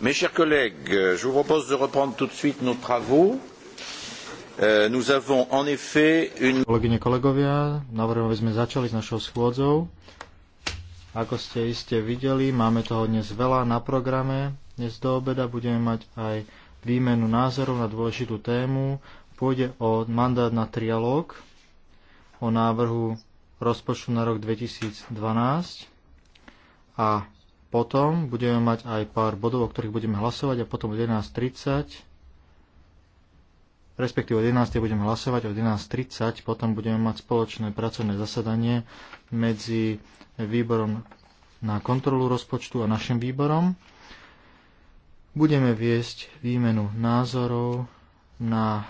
Mes chers collègues, euh, je vous propose de reprendre tout de suite nos travaux. Euh, nous avons en effet une... Kolegyne, kolegovia, navrhujem, aby sme začali s našou schôdzou. Ako ste iste videli, máme toho dnes veľa na programe. Dnes do obeda budeme mať aj výmenu názorov na dôležitú tému. Pôjde o mandát na trialóg, o návrhu rozpočtu na rok 2012 a potom budeme mať aj pár bodov, o ktorých budeme hlasovať a potom od 11.30, respektíve od 11.00 budeme hlasovať, od 11.30 potom budeme mať spoločné pracovné zasadanie medzi výborom na kontrolu rozpočtu a našim výborom. Budeme viesť výmenu názorov na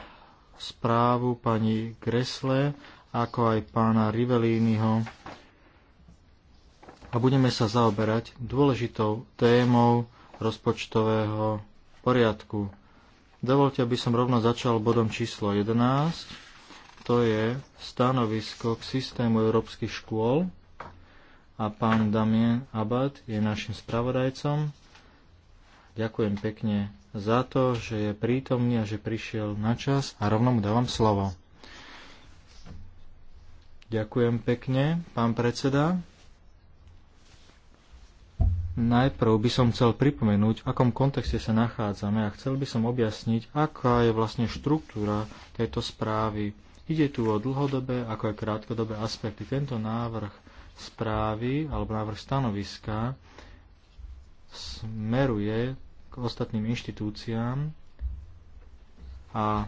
správu pani Gresle, ako aj pána Rivelínyho a budeme sa zaoberať dôležitou témou rozpočtového poriadku. Dovolte, aby som rovno začal bodom číslo 11. To je stanovisko k systému európskych škôl a pán Damien Abad je našim spravodajcom. Ďakujem pekne za to, že je prítomný a že prišiel na čas a rovno mu dávam slovo. Ďakujem pekne, pán predseda. Najprv by som chcel pripomenúť, v akom kontexte sa nachádzame a chcel by som objasniť, aká je vlastne štruktúra tejto správy. Ide tu o dlhodobé, ako aj krátkodobé aspekty. Tento návrh správy alebo návrh stanoviska smeruje k ostatným inštitúciám a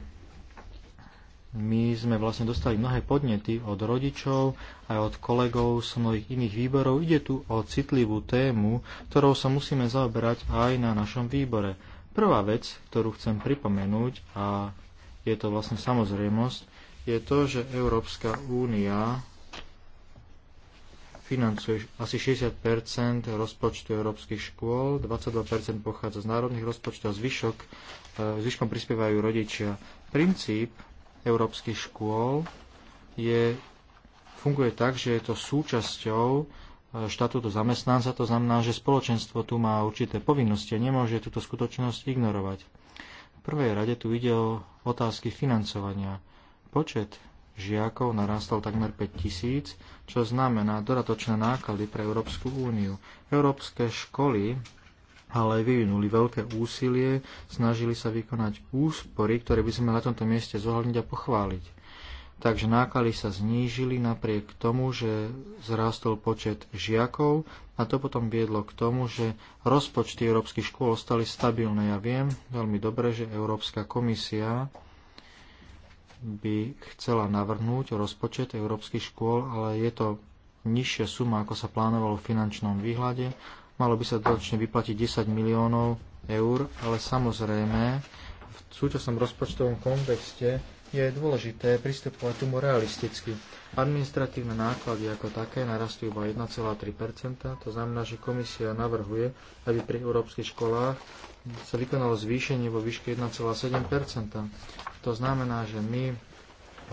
my sme vlastne dostali mnohé podnety od rodičov aj od kolegov z mnohých iných výborov. Ide tu o citlivú tému, ktorou sa musíme zaoberať aj na našom výbore. Prvá vec, ktorú chcem pripomenúť, a je to vlastne samozrejmosť, je to, že Európska únia financuje asi 60 rozpočtu európskych škôl, 22 pochádza z národných rozpočtov a zvyšok, e, zvyškom prispievajú rodičia. Princíp európskych škôl je, funguje tak, že je to súčasťou e, štatútu zamestnanca, to znamená, že spoločenstvo tu má určité povinnosti a nemôže túto skutočnosť ignorovať. V prvej rade tu ide o otázky financovania. Počet žiakov narastol takmer 5 tisíc, čo znamená dodatočné náklady pre Európsku úniu. Európske školy ale vyvinuli veľké úsilie, snažili sa vykonať úspory, ktoré by sme na tomto mieste zohľadniť a pochváliť. Takže náklady sa znížili napriek tomu, že zrástol počet žiakov a to potom viedlo k tomu, že rozpočty európskych škôl ostali stabilné. Ja viem veľmi dobre, že Európska komisia by chcela navrhnúť rozpočet európskych škôl, ale je to nižšia suma, ako sa plánovalo v finančnom výhľade Malo by sa dodatočne vyplatiť 10 miliónov eur, ale samozrejme v súčasnom rozpočtovom kontexte je dôležité pristupovať tomu realisticky. Administratívne náklady ako také narastú iba 1,3%, to znamená, že komisia navrhuje, aby pri európskych školách sa vykonalo zvýšenie vo výške 1,7%. To znamená, že my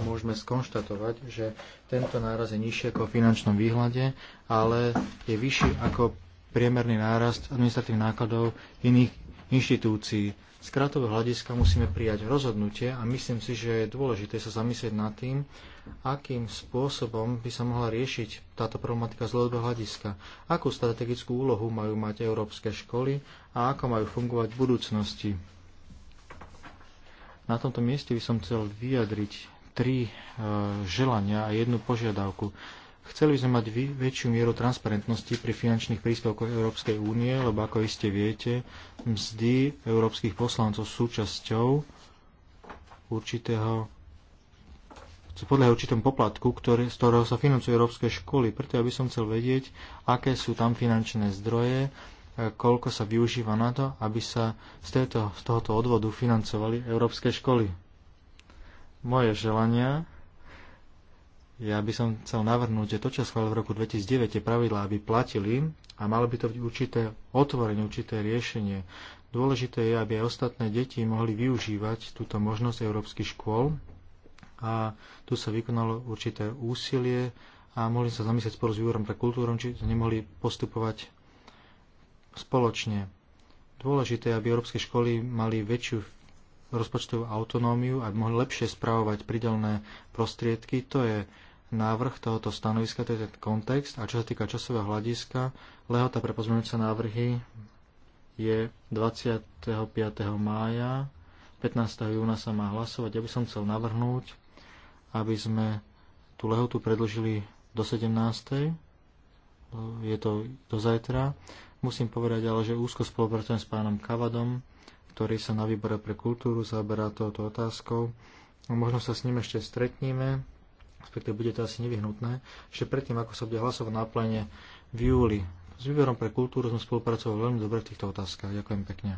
môžeme skonštatovať, že tento náraz je nižší ako v finančnom výhľade, ale je vyšší ako priemerný nárast administratívnych nákladov iných inštitúcií. Z krátového hľadiska musíme prijať rozhodnutie a myslím si, že je dôležité sa zamyslieť nad tým, akým spôsobom by sa mohla riešiť táto problematika z dlhodobého hľadiska, akú strategickú úlohu majú mať európske školy a ako majú fungovať v budúcnosti. Na tomto mieste by som chcel vyjadriť tri e, želania a jednu požiadavku. Chceli by sme mať väčšiu mieru transparentnosti pri finančných príspevkoch Európskej únie, lebo ako iste viete, mzdy európskych poslancov sú súčasťou určitého podľa určitom poplatku, ktorý, z ktorého sa financujú európske školy. Preto ja by som chcel vedieť, aké sú tam finančné zdroje, koľko sa využíva na to, aby sa z, tejto, z tohoto odvodu financovali európske školy. Moje želania ja by som chcel navrhnúť, že to, čo schválil v roku 2009, tie pravidlá by platili a malo by to byť určité otvorenie, určité riešenie. Dôležité je, aby aj ostatné deti mohli využívať túto možnosť európskych škôl a tu sa vykonalo určité úsilie a mohli sa zamyslieť spolu s výborom pre kultúru, či nemohli postupovať spoločne. Dôležité je, aby európske školy mali väčšiu rozpočtovú autonómiu, a mohli lepšie spravovať pridelné prostriedky. To je návrh tohoto stanoviska, to je ten kontext. A čo sa týka časového hľadiska, lehota pre pozmeňujúce návrhy je 25. mája, 15. júna sa má hlasovať. Ja by som chcel navrhnúť, aby sme tú lehotu predložili do 17. Je to do zajtra. Musím povedať ale, že úzko spolupracujem s pánom Kavadom, ktorý sa na výbore pre kultúru zaoberá touto otázkou. Možno sa s ním ešte stretníme respektíve bude to asi nevyhnutné, ešte predtým, ako sa bude hlasovať na plene v júli. S výberom pre kultúru sme spolupracovali veľmi dobre v týchto otázkach. Ďakujem pekne.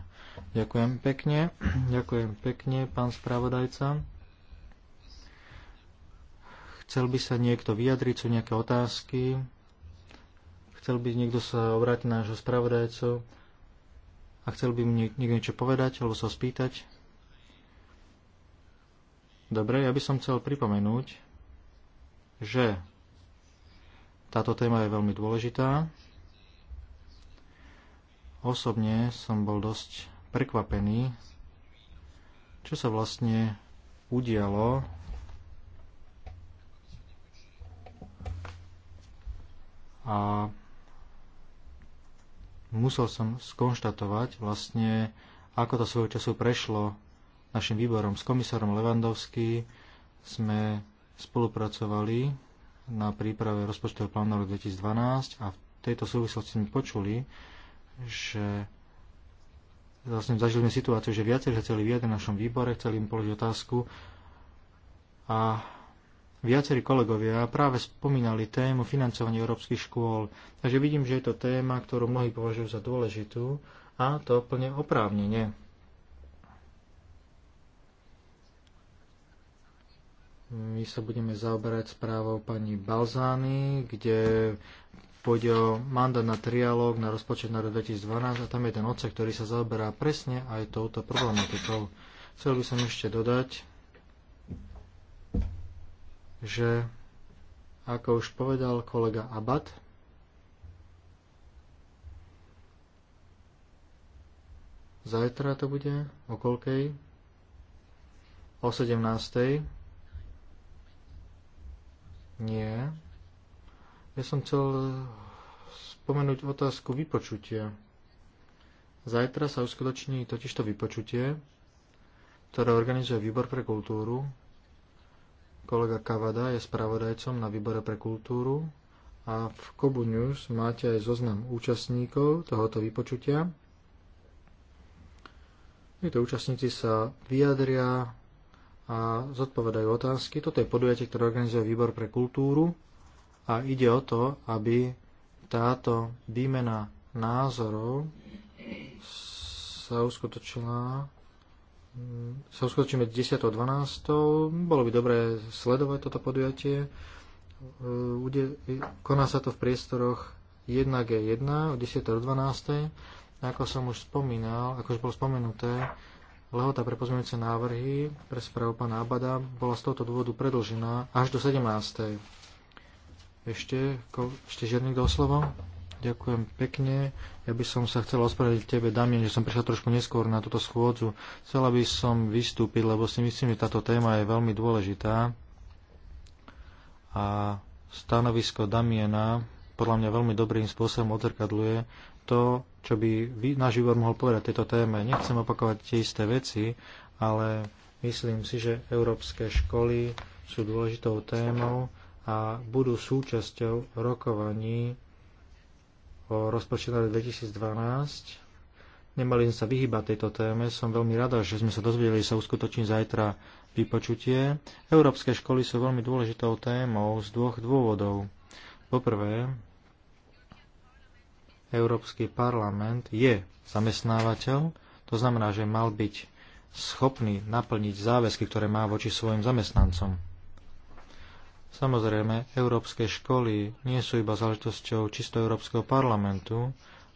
Ďakujem pekne. Ďakujem pekne, pán spravodajca. Chcel by sa niekto vyjadriť, sú nejaké otázky? Chcel by niekto sa obrátiť na nášho spravodajcu? A chcel by mu niekto niečo povedať alebo sa spýtať? Dobre, ja by som chcel pripomenúť, že táto téma je veľmi dôležitá. Osobne som bol dosť prekvapený, čo sa vlastne udialo a musel som skonštatovať vlastne, ako to svojho času prešlo našim výborom s komisárom Levandovský. Sme spolupracovali na príprave rozpočtového plánu rok 2012 a v tejto súvislosti sme počuli, že vlastne zažili sme situáciu, že viacerí chceli vyjadriť v našom výbore, chceli im položiť otázku a viacerí kolegovia práve spomínali tému financovania európskych škôl. Takže vidím, že je to téma, ktorú mnohí považujú za dôležitú a to plne oprávnenie. My sa budeme zaoberať správou pani Balzány, kde pôjde o mandát na trialóg na rozpočet na rok 2012 a tam je ten odsek, ktorý sa zaoberá presne aj touto problematikou. Chcel by som ešte dodať, že ako už povedal kolega Abad, zajtra to bude, o koľkej? O 17. Nie. Ja som chcel spomenúť otázku vypočutia. Zajtra sa uskutoční totižto vypočutie, ktoré organizuje Výbor pre kultúru. Kolega Kavada je spravodajcom na Výbore pre kultúru a v Kobu News máte aj zoznam účastníkov tohoto vypočutia. Títo účastníci sa vyjadria, a zodpovedajú otázky. Toto je podujatie, ktoré organizuje Výbor pre kultúru a ide o to, aby táto výmena názorov sa uskutočila mm, sa uskutočíme 10. a 12. Bolo by dobré sledovať toto podujatie. E, koná sa to v priestoroch 1G1 od 10. do 12. Ako som už spomínal, ako už bolo spomenuté, Lehota pre pozmeňujúce návrhy pre správu pána Abada bola z tohto dôvodu predlžená až do 17. Ešte, ko, ešte žiadny kto slovo? Ďakujem pekne. Ja by som sa chcel ospravedliť tebe, Damien, že som prišla trošku neskôr na túto schôdzu. Chcela by som vystúpiť, lebo si myslím, že táto téma je veľmi dôležitá. A stanovisko Damiena podľa mňa veľmi dobrým spôsobom odzrkadluje to, čo by náš výbor mohol povedať tejto téme. Nechcem opakovať tie isté veci, ale myslím si, že európske školy sú dôležitou témou a budú súčasťou rokovaní o rozpočte 2012. Nemali sme sa vyhybať tejto téme. Som veľmi rada, že sme sa dozvedeli, že sa uskutoční zajtra vypočutie. Európske školy sú veľmi dôležitou témou z dvoch dôvodov. Poprvé, Európsky parlament je zamestnávateľ, to znamená, že mal byť schopný naplniť záväzky, ktoré má voči svojim zamestnancom. Samozrejme, európske školy nie sú iba záležitosťou čisto Európskeho parlamentu,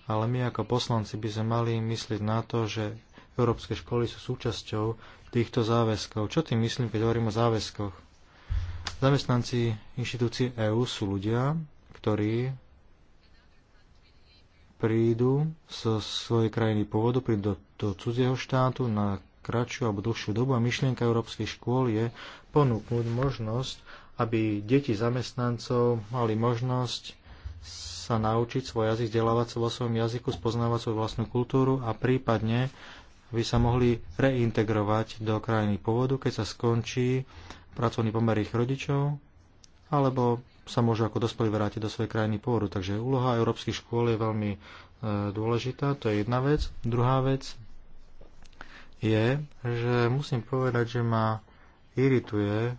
ale my ako poslanci by sme mali myslieť na to, že európske školy sú súčasťou týchto záväzkov. Čo tým myslím, keď hovorím o záväzkoch? Zamestnanci inštitúcií EÚ sú ľudia, ktorí prídu zo svojej krajiny pôvodu, prídu do, do cudzieho štátu na kratšiu alebo dlhšiu dobu a myšlienka európskej škôl je ponúknuť možnosť, aby deti zamestnancov mali možnosť sa naučiť svoj jazyk, vzdelávať sa vo svojom jazyku, spoznávať svoju vlastnú kultúru a prípadne by sa mohli reintegrovať do krajiny pôvodu, keď sa skončí pracovný pomer ich rodičov alebo sa môžu ako dospelí vrátiť do svojej krajiny pôvodu. Takže úloha európskych škôl je veľmi e, dôležitá, to je jedna vec. Druhá vec je, že musím povedať, že ma irituje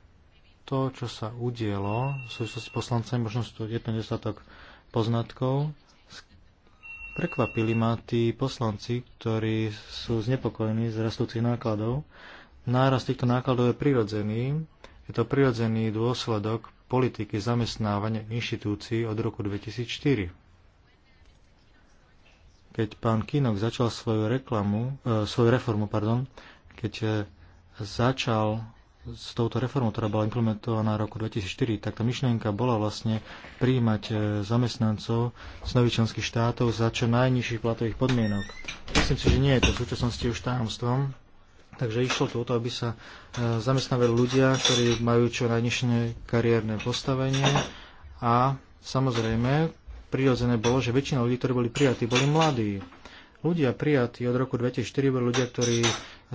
to, čo sa udielo v súvislosti s poslancami, možno sú to jedno nedostatok poznatkov. Prekvapili ma tí poslanci, ktorí sú znepokojení z rastúcich nákladov. Nárast týchto nákladov je prirodzený, je to prirodzený dôsledok politiky zamestnávania inštitúcií od roku 2004. Keď pán Kinok začal svoju, reklamu, e, svoju reformu, pardon, keď e, začal s touto reformou, ktorá bola implementovaná v roku 2004, tak tá myšlienka bola vlastne príjmať e, zamestnancov z nových členských štátov za čo najnižších platových podmienok. Myslím si, že nie je to v súčasnosti už tajomstvom, Takže išlo tu o to, aby sa e, zamestnávali ľudia, ktorí majú čo najnižšie kariérne postavenie a samozrejme prirodzené bolo, že väčšina ľudí, ktorí boli prijatí, boli mladí. Ľudia prijatí od roku 2004 boli ľudia, ktorí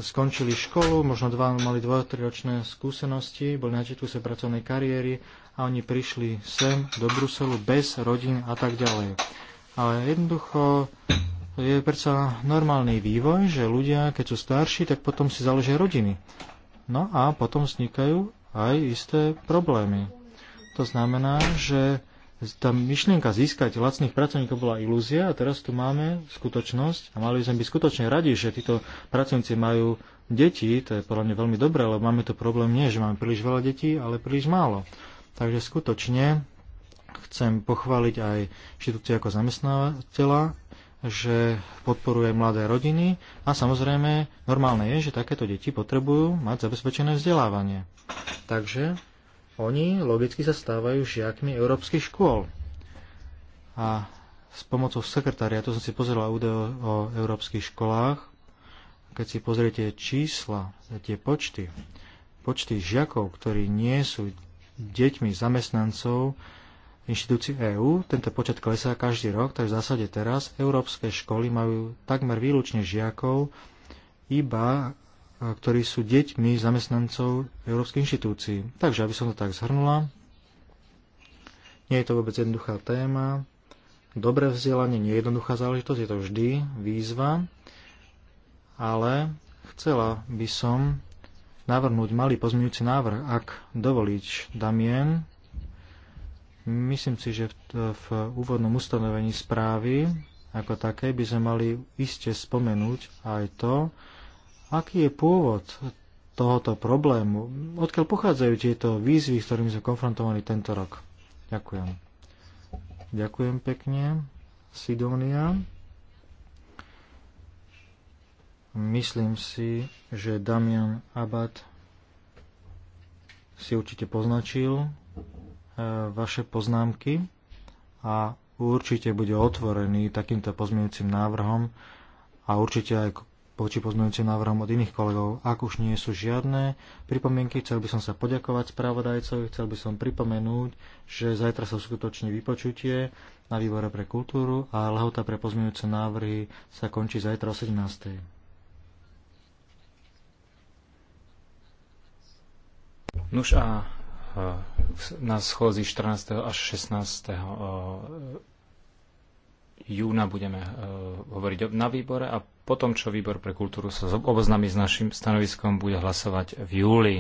skončili školu, možno dva, mali 2-3 ročné skúsenosti, boli na začiatku sa pracovnej kariéry a oni prišli sem do Bruselu bez rodín a tak ďalej. Ale jednoducho je predsa normálny vývoj, že ľudia, keď sú starší, tak potom si založia rodiny. No a potom vznikajú aj isté problémy. To znamená, že tá myšlienka získať lacných pracovníkov bola ilúzia a teraz tu máme skutočnosť a mali by sme byť skutočne radi, že títo pracovníci majú deti, to je podľa mňa veľmi dobré, lebo máme to problém nie, že máme príliš veľa detí, ale príliš málo. Takže skutočne chcem pochváliť aj inštitúcie ako zamestnávateľa že podporuje mladé rodiny a samozrejme normálne je, že takéto deti potrebujú mať zabezpečené vzdelávanie. Takže oni logicky sa stávajú žiakmi európskych škôl. A s pomocou sekretariatu som si pozrel údaje o európskych školách. Keď si pozriete čísla, tie počty, počty žiakov, ktorí nie sú deťmi zamestnancov inštitúcií EÚ. Tento počet klesá každý rok, takže v zásade teraz európske školy majú takmer výlučne žiakov, iba e, ktorí sú deťmi zamestnancov európskej inštitúcií. Takže, aby som to tak zhrnula, nie je to vôbec jednoduchá téma. Dobré vzdelanie nie je jednoduchá záležitosť, je to vždy výzva, ale chcela by som navrhnúť malý pozmeňujúci návrh, ak dovolíš, Damien, Myslím si, že v, v úvodnom ustanovení správy ako také by sme mali iste spomenúť aj to, aký je pôvod tohoto problému, odkiaľ pochádzajú tieto výzvy, s ktorými sme konfrontovali tento rok. Ďakujem. Ďakujem pekne, Sidonia. Myslím si, že Damian Abad si určite poznačil vaše poznámky a určite bude otvorený takýmto pozmeňujúcim návrhom a určite aj poči pozmeňujúcim návrhom od iných kolegov. Ak už nie sú žiadne pripomienky, chcel by som sa poďakovať správodajcovi, chcel by som pripomenúť, že zajtra sa skutoční vypočutie na výbore pre kultúru a lehota pre pozmeňujúce návrhy sa končí zajtra o 17. Nuž a na schôzi 14. až 16. Eh, júna budeme eh, hovoriť na výbore a potom, čo výbor pre kultúru sa oboznámi s našim stanoviskom, bude hlasovať v júli.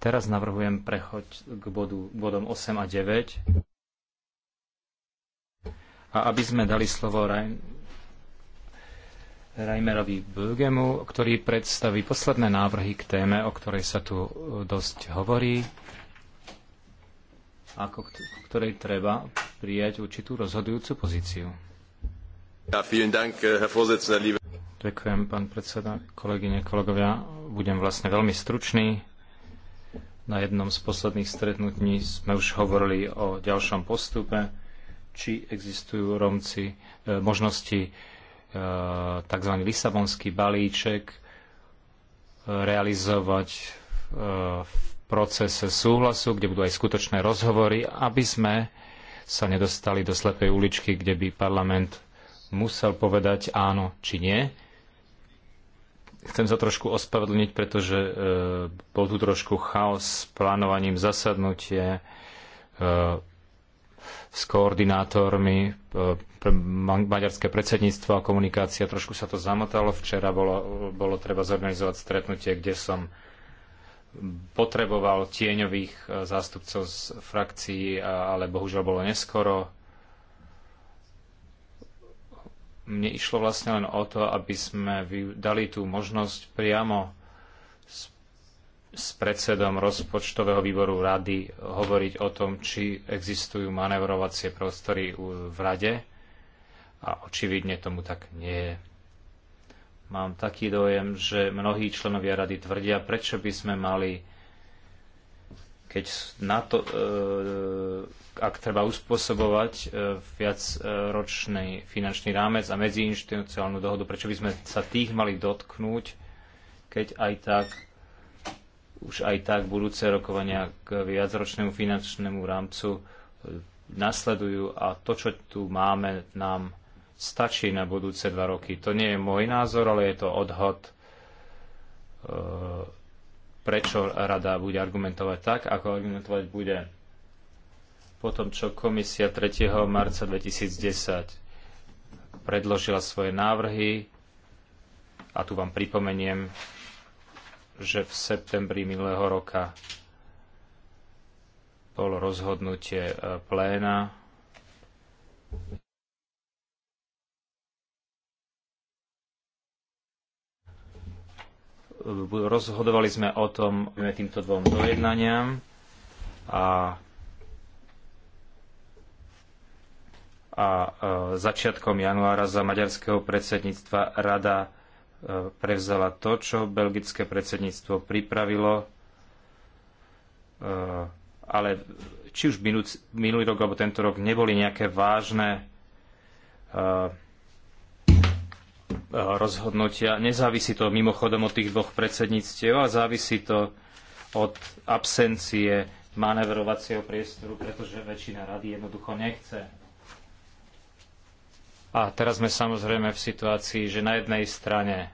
Teraz navrhujem prechod k bodu, bodom 8 a 9. A aby sme dali slovo Rein, Reimerovi Bögemu, ktorý predstaví posledné návrhy k téme, o ktorej sa tu eh, dosť hovorí ako ktorej treba prijať určitú rozhodujúcu pozíciu. Ja, Dank, eh, Ďakujem, pán predseda, kolegyne, kolegovia. Budem vlastne veľmi stručný. Na jednom z posledných stretnutí sme už hovorili o ďalšom postupe, či existujú Rómci e, eh, možnosti e, eh, tzv. lisabonský balíček e, realizovať e, v procese súhlasu, kde budú aj skutočné rozhovory, aby sme sa nedostali do slepej uličky, kde by parlament musel povedať áno či nie. Chcem sa trošku ospravedlniť, pretože e, bol tu trošku chaos s plánovaním zasadnutie e, s koordinátormi e, pre maďarské predsedníctvo a komunikácia. Trošku sa to zamotalo. Včera bolo, bolo treba zorganizovať stretnutie, kde som potreboval tieňových e, zástupcov z frakcií, ale bohužiaľ bolo neskoro. Mne išlo vlastne len o to, aby sme dali tú možnosť priamo s, s predsedom rozpočtového výboru rady hovoriť o tom, či existujú manevrovacie prostory v rade. A očividne tomu tak nie je. Mám taký dojem, že mnohí členovia rady tvrdia, prečo by sme mali, keď na to, e, ak treba uspôsobovať e, viacročný finančný rámec a medziinstitucionálnu dohodu, prečo by sme sa tých mali dotknúť, keď aj tak už aj tak budúce rokovania k viacročnému finančnému rámcu e, nasledujú a to, čo tu máme, nám stačí na budúce dva roky. To nie je môj názor, ale je to odhod, e, prečo rada bude argumentovať tak, ako argumentovať bude po tom, čo komisia 3. marca 2010 predložila svoje návrhy. A tu vám pripomeniem, že v septembri minulého roka bolo rozhodnutie e, pléna rozhodovali sme o tom týmto dvom dojednaniam a, a e, začiatkom januára za maďarského predsedníctva rada e, prevzala to, čo belgické predsedníctvo pripravilo, e, ale či už minulý rok alebo tento rok neboli nejaké vážne rozhodnutia. Nezávisí to mimochodom od tých dvoch predsedníctiev a závisí to od absencie manevrovacieho priestoru, pretože väčšina rady jednoducho nechce. A teraz sme samozrejme v situácii, že na jednej strane,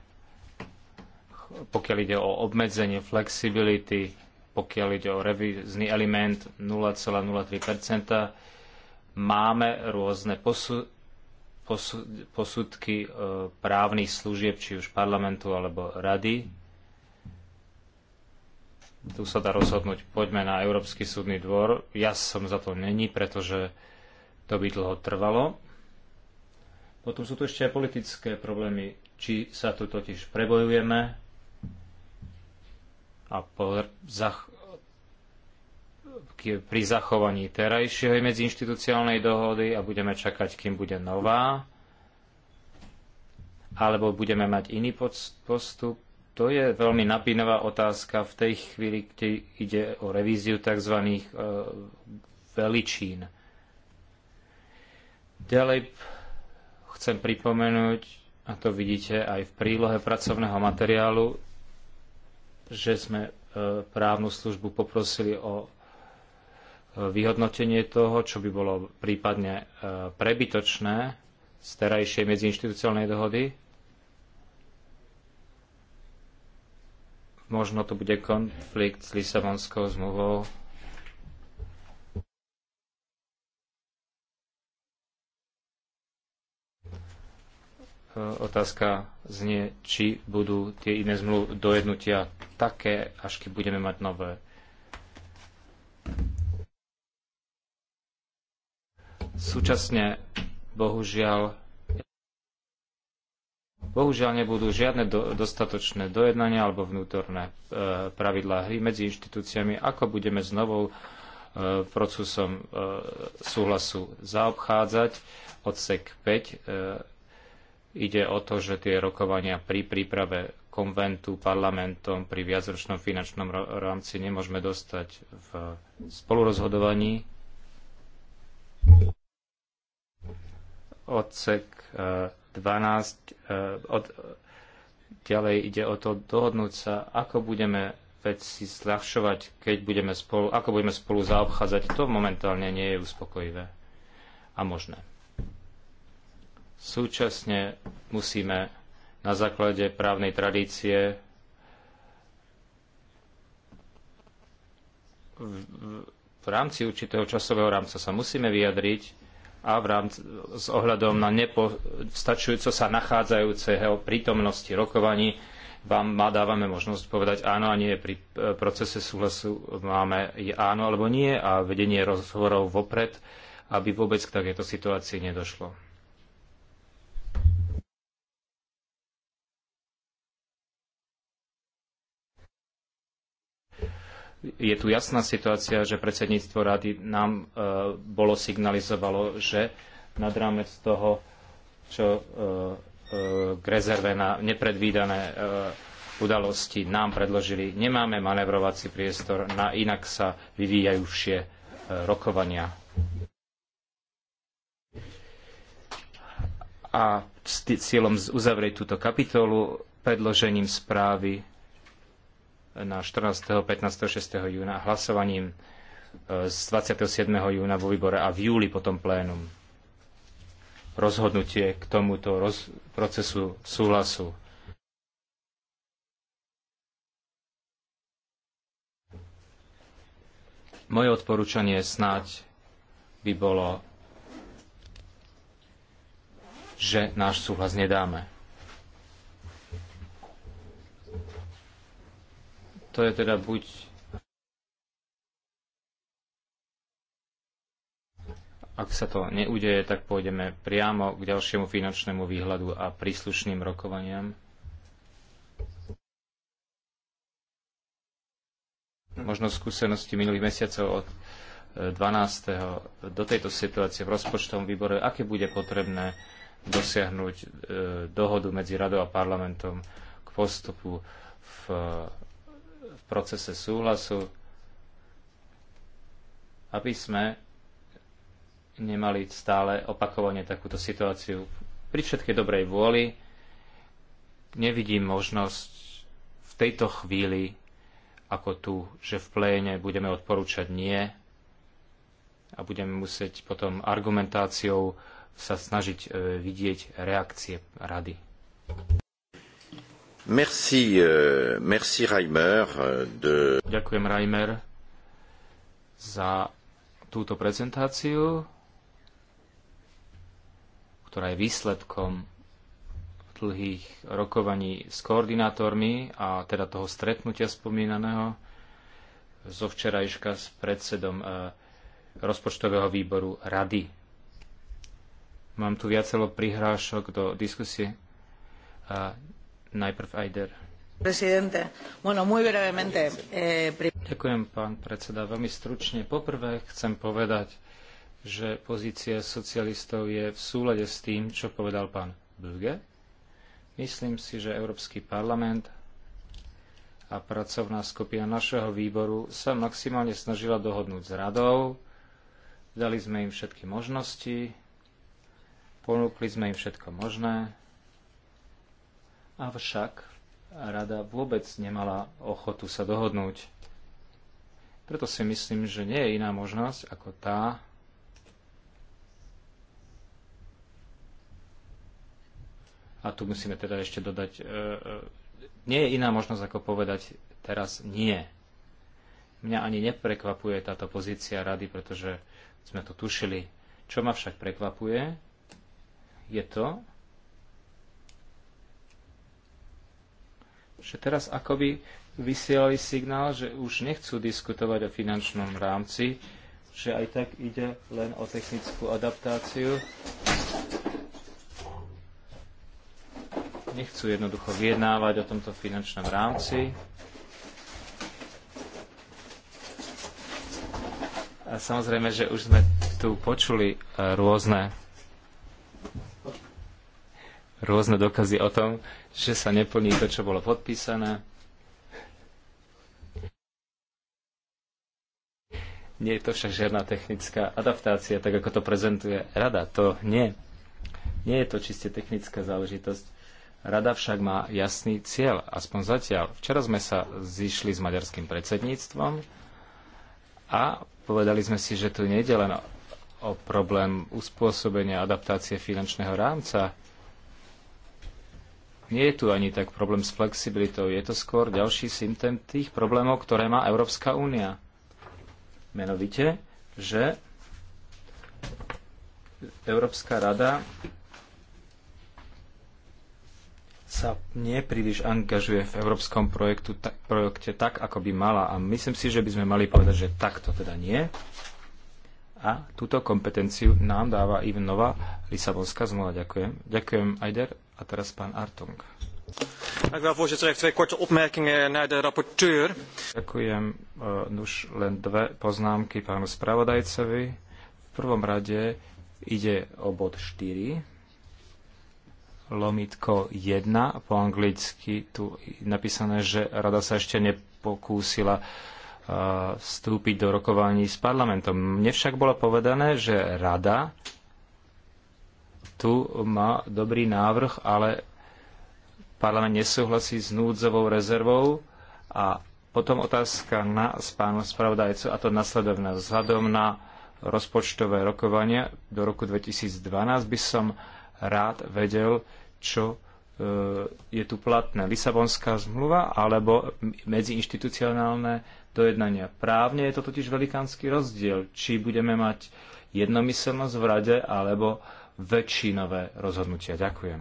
pokiaľ ide o obmedzenie flexibility, pokiaľ ide o revízny element 0,03%, máme rôzne posu- posudky e, právnych služieb, či už parlamentu alebo rady. Tu sa dá rozhodnúť, poďme na Európsky súdny dvor. Ja som za to není, pretože to by dlho trvalo. Potom sú tu ešte aj politické problémy, či sa tu totiž prebojujeme a po, zach, pri zachovaní terajšej medziinštitucionálnej dohody a budeme čakať, kým bude nová, alebo budeme mať iný postup. To je veľmi napínavá otázka v tej chvíli, kde ide o revíziu tzv. E, veličín. Ďalej chcem pripomenúť, a to vidíte aj v prílohe pracovného materiálu, že sme e, právnu službu poprosili o vyhodnotenie toho, čo by bolo prípadne e, prebytočné z terajšej medziinstitucionálnej dohody. Možno to bude konflikt s Lisabonskou zmluvou. E, otázka znie, či budú tie iné zmluvy dojednutia také, až keď budeme mať nové Súčasne, bohužiaľ, bohužiaľ nebudú žiadne do, dostatočné dojednania alebo vnútorné e, pravidlá hry medzi inštitúciami, ako budeme s novou e, procesom e, súhlasu zaobchádzať. Odsek 5 e, ide o to, že tie rokovania pri príprave konventu, parlamentom, pri viacročnom finančnom rámci nemôžeme dostať v spolurozhodovaní odsek 12. E, e, od, ďalej ide o to dohodnúť sa, ako budeme veci zľahšovať, keď budeme spolu, ako budeme spolu zaobchádzať. To momentálne nie je uspokojivé a možné. Súčasne musíme na základe právnej tradície v, v, v rámci určitého časového rámca sa musíme vyjadriť a v rámci, s ohľadom na nepostačujúco sa nachádzajúceho prítomnosti rokovaní vám má, dávame možnosť povedať áno a nie. Pri e, procese súhlasu máme áno alebo nie a vedenie rozhovorov vopred, aby vôbec k takejto situácii nedošlo. je tu jasná situácia, že predsedníctvo rady nám e, bolo signalizovalo, že nad rámec toho, čo e, e, k rezerve na nepredvídané udalosti nám predložili, nemáme manevrovací priestor na inak sa vyvíjajúšie rokovania. A s cieľom uzavrieť túto kapitolu predložením správy na 14., 15., 6. júna a hlasovaním e, z 27. júna vo výbore a v júli potom plénum. Rozhodnutie k tomuto roz- procesu súhlasu. Moje odporúčanie snáď by bolo, že náš súhlas nedáme. To je teda buď ak sa to neudeje, tak pôjdeme priamo k ďalšiemu finančnému výhľadu a príslušným rokovaniam. Možno skúsenosti minulých mesiacov od 12. E, do tejto situácie v rozpočtovom výbore, aké bude potrebné dosiahnuť e, dohodu medzi radou a parlamentom k postupu v v procese súhlasu, aby sme nemali stále opakovane takúto situáciu. Pri všetkej dobrej vôli nevidím možnosť v tejto chvíli, ako tu, že v pléne budeme odporúčať nie a budeme musieť potom argumentáciou sa snažiť e, vidieť reakcie rady. Merci, euh, merci Reimer euh, de... Ďakujem Reimer za túto prezentáciu, ktorá je výsledkom dlhých rokovaní s koordinátormi a teda toho stretnutia spomínaného zo včerajška s predsedom e, rozpočtového výboru Rady. Mám tu viacelo prihrášok do diskusie. E, Najprv Ajder. Eh, Ďakujem, pán predseda. Veľmi stručne. Poprvé chcem povedať, že pozícia socialistov je v súlade s tým, čo povedal pán Bluge. Myslím si, že Európsky parlament a pracovná skupina našeho výboru sa maximálne snažila dohodnúť s radou. Dali sme im všetky možnosti, ponúkli sme im všetko možné Avšak rada vôbec nemala ochotu sa dohodnúť. Preto si myslím, že nie je iná možnosť ako tá, a tu musíme teda ešte dodať, e, e, nie je iná možnosť ako povedať teraz nie. Mňa ani neprekvapuje táto pozícia rady, pretože sme to tušili. Čo ma však prekvapuje, je to, že teraz akoby vysielali signál, že už nechcú diskutovať o finančnom rámci, že aj tak ide len o technickú adaptáciu. Nechcú jednoducho vyjednávať o tomto finančnom rámci. A samozrejme, že už sme tu počuli e, rôzne rôzne dokazy o tom, že sa neplní to, čo bolo podpísané. Nie je to však žiadna technická adaptácia, tak ako to prezentuje rada. To nie. Nie je to čiste technická záležitosť. Rada však má jasný cieľ, aspoň zatiaľ. Včera sme sa zišli s maďarským predsedníctvom a povedali sme si, že tu nejde len o problém uspôsobenia adaptácie finančného rámca, nie je tu ani tak problém s flexibilitou, je to skôr ďalší symptom tých problémov, ktoré má Európska únia. Menovite, že Európska rada sa nepríliš angažuje v európskom projektu, ta, projekte tak, ako by mala. A myslím si, že by sme mali povedať, že takto teda nie. A túto kompetenciu nám dáva i nová Lisabonská zmluva. Ďakujem. Ďakujem, Ajder. A teraz pán Artung. Ďakujem. E, Už len dve poznámky pánu spravodajcovi. V prvom rade ide o bod 4, lomitko 1 po anglicky. Tu je napísané, že rada sa ešte nepokúsila e, vstúpiť do rokovaní s parlamentom. Mne však bolo povedané, že rada tu má dobrý návrh, ale parlament nesúhlasí s núdzovou rezervou a potom otázka na pánu spravodajcu a to nasledovná. Vzhľadom na rozpočtové rokovania do roku 2012 by som rád vedel, čo e, je tu platné. Lisabonská zmluva alebo medziinštitucionálne dojednania. Právne je to totiž velikánsky rozdiel, či budeme mať jednomyselnosť v rade alebo väčšinové rozhodnutia. Ďakujem.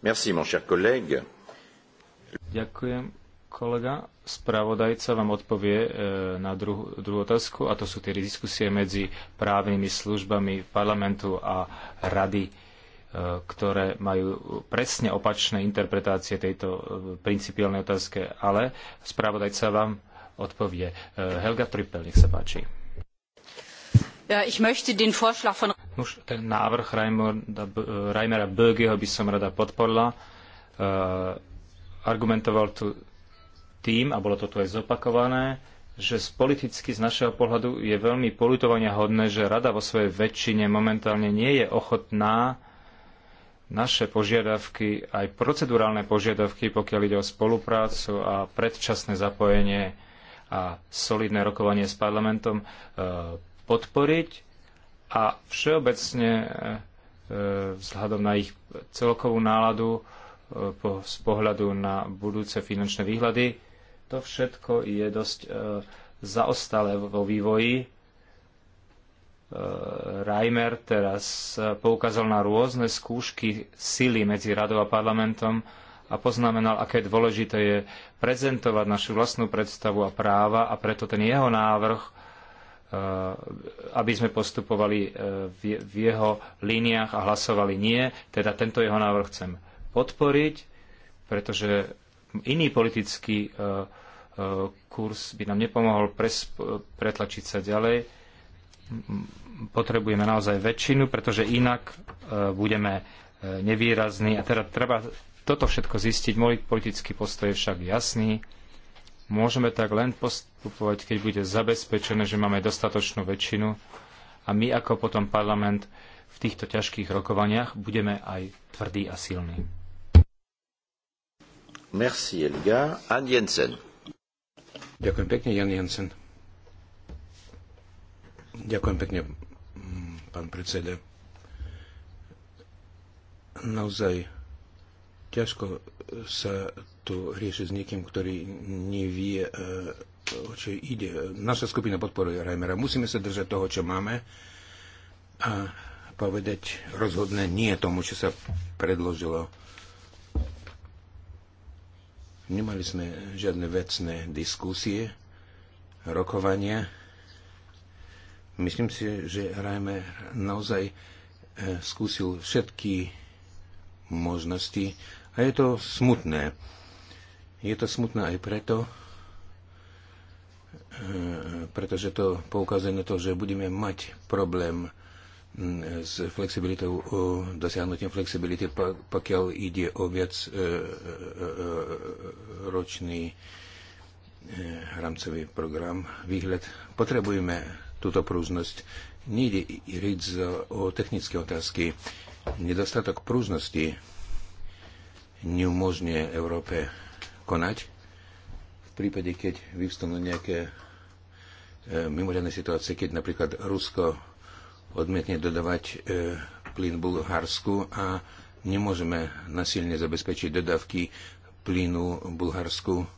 Merci, mon cher collègue. Ďakujem, kolega. Spravodajca vám odpovie e, na druhú, druhú otázku, a to sú tie diskusie medzi právnymi službami parlamentu a rady, e, ktoré majú presne opačné interpretácie tejto e, principiálnej otázke, ale spravodajca vám odpovie. Helga Trippel, nech sa páči. Äh, ich möchte den Vorschlag von... Už ten návrh Reimera äh, Bögeho by som rada podporila Uh, argumentoval tu tým, a bolo to tu aj zopakované, že z politicky z našeho pohľadu je veľmi politovania hodné, že rada vo svojej väčšine momentálne nie je ochotná naše požiadavky, aj procedurálne požiadavky, pokiaľ ide o spoluprácu a predčasné zapojenie a solidné rokovanie s parlamentom, uh, podporiť a všeobecne e, e, vzhľadom na ich celkovú náladu e, z pohľadu na budúce finančné výhľady. To všetko je dosť zaostalé vo vývoji. Reimer teraz poukázal na rôzne skúšky sily medzi radou a parlamentom a poznamenal, aké dôležité je prezentovať našu vlastnú predstavu a práva a preto ten jeho návrh Eh, aby sme postupovali eh, v jeho líniách a hlasovali nie. Teda tento jeho návrh chcem podporiť, pretože iný politický eh, kurz by nám nepomohol pretlačiť sa ďalej. Potrebujeme naozaj väčšinu, pretože inak budeme nevýrazní. A teda treba toto všetko zistiť. Môj politický postoj je však jasný. Môžeme tak len post- postupovať, keď bude zabezpečené, že máme dostatočnú väčšinu a my ako potom parlament v týchto ťažkých rokovaniach budeme aj tvrdí a silní. Merci Elga. Ann Jensen. Ďakujem pekne, Jan Jensen. Ďakujem pekne, pán predseda. Naozaj ťažko sa tu rieši s niekým, ktorý nevie, e, o čo ide. Naša skupina podporuje Reimera. Musíme sa držať toho, čo máme a povedať rozhodné nie tomu, čo sa predložilo. Nemali sme žiadne vecné diskusie, rokovania. Myslím si, že Reimer naozaj e, skúsil všetky možnosti a je to smutné. Je to smutné aj preto, E, pretože to poukazuje na to, že budeme mať problém s flexibilitou, e, dosiahnutím flexibility, pokiaľ ide o viac e, ročný rámcový program, výhľad. Potrebujeme túto prúznosť. Nejde riť o technické otázky. Nedostatok prúznosti neumožňuje Európe konať prípade, keď vyvstanú nejaké e, mimoriadne situácie, keď napríklad Rusko odmietne dodávať e, plyn Bulharsku a nemôžeme nasilne zabezpečiť dodávky plynu Bulharsku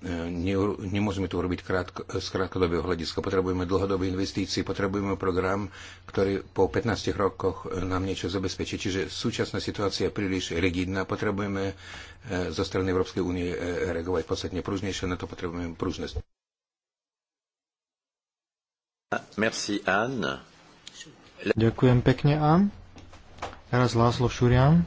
nemôžeme to urobiť krátko, z krátkodobého hľadiska. Potrebujeme dlhodobé investície, potrebujeme program, ktorý po 15 rokoch e, nám niečo zabezpečí. Čiže súčasná situácia je príliš rigidná. Potrebujeme e, zo strany Európskej únie e, reagovať podstatne prúžnejšie, Na to potrebujeme pružnosť. Merci, Anne. Ďakujem pekne, Anne. Teraz Láslo Šurian.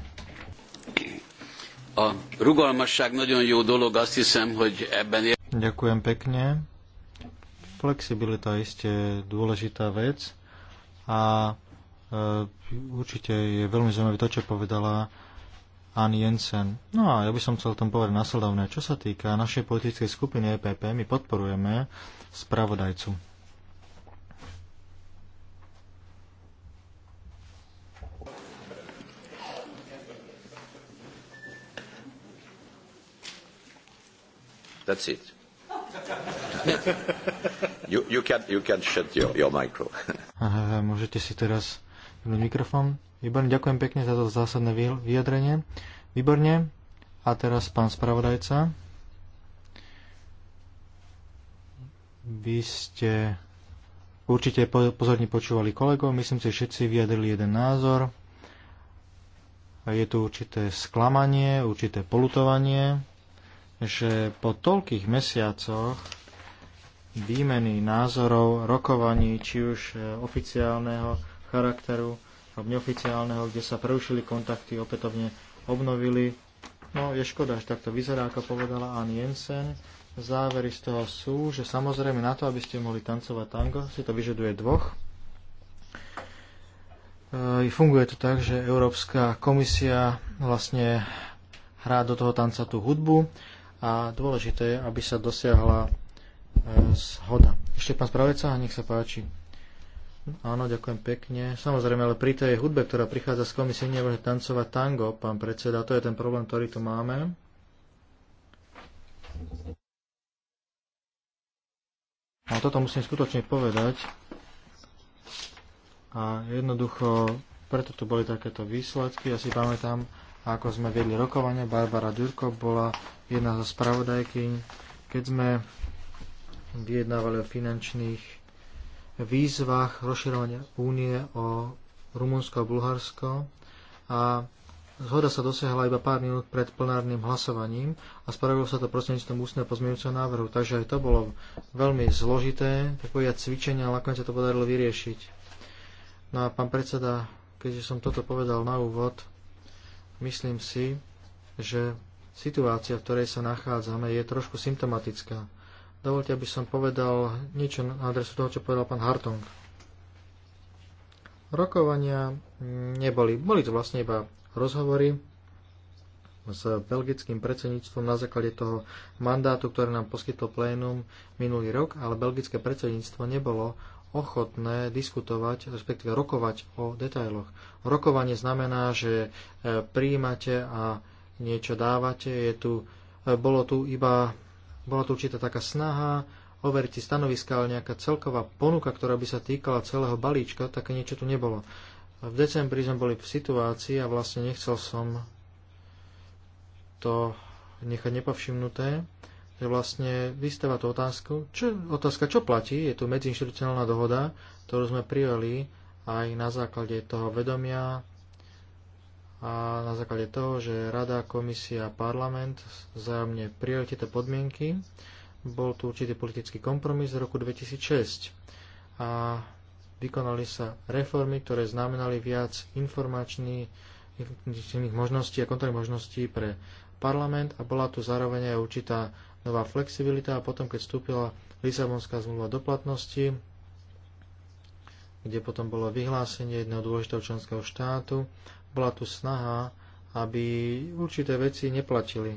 A rugalmasság nagyon jó dolog, azt hiszem, hogy ebben... Ďakujem pekne. Flexibilita je iste dôležitá vec a e, určite je veľmi zaujímavé to, čo povedala Ann Jensen. No a ja by som chcel tom povedať nasledovné. Čo sa týka našej politickej skupiny EPP, my podporujeme spravodajcu That's it. you, you, can, you can shut your, your micro. môžete si teraz vyhnúť mikrofón. Výborne, ďakujem pekne za to zásadné vyjadrenie. Výborne. A teraz pán spravodajca. Vy ste určite pozorne počúvali kolegov, myslím si, že všetci vyjadrili jeden názor. Je tu určité sklamanie, určité polutovanie že po toľkých mesiacoch výmeny názorov, rokovaní, či už e, oficiálneho charakteru alebo neoficiálneho, kde sa prerušili kontakty, opätovne obnovili. No je škoda, že takto vyzerá, ako povedala Ann Jensen. Závery z toho sú, že samozrejme na to, aby ste mohli tancovať tango, si to vyžaduje dvoch. E, funguje to tak, že Európska komisia vlastne hrá do toho tanca tú hudbu a dôležité je, aby sa dosiahla e, zhoda. Ešte pán spraveca, nech sa páči. Áno, ďakujem pekne. Samozrejme, ale pri tej hudbe, ktorá prichádza z komisie, nemôže tancovať tango, pán predseda. To je ten problém, ktorý tu máme. A toto musím skutočne povedať. A jednoducho, preto tu boli takéto výsledky. Ja si pamätám, a ako sme vedli rokovania, Barbara Dürko bola jedna zo spravodajkyň. Keď sme vyjednávali o finančných výzvach rozširovania únie o Rumunsko a Bulharsko a zhoda sa dosiahla iba pár minút pred plenárnym hlasovaním a spravilo sa to prostredníctvom ústneho pozmeňujúceho návrhu, takže aj to bolo veľmi zložité, tak povedať cvičenie, ale nakoniec sa to podarilo vyriešiť. No a pán predseda, keďže som toto povedal na úvod, Myslím si, že situácia, v ktorej sa nachádzame, je trošku symptomatická. Dovolte, aby som povedal niečo na adresu toho, čo povedal pán Hartong. Rokovania neboli. Boli to vlastne iba rozhovory s belgickým predsedníctvom na základe toho mandátu, ktoré nám poskytlo plénum minulý rok, ale belgické predsedníctvo nebolo ochotné diskutovať, respektíve rokovať o detailoch. Rokovanie znamená, že e, príjmate a niečo dávate. Je tu, e, bolo tu iba, bola tu určitá taká snaha overiť si stanoviska, ale nejaká celková ponuka, ktorá by sa týkala celého balíčka, také niečo tu nebolo. V decembri sme boli v situácii a vlastne nechcel som to nechať nepovšimnuté vlastne vystáva tú otázku, čo, otázka, čo platí, je tu medziinštitucionálna dohoda, ktorú sme prijali aj na základe toho vedomia a na základe toho, že Rada, Komisia a Parlament vzájomne prijali tieto podmienky. Bol tu určitý politický kompromis z roku 2006 a vykonali sa reformy, ktoré znamenali viac informačných možností a kontrolných možností pre parlament a bola tu zároveň aj určitá nová flexibilita a potom, keď vstúpila Lisabonská zmluva do platnosti, kde potom bolo vyhlásenie jedného dôležitého členského štátu, bola tu snaha, aby určité veci neplatili.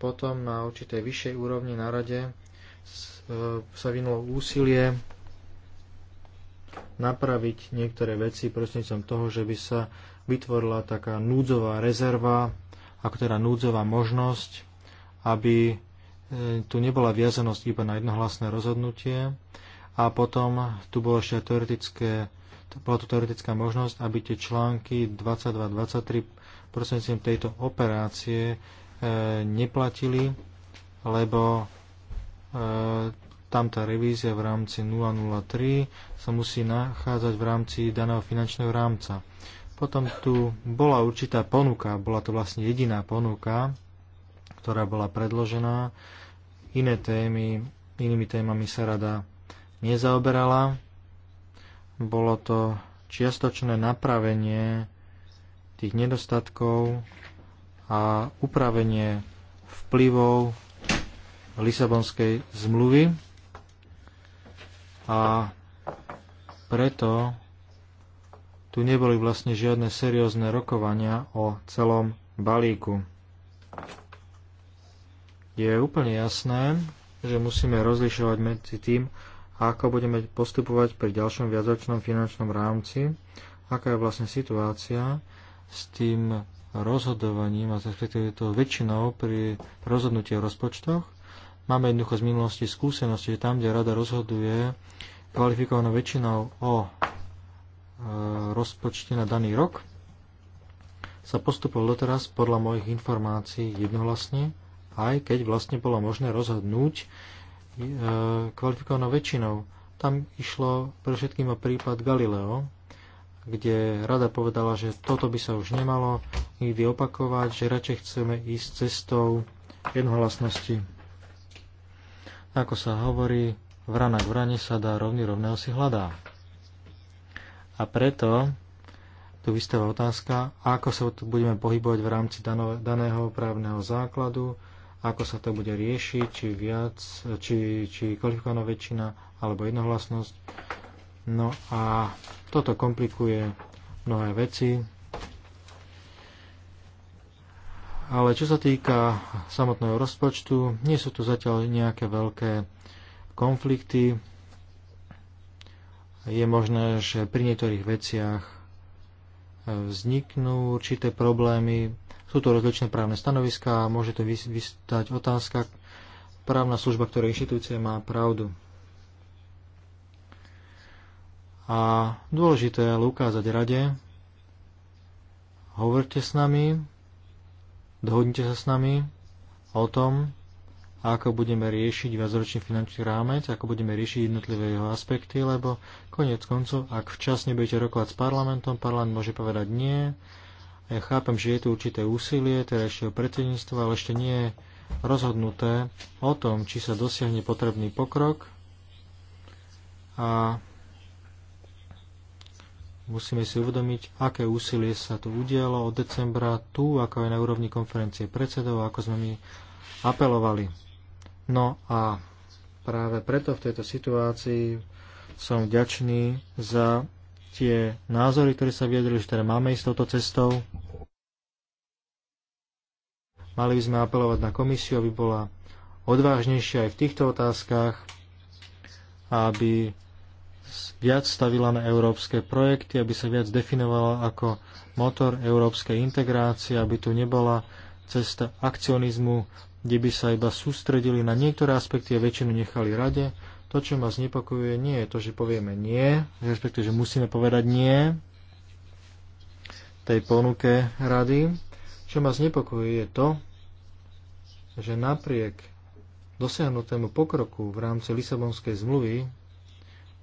Potom na určitej vyššej úrovni na rade e, sa vynulo úsilie napraviť niektoré veci prostredníctvom toho, že by sa vytvorila taká núdzová rezerva, ako teda núdzová možnosť, aby E, tu nebola viazanosť iba na jednohlasné rozhodnutie a potom tu bolo ešte teoretické, bola tu teoretická možnosť, aby tie články 22-23 prostredníctvom tejto operácie e, neplatili, lebo e, tam tá revízia v rámci 003 sa musí nachádzať v rámci daného finančného rámca. Potom tu bola určitá ponuka, bola to vlastne jediná ponuka, ktorá bola predložená iné témy, inými témami sa rada nezaoberala. Bolo to čiastočné napravenie tých nedostatkov a upravenie vplyvov Lisabonskej zmluvy a preto tu neboli vlastne žiadne seriózne rokovania o celom balíku je úplne jasné, že musíme rozlišovať medzi tým, ako budeme postupovať pri ďalšom viacročnom finančnom rámci, aká je vlastne situácia s tým rozhodovaním a respektíve to väčšinou pri rozhodnutí o rozpočtoch. Máme jednoducho z minulosti skúsenosti, že tam, kde rada rozhoduje kvalifikovanou väčšinou o e, rozpočte na daný rok, sa postupovalo doteraz podľa mojich informácií jednohlasne aj keď vlastne bolo možné rozhodnúť e, kvalifikovanou väčšinou. Tam išlo pre všetkým o prípad Galileo, kde rada povedala, že toto by sa už nemalo nikdy opakovať, že radšej chceme ísť cestou jednohlasnosti. Ako sa hovorí, vrana k vrane sa dá, rovný rovného si hľadá. A preto tu vystáva otázka, ako sa tu budeme pohybovať v rámci daného právneho základu, ako sa to bude riešiť, či viac, či, či kvalifikovaná väčšina alebo jednohlasnosť. No a toto komplikuje mnohé veci. Ale čo sa týka samotného rozpočtu, nie sú tu zatiaľ nejaké veľké konflikty. Je možné, že pri niektorých veciach vzniknú určité problémy, sú to rozličné právne stanoviská a môže to vystať otázka právna služba, ktorej inštitúcia má pravdu. A dôležité je ukázať rade, hovorte s nami, dohodnite sa s nami o tom, ako budeme riešiť viacročný finančný rámec, ako budeme riešiť jednotlivé jeho aspekty, lebo konec koncov, ak včas nebudete rokovať s parlamentom, parlament môže povedať nie, ja chápem, že je tu určité úsilie terajšieho predsedníctva, ale ešte nie je rozhodnuté o tom, či sa dosiahne potrebný pokrok a musíme si uvedomiť, aké úsilie sa tu udialo od decembra tu, ako aj na úrovni konferencie predsedov, ako sme my apelovali. No a práve preto v tejto situácii som vďačný za tie názory, ktoré sa vyjadrili, že teda máme ísť touto cestou. Mali by sme apelovať na komisiu, aby bola odvážnejšia aj v týchto otázkach, aby viac stavila na európske projekty, aby sa viac definovala ako motor európskej integrácie, aby tu nebola cesta akcionizmu, kde by sa iba sústredili na niektoré aspekty a väčšinu nechali rade to, čo ma znepokojuje, nie je to, že povieme nie, respektíve, že musíme povedať nie tej ponuke rady. Čo ma znepokojuje je to, že napriek dosiahnutému pokroku v rámci Lisabonskej zmluvy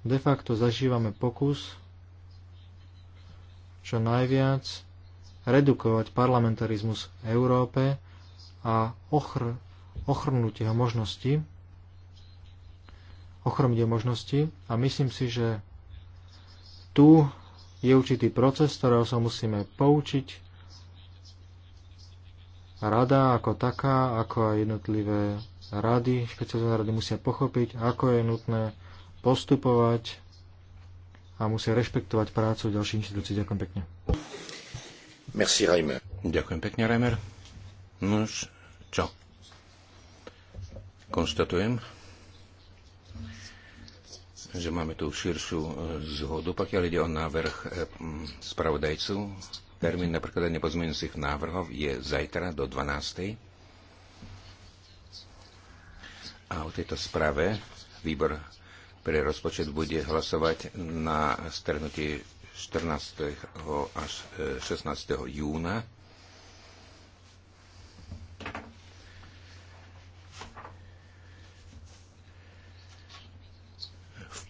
de facto zažívame pokus čo najviac redukovať parlamentarizmus v Európe a ochr- ochrnutie jeho možnosti ochromie možnosti a myslím si, že tu je určitý proces, ktorého sa musíme poučiť. Rada ako taká, ako aj jednotlivé rady, špecializované rady musia pochopiť, ako je nutné postupovať a musia rešpektovať prácu ďalších inštitúcií. Ďakujem pekne. Merci, Reimer. Ďakujem pekne, Reimer. Nož, čo? Konštatujem, že máme tu širšiu e, zhodu, pokiaľ ide o návrh e, spravodajcu. Termín na prekladanie pozmeňujúcich návrhov je zajtra do 12. A o tejto sprave výbor pre rozpočet bude hlasovať na stretnutí 14. až 16. E, júna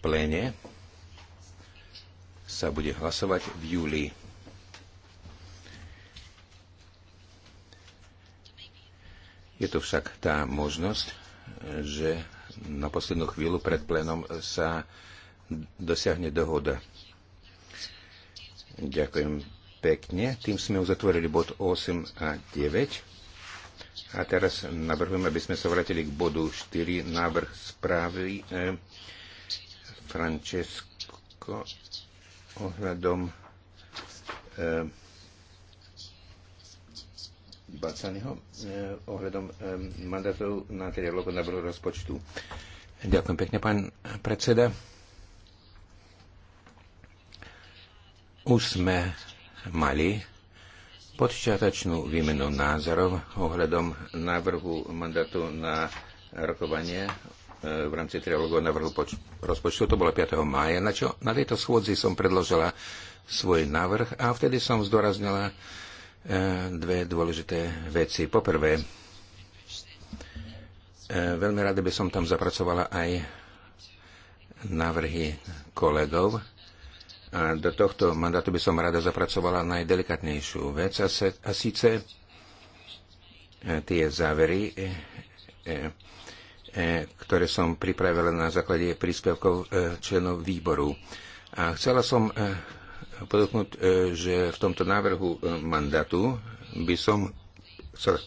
pléne sa bude hlasovať v júli. Je to však tá možnosť, že na poslednú chvíľu pred plénom sa dosiahne dohoda. Ďakujem pekne. Tým sme uzatvorili bod 8 a 9. A teraz navrhujem, aby sme sa vrátili k bodu 4, návrh správy. E, Francesco ohľadom eh, Bacaniho eh, ohľadom eh, mandátov na trialogu návrhu rozpočtu. Ďakujem pekne, pán predseda. Už sme mali podčiatočnú výmenu názorov ohľadom návrhu mandátu na rokovanie v rámci trialógu návrhu rozpočtu, to bolo 5. mája, na, čo, na tejto schôdzi som predložila svoj návrh a vtedy som zdoraznila eh, dve dôležité veci. Poprvé, eh, veľmi rada by som tam zapracovala aj návrhy kolegov, a do tohto mandátu by som rada zapracovala najdelikatnejšiu vec a, se, a síce eh, tie závery, E, ktoré som pripravil na základe príspevkov e, členov výboru. A chcela som e, podotknúť, že v tomto návrhu mandátu by som chcel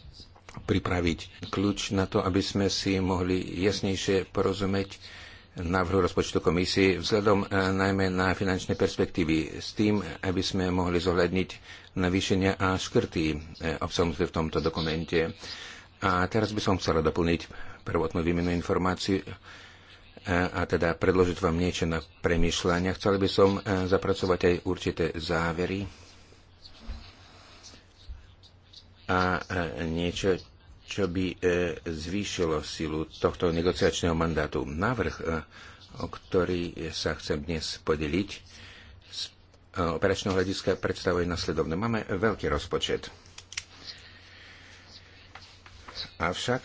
pripraviť kľúč na to, aby sme si mohli jasnejšie porozumieť návrhu rozpočtu komisie vzhľadom najmä na finančné perspektívy s tým, aby sme mohli zohľadniť navýšenia a škrty obsahnuté v tomto dokumente. A teraz by som chcela doplniť prvotnú výmenu informácií e, a teda predložiť vám niečo na premýšľania. Chcel by som e, zapracovať aj určité závery a e, niečo, čo by zvýšilo silu tohto negociačného mandátu. Návrh, o ktorý sa chcem dnes podeliť, z operačného hľadiska predstavuje nasledovne. Máme veľký rozpočet. Avšak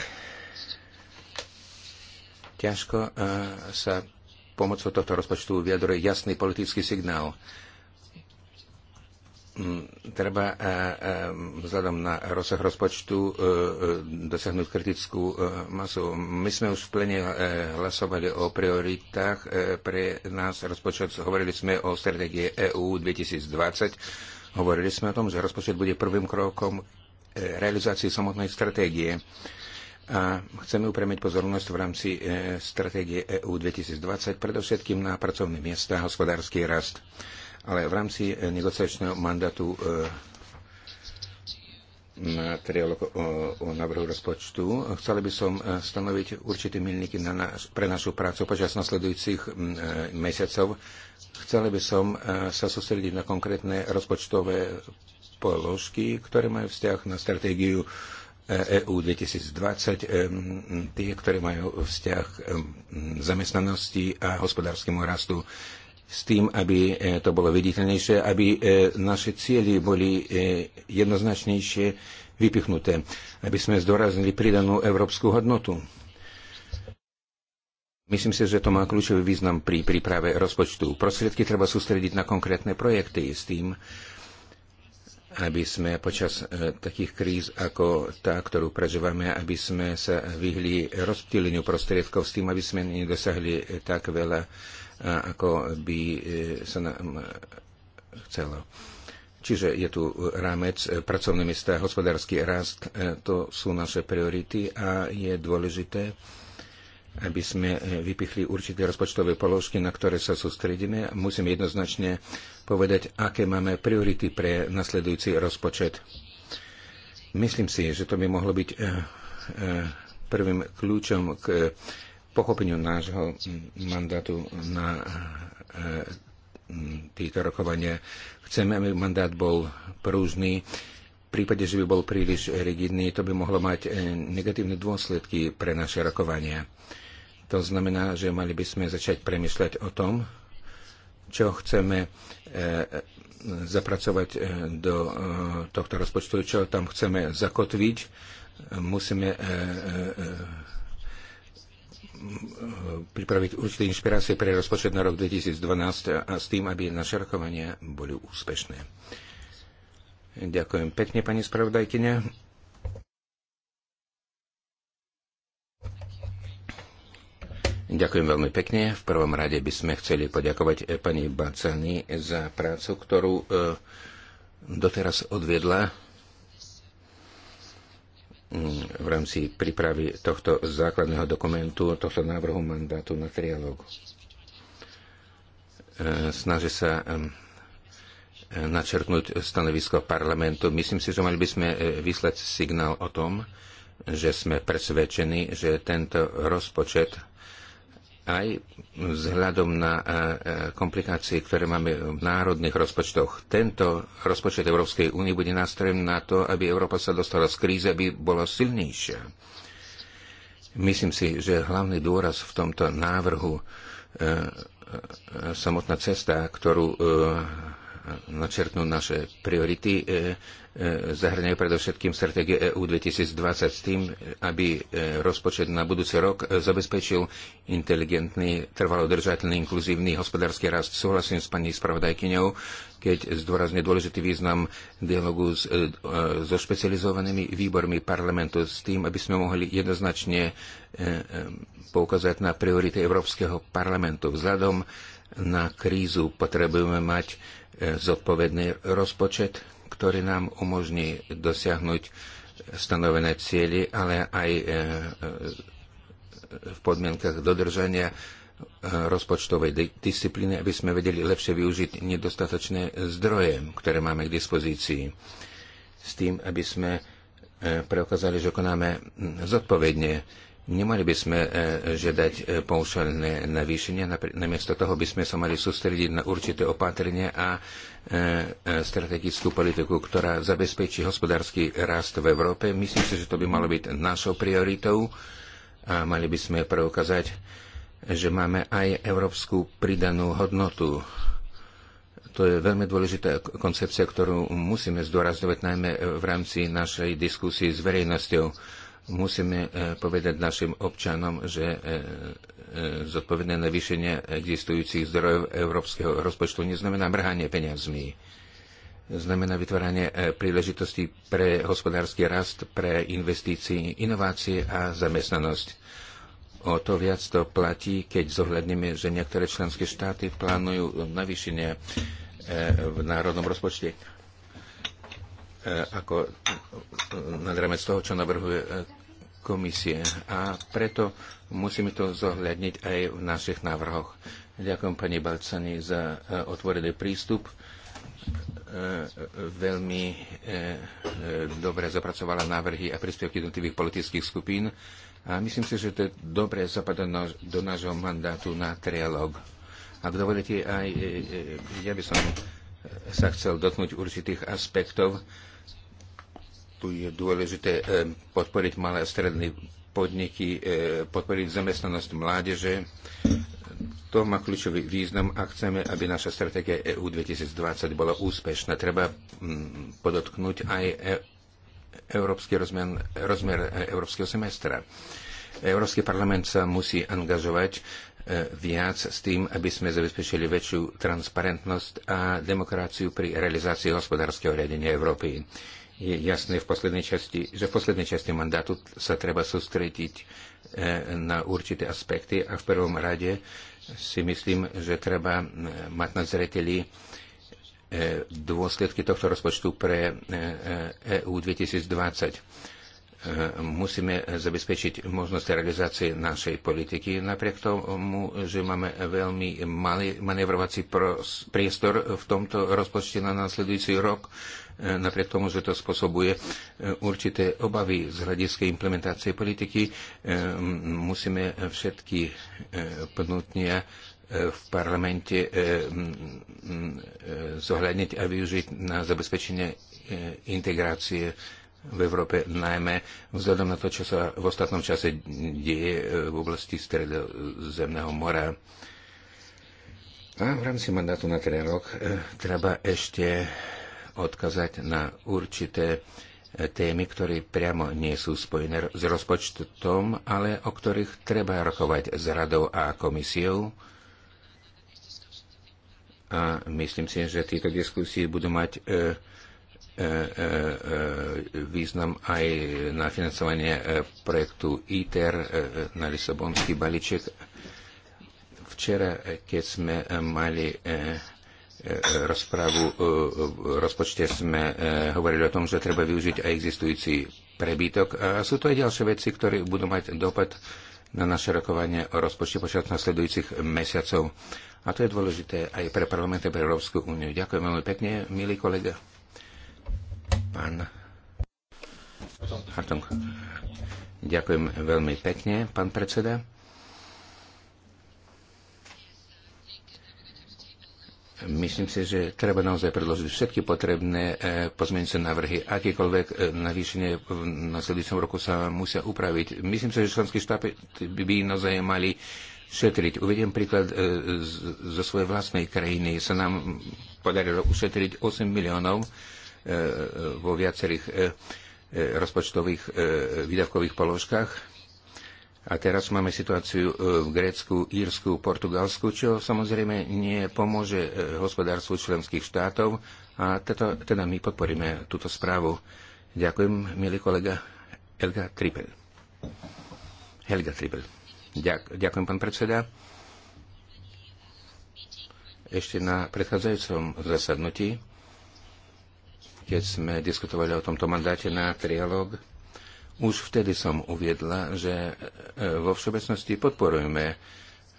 ťažko e, sa pomocou tohto rozpočtu vyjadruje jasný politický signál. Mm, treba e, e, vzhľadom na rozsah rozpočtu dosiahnuť kritickú masu. My sme už v plene hlasovali o prioritách pre nás rozpočet. Hovorili sme o stratégie EU 2020. Hovorili sme o tom, že rozpočet bude prvým krokom realizácii samotnej stratégie a chceme upremiť pozornosť v rámci e, stratégie EU 2020 predovšetkým na pracovné miesta a hospodársky rast. Ale v rámci e, negociačného mandátu e, na trialog o, o návrhu rozpočtu. Chceli by som stanoviť určité milníky na naš, pre našu prácu počas nasledujúcich mesiacov. Chceli by som sa sústrediť na konkrétne rozpočtové položky, ktoré majú vzťah na stratégiu EU e 2020, e, tie, ktoré majú vzťah e, zamestnanosti a hospodárskému rastu s tým, aby to bolo viditeľnejšie, aby naše cieľy boli jednoznačnejšie vypichnuté, aby sme zdoraznili pridanú európsku hodnotu. Myslím si, že to má kľúčový význam pri príprave rozpočtu. Prostriedky treba sústrediť na konkrétne projekty s tým, aby sme počas e, takých kríz ako tá, ktorú prežívame, aby sme sa vyhli rozptýleniu prostriedkov s tým, aby sme nedosahli e, tak veľa, e, ako by sa nám chcelo. Čiže je tu rámec, pracovné miesta, hospodársky rast, to sú naše priority a je dôležité, aby sme e, vypichli určité rozpočtové položky, na ktoré sa sústredíme. musím jednoznačne povedať, aké máme priority pre nasledujúci rozpočet. Myslím si, že to by mohlo byť e, e, prvým kľúčom k pochopeniu nášho mandátu na týto rokovania. Chceme, aby mandát bol prúžný, prípade, že by bol príliš rigidný, to by mohlo mať e, negatívne dôsledky pre naše rokovania. To znamená, že mali by sme začať premyšľať o tom, čo chceme e, zapracovať e, do tohto rozpočtu, čo tam chceme zakotviť. Musíme pripraviť určité inšpirácie pre rozpočet na rok 2012 a s tým, aby naše rokovania boli úspešné. Ďakujem pekne, pani spravodajkyňa. Ďakujem veľmi pekne. V prvom rade by sme chceli poďakovať eh, pani Bacani za prácu, ktorú eh, doteraz odviedla mm, v rámci prípravy tohto základného dokumentu, tohto návrhu mandátu na trialógu. Eh, snaží sa načrtnúť stanovisko parlamentu. Myslím si, že mali by sme e, vyslať signál o tom, že sme presvedčení, že tento rozpočet aj vzhľadom na e, e, komplikácie, ktoré máme v národných rozpočtoch. Tento rozpočet Európskej únie bude nástrojem na to, aby Európa sa dostala z krízy, aby bola silnejšia. Myslím si, že hlavný dôraz v tomto návrhu samotná cesta, ktorú načrtnúť naše priority. E, e, zahrňajú predovšetkým stratégiu EU 2020 s tým, aby e, rozpočet na budúci rok zabezpečil inteligentný, trvalo držateľný, inkluzívny hospodársky rast. Súhlasím s pani spravodajkyňou, keď zdôrazne dôležitý význam dialogu s, so špecializovanými výbormi parlamentu s tým, aby sme mohli jednoznačne poukázať na priority Európskeho parlamentu. Vzhľadom na krízu potrebujeme mať zodpovedný rozpočet, ktorý nám umožní dosiahnuť stanovené cieľy, ale aj e, e, v podmienkach dodržania e, rozpočtovej disciplíny, aby sme vedeli lepšie využiť nedostatočné zdroje, ktoré máme k dispozícii. S tým, aby sme preukázali, že konáme zodpovedne Nemali by sme e, žiadať e, paušálne navýšenie, namiesto toho by sme sa mali sústrediť na určité opatrenia a e, strategickú politiku, ktorá zabezpečí hospodársky rast v Európe. Myslím si, že to by malo byť našou prioritou a mali by sme preukázať, že máme aj európsku pridanú hodnotu. To je veľmi dôležitá koncepcia, ktorú musíme zdôrazňovať najmä v rámci našej diskusie s verejnosťou Musíme e, povedať našim občanom, že e, e, zodpovedné navýšenie existujúcich zdrojov európskeho rozpočtu neznamená mrhanie peniazmi znamená vytváranie príležitostí pre hospodársky rast, pre investície, inovácie a zamestnanosť. O to viac to platí, keď zohľadneme, že niektoré členské štáty plánujú navýšenie v národnom rozpočte ako nad rámec toho, čo navrhuje komisie a preto musíme to zohľadniť aj v našich návrhoch. Ďakujem pani Balcani za e, otvorený prístup. E, veľmi e, dobre zapracovala návrhy a príspevky jednotlivých politických skupín a myslím si, že to je dobre zapadá do nášho mandátu na trialog. Ak dovolíte, aj ja by som sa chcel dotknúť určitých aspektov, tu je dôležité eh, podporiť malé a stredné podniky, eh, podporiť zamestnanosť mládeže. To má kľúčový význam a chceme, aby naša stratégia EU 2020 bola úspešná. Treba mm, podotknúť aj e, európsky rozmer, rozmer európskeho semestra. Európsky parlament sa musí angažovať eh, viac s tým, aby sme zabezpečili väčšiu transparentnosť a demokraciu pri realizácii hospodárskeho riadenia Európy je jasné v poslednej časti, že v poslednej časti mandátu sa treba sústrediť e, na určité aspekty a v prvom rade si myslím, že treba e, mať na zreteli e, dôsledky tohto rozpočtu pre EU 2020 musíme zabezpečiť možnosť realizácie našej politiky, napriek tomu, že máme veľmi malý manevrovací priestor v tomto rozpočte na následujúci rok napriek tomu, že to spôsobuje e, určité obavy z hľadiska implementácie politiky, e, musíme všetky e, plnutnia v parlamente zohľadniť a využiť na zabezpečenie integrácie v Európe, najmä vzhľadom na to, čo sa v ostatnom čase deje v oblasti Stredozemného mora. A v rámci mandátu na ten rok treba ešte odkazať na určité e, témy, ktoré priamo nie sú spojené s rozpočtom, ale o ktorých treba rokovať s radou a komisiou. A myslím si, že tieto diskusie budú mať e, e, e význam aj na financovanie projektu ITER na Lisabonský balíček. Včera, keď sme mali E, rozprávu e, v rozpočte sme e, hovorili o tom, že treba využiť aj existujúci prebytok. A sú to aj ďalšie veci, ktoré budú mať dopad na naše rokovanie o rozpočte počas nasledujúcich mesiacov. A to je dôležité aj pre parlament a pre Európsku úniu. Ďakujem veľmi pekne, milý kolega. Pán Hartung. Ďakujem veľmi pekne, pán predseda. Myslím si, že treba naozaj predložiť všetky potrebné e, pozmeňujúce návrhy. Akékoľvek e, navýšenie v nasledujúcom roku sa musia upraviť. Myslím si, že členské štáty by naozaj mali šetriť. Uvediem príklad e, zo svojej vlastnej krajiny. Sa nám podarilo ušetriť 8 miliónov vo viacerých rozpočtových výdavkových položkách a teraz máme situáciu e, v Grécku, Írsku, Portugalsku, čo samozrejme nie pomôže e, hospodárstvu členských štátov a teda, teda my podporíme túto správu. Ďakujem, milý kolega Helga Trippel. Helga Trippel. Ďak, ďakujem, pán predseda. Ešte na predchádzajúcom zasadnutí, keď sme diskutovali o tomto mandáte na trialóg, už vtedy som uviedla, že e, vo všeobecnosti podporujeme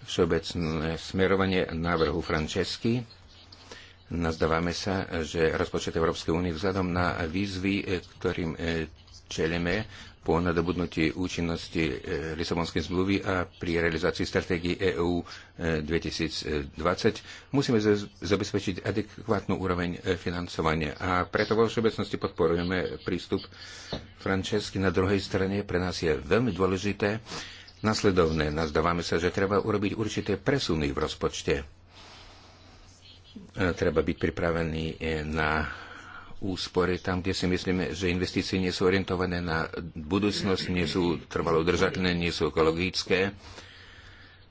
všeobecné smerovanie návrhu Francesky. Nazdávame sa, že rozpočet Európskej únie vzhľadom na výzvy, e, ktorým e, čelíme po nadobudnutí účinnosti e, Lisabonskej zmluvy a pri realizácii stratégie EÚ 2020 e, musíme zabezpečiť adekvátnu úroveň e, financovania. A preto vo všeobecnosti podporujeme prístup Francesky. Na druhej strane pre nás je veľmi dôležité nasledovné. Nazdávame sa, že treba urobiť určité presuny v rozpočte. Treba byť pripravený na úspory tam, kde si myslíme, že investície nie sú orientované na budúcnosť, nie sú trvalo udržateľné, nie sú ekologické.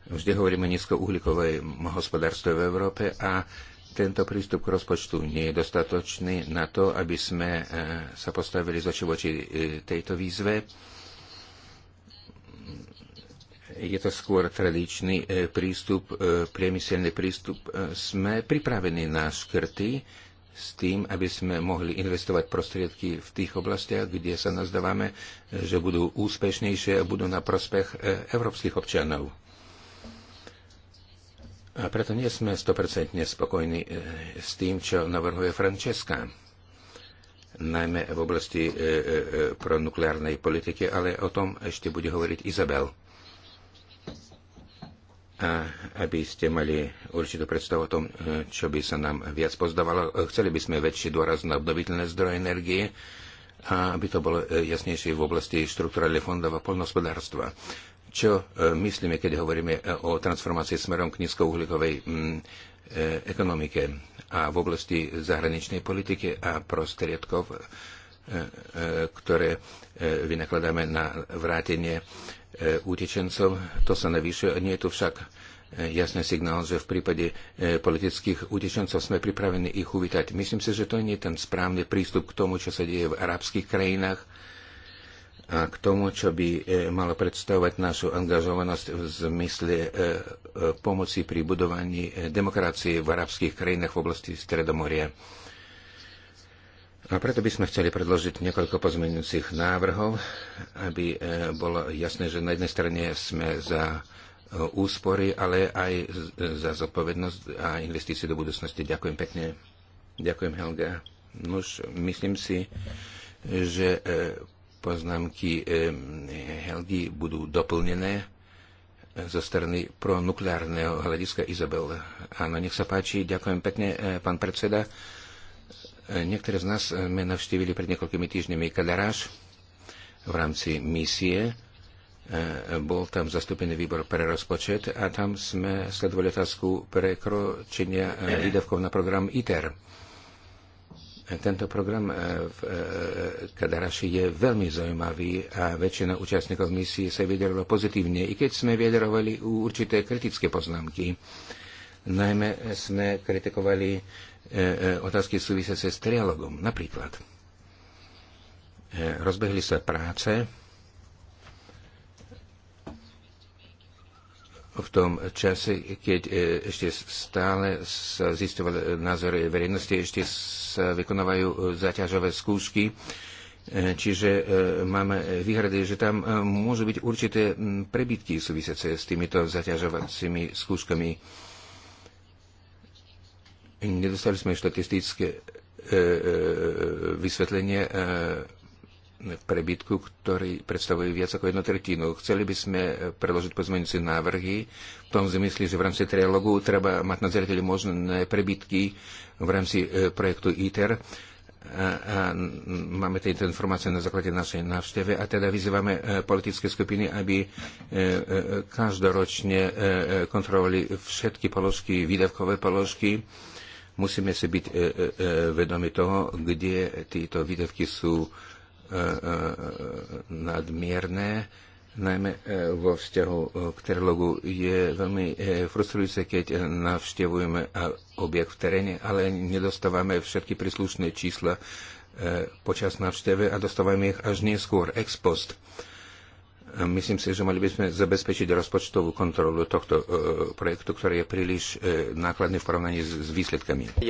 Vždy hovoríme o nízkouhlíkovom hospodárstve v Európe a tento prístup k rozpočtu nie je dostatočný na to, aby sme e, sa postavili za oči voči e, tejto výzve. Je to skôr tradičný e, prístup, priemyselný prístup. Sme pripravení na škrty, s tým, aby sme mohli investovať prostriedky v tých oblastiach, kde sa nazdávame, že budú úspešnejšie a budú na prospech e, európskych občanov. A preto nie sme 100% spokojní e, s tým, čo navrhuje Francesca najmä v oblasti e, e, e, pronukleárnej politiky, ale o tom ešte bude hovoriť Izabel a aby ste mali určitú predstavu o tom, e, čo by sa nám viac pozdávalo. E, chceli by sme väčší dôraz na obnoviteľné zdroje energie, a aby to bolo e, jasnejšie v oblasti štruktúrálnych fondov a poľnohospodárstva. Čo myslíme, keď hovoríme o transformácii smerom k nízkouhlíkovej mm, ekonomike a v oblasti zahraničnej politiky a prostriedkov, ktoré vynakladáme na vrátenie E, utečencov. To sa navyše. Nie je tu však e, jasný signál, že v prípade e, politických utečencov sme pripravení ich uvítať. Myslím si, že to nie je ten správny prístup k tomu, čo sa deje v arabských krajinách a k tomu, čo by malo predstavovať našu angažovanosť v zmysle pomoci pri budovaní demokracie v arabských krajinách v oblasti Stredomoria. A preto by sme chceli predložiť niekoľko pozmeňujúcich návrhov, aby e, bolo jasné, že na jednej strane sme za e, úspory, ale aj e, za zodpovednosť a investície do budúcnosti. Ďakujem pekne. Ďakujem, Helga. Nuž, myslím si, že poznámky Helgy budú doplnené zo strany pro nukleárneho hľadiska Izabel. Áno, nech sa páči. Ďakujem pekne, pán predseda. Niektorí z nás eh, sme navštívili pred niekoľkými týždňami Kadaráš v rámci misie. Eh, bol tam zastúpený výbor pre rozpočet a tam sme sledovali otázku prekročenia eh, výdavkov na program ITER. Tento program v Kadaraši je veľmi zaujímavý a väčšina účastníkov misie sa vyjadrovala pozitívne, i keď sme vyjadrovali určité kritické poznámky. Najmä sme kritikovali E, e, otázky súvisiace s trialogom. Napríklad, e, rozbehli sa práce v tom čase, keď ešte stále sa zistoval názor verejnosti, ešte sa vykonávajú zaťažové skúšky, čiže máme výhrady, že tam môžu byť určité prebytky súvisiace s týmito zaťažovacími skúškami Nedostali sme štatistické e, e, vysvetlenie e, prebytku, ktorý predstavuje viac ako jednu tretinu. Chceli by sme preložiť pozmeňujúce návrhy v tom zmysle, že v rámci trialogu treba mať na zreteli možné prebytky v rámci projektu ITER. A, a máme tieto informácie na základe našej návšteve a teda vyzývame politické skupiny, aby každoročne kontrolovali všetky položky, výdavkové položky Musíme si byť e, e, e, vedomi toho, kde títo výdavky sú nadmierné, najmä vo vzťahu k terlogu je veľmi frustrujúce, keď navštevujeme objekt v teréne, ale nedostávame všetky príslušné čísla počas navštevy a dostávame ich až neskôr ex post. Myslím si, že mali by sme zabezpečiť rozpočtovú kontrolu tohto e, projektu, ktorý je príliš e, nákladný v porovnaní s, s výsledkami. E,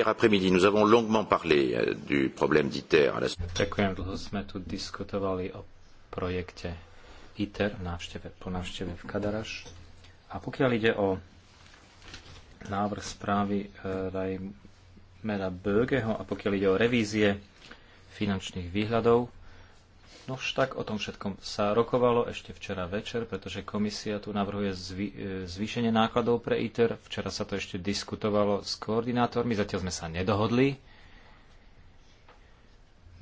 Ďakujem, dlho sme tu diskutovali o projekte ITER návšteve, po návšteve v Kadaraš. A pokiaľ ide o návrh správy e, Rajmera Bögeho a pokiaľ ide o revízie finančných výhľadov, No však o tom všetkom sa rokovalo ešte včera večer, pretože komisia tu navrhuje zvy, e, zvýšenie nákladov pre ITER. Včera sa to ešte diskutovalo s koordinátormi, zatiaľ sme sa nedohodli.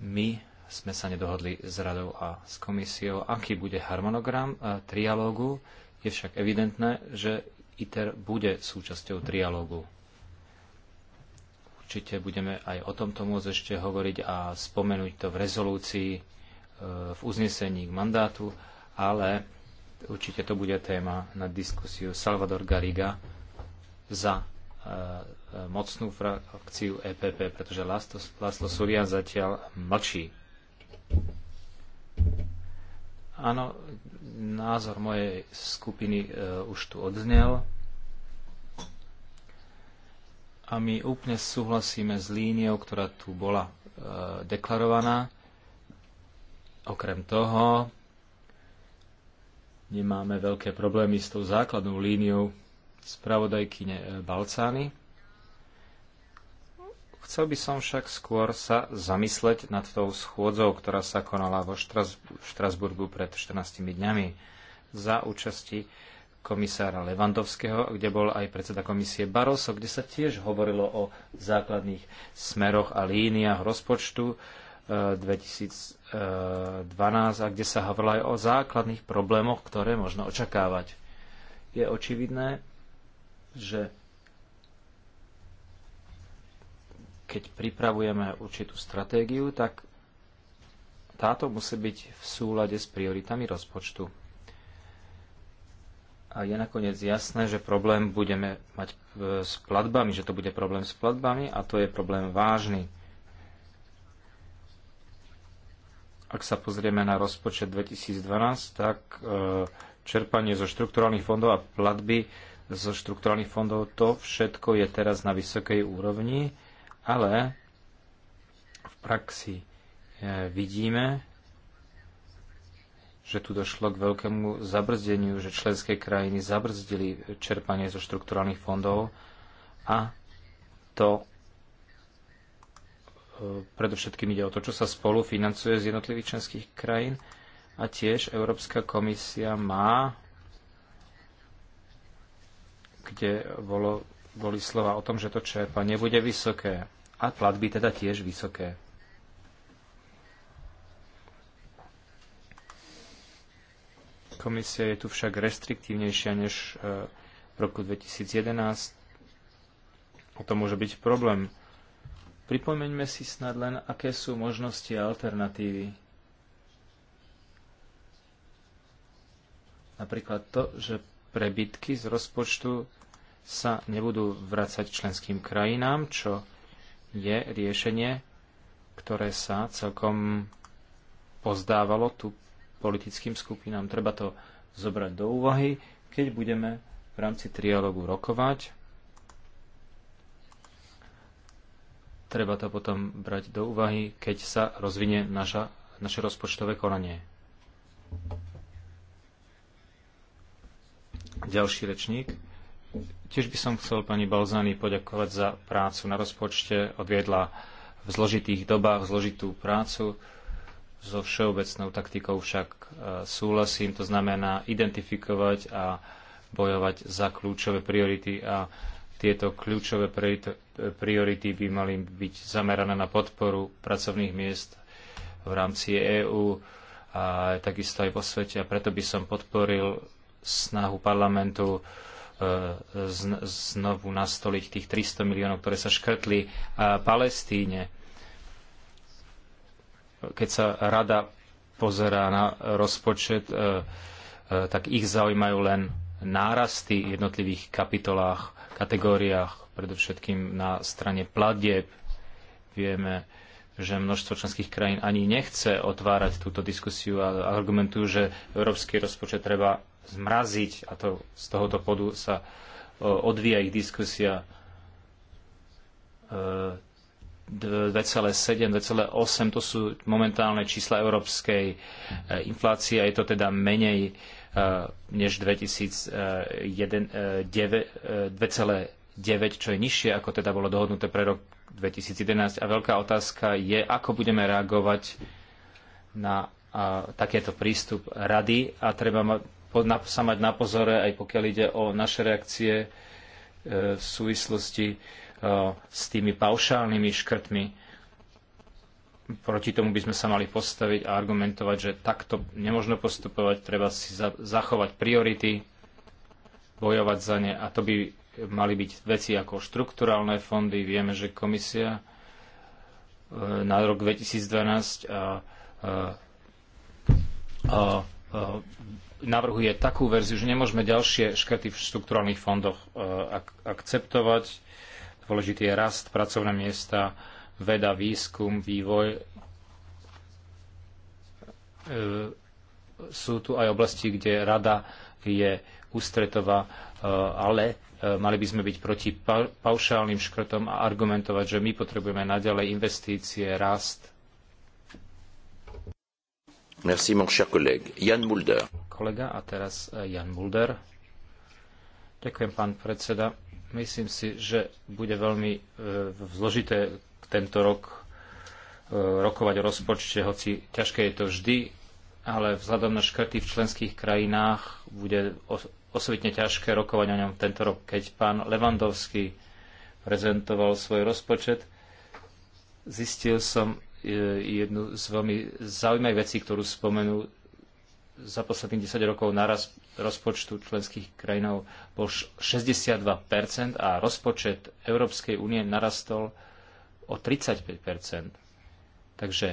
My sme sa nedohodli s radou a s komisiou, aký bude harmonogram e, trialógu. Je však evidentné, že ITER bude súčasťou trialógu určite budeme aj o tomto môcť ešte hovoriť a spomenúť to v rezolúcii Eh, v uznesení k mandátu, ale určite to bude téma na diskusiu Salvador Garriga za eh, mocnú frakciu EPP, pretože Laslo, Surian zatiaľ mlčí. Áno, názor mojej skupiny eh, už tu odznel a my úplne súhlasíme s líniou, ktorá tu bola deklarovaná. Okrem toho nemáme veľké problémy s tou základnou líniou spravodajkyne e, Balcány. Chcel by som však skôr sa zamysleť nad tou schôdzou, ktorá sa konala vo Štrasburgu pred 14 dňami za účasti komisára Levandovského, kde bol aj predseda komisie Barroso, kde sa tiež hovorilo o základných smeroch a líniách rozpočtu, 2012 a kde sa hovorilo aj o základných problémoch, ktoré možno očakávať. Je očividné, že keď pripravujeme určitú stratégiu, tak táto musí byť v súlade s prioritami rozpočtu. A je nakoniec jasné, že problém budeme mať e, s platbami, že to bude problém s platbami a to je problém vážny Ak sa pozrieme na rozpočet 2012, tak e, čerpanie zo štrukturálnych fondov a platby zo štrukturálnych fondov, to všetko je teraz na vysokej úrovni, ale v praxi e, vidíme, že tu došlo k veľkému zabrzdeniu, že členské krajiny zabrzdili čerpanie zo štrukturálnych fondov a to Eh, predovšetkým ide o to, čo sa spolu financuje z jednotlivých členských krajín a tiež Európska komisia má, kde bolo, boli slova o tom, že to čerpa nebude vysoké a platby teda tiež vysoké. Komisia je tu však restriktívnejšia než eh, v roku 2011. O to môže byť problém Pripomeňme si snad len, aké sú možnosti a alternatívy. Napríklad to, že prebytky z rozpočtu sa nebudú vracať členským krajinám, čo je riešenie, ktoré sa celkom pozdávalo tu politickým skupinám. Treba to zobrať do úvahy, keď budeme v rámci trialogu rokovať Treba to potom brať do úvahy, keď sa rozvinie naša, naše rozpočtové konanie. Ďalší rečník. Tiež by som chcel pani Balzani poďakovať za prácu na rozpočte. Odviedla v zložitých dobách zložitú prácu. So všeobecnou taktikou však e, súhlasím, to znamená identifikovať a bojovať za kľúčové priority a tieto kľúčové priority by mali byť zamerané na podporu pracovných miest v rámci EÚ a takisto aj vo svete. A preto by som podporil snahu parlamentu e, znovu nastoliť tých 300 miliónov, ktoré sa škrtli e, Palestíne. Keď sa rada pozerá na rozpočet, e, tak ich zaujímajú len nárasty v jednotlivých kapitolách, kategóriách predovšetkým na strane platieb. Vieme, že množstvo členských krajín ani nechce otvárať túto diskusiu a argumentujú, že európsky rozpočet treba zmraziť a to z tohoto podu sa e, odvíja ich diskusia 2,7, e, 2,8 to sú momentálne čísla európskej e, inflácie a je to teda menej než 2009, 2,9 čo je nižšie, ako teda bolo dohodnuté pre rok 2011. A veľká otázka je, ako budeme reagovať na a, takéto prístup rady a treba ma, po, na, sa mať na pozore, aj pokiaľ ide o naše reakcie e, v súvislosti e, s tými paušálnymi škrtmi. Proti tomu by sme sa mali postaviť a argumentovať, že takto nemôžno postupovať, treba si za, zachovať priority, bojovať za ne a to by mali byť veci ako štrukturálne fondy. Vieme, že komisia e, na rok 2012 a, e, a, a, navrhuje takú verziu, že nemôžeme ďalšie škrty v štrukturálnych fondoch e, ak, akceptovať. Dôležitý je rast, pracovné miesta, veda, výskum, vývoj. Sú tu aj oblasti, kde rada je ústretová, ale E, mali by sme byť proti paušálnym škrtom a argumentovať, že my potrebujeme naďalej investície, rast. Merci, mon cher collègue. Jan Mulder. Kolega a teraz e, Jan Mulder. Ďakujem, pán predseda. Myslím si, že bude veľmi e, zložité tento rok rokovať o rozpočte, hoci ťažké je to vždy, ale vzhľadom na škrty v členských krajinách bude osobitne ťažké rokovať o ňom tento rok, keď pán Levandovský prezentoval svoj rozpočet. Zistil som e, jednu z veľmi zaujímavých vecí, ktorú spomenul za posledných 10 rokov naraz rozpočtu členských krajinov bol 62% a rozpočet Európskej únie narastol o 35%. Takže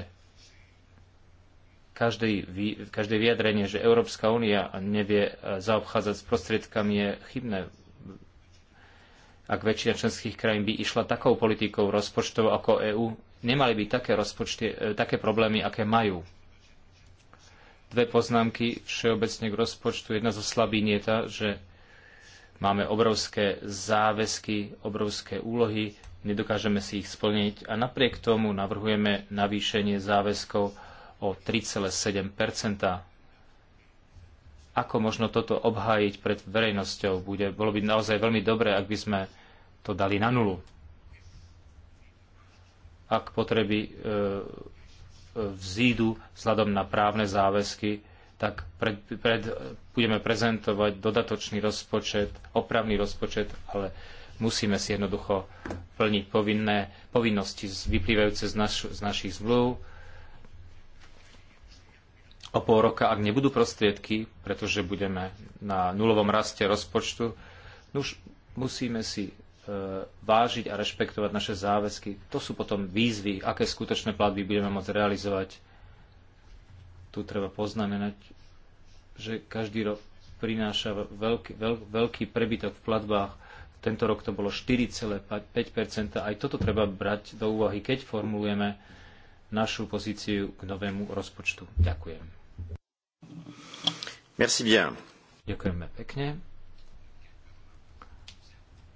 každej, každé vyjadrenie, že Európska únia nevie e, zaobchádzať s prostriedkami, je chybné. Ak väčšina členských krajín by išla takou politikou rozpočtov ako EÚ, nemali by také, rozpočty, e, také problémy, aké majú. Dve poznámky všeobecne k rozpočtu. Jedna zo slabín je tá, že máme obrovské záväzky, obrovské úlohy, nedokážeme si ich splniť a napriek tomu navrhujeme navýšenie záväzkov o 3,7 Ako možno toto obhájiť pred verejnosťou? Bude, bolo by naozaj veľmi dobré, ak by sme to dali na nulu. Ak potreby e, e vzídu vzhľadom na právne záväzky, tak pred, pred, budeme prezentovať dodatočný rozpočet, opravný rozpočet, ale musíme si jednoducho plniť povinné povinnosti vyplývajúce z, naš, z našich zmluv, o pol roka, ak nebudú prostriedky, pretože budeme na nulovom raste rozpočtu, už musíme si e, vážiť a rešpektovať naše záväzky. To sú potom výzvy, aké skutočné platby budeme môcť realizovať. Tu treba poznamenať, že každý rok prináša veľký, veľký prebytok v platbách. Tento rok to bolo 4,5 Aj toto treba brať do úvahy, keď formulujeme našu pozíciu k novému rozpočtu. Ďakujem. Merci bien. Ďakujeme pekne.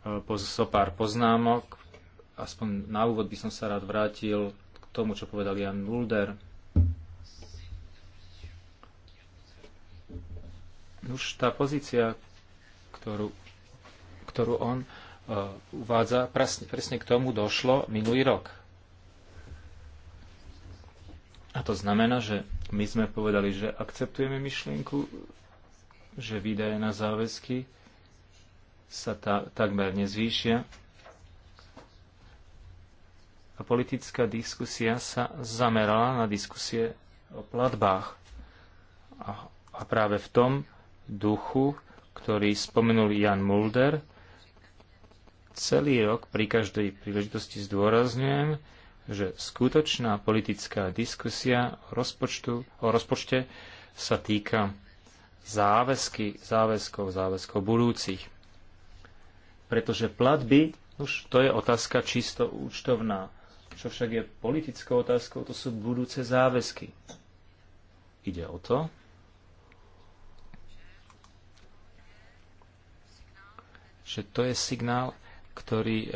E, so pár poznámok. Aspoň na úvod by som sa rád vrátil k tomu, čo povedal Jan Mulder. Už tá pozícia, ktorú, ktorú on uh, uvádza, presne, presne k tomu došlo minulý rok. A to znamená, že my sme povedali, že akceptujeme myšlienku, že výdaje na záväzky sa ta, takmer nezvýšia a politická diskusia sa zamerala na diskusie o platbách. A, a práve v tom duchu, ktorý spomenul Jan Mulder, celý rok pri každej príležitosti zdôrazňujem, že skutočná politická diskusia o, rozpočtu, o rozpočte sa týka záväzky, záväzkov, záväzkov budúcich. Pretože platby, už to je otázka čisto účtovná. Čo však je politickou otázkou, to sú budúce záväzky. Ide o to, že to je signál, ktorý e,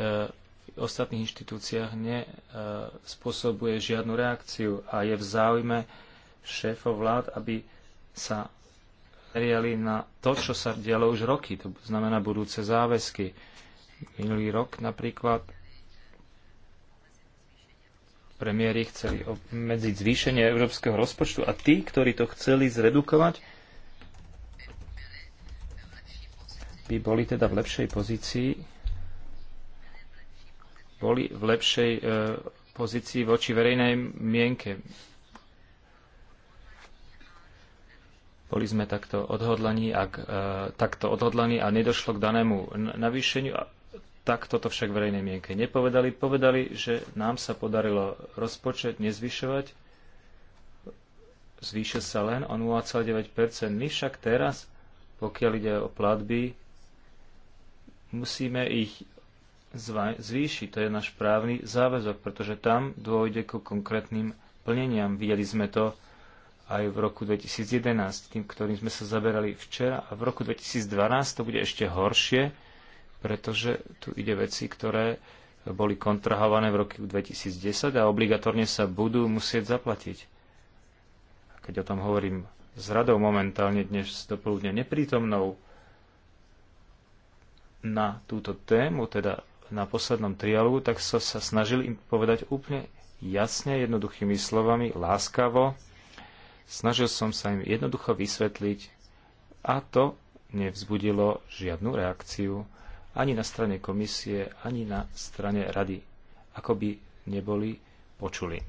ostatných inštitúciách nespôsobuje e, žiadnu reakciu a je v záujme šéfov vlád, aby sa riali na to, čo sa dialo už roky, to znamená budúce záväzky. Minulý rok napríklad premiéry chceli obmedziť zvýšenie európskeho rozpočtu a tí, ktorí to chceli zredukovať, by boli teda v lepšej pozícii boli v lepšej e, pozícii voči verejnej mienke. Boli sme takto odhodlaní, ak, e, takto odhodlaní a nedošlo k danému navýšeniu. Tak toto však verejnej mienke nepovedali. Povedali, že nám sa podarilo rozpočet nezvyšovať. Zvýšil sa len o 0,9%. My však teraz, pokiaľ ide o platby, musíme ich zvýši. To je náš právny záväzok, pretože tam dôjde ku konkrétnym plneniam. Videli sme to aj v roku 2011, tým, ktorým sme sa zaberali včera. A v roku 2012 to bude ešte horšie, pretože tu ide veci, ktoré boli kontrahované v roku 2010 a obligatorne sa budú musieť zaplatiť. A keď o tom hovorím s radou momentálne dnes dopoludne neprítomnou na túto tému, teda na poslednom trialogu, tak som sa snažil im povedať úplne jasne, jednoduchými slovami, láskavo. Snažil som sa im jednoducho vysvetliť a to nevzbudilo žiadnu reakciu ani na strane komisie, ani na strane rady, ako by neboli počuli.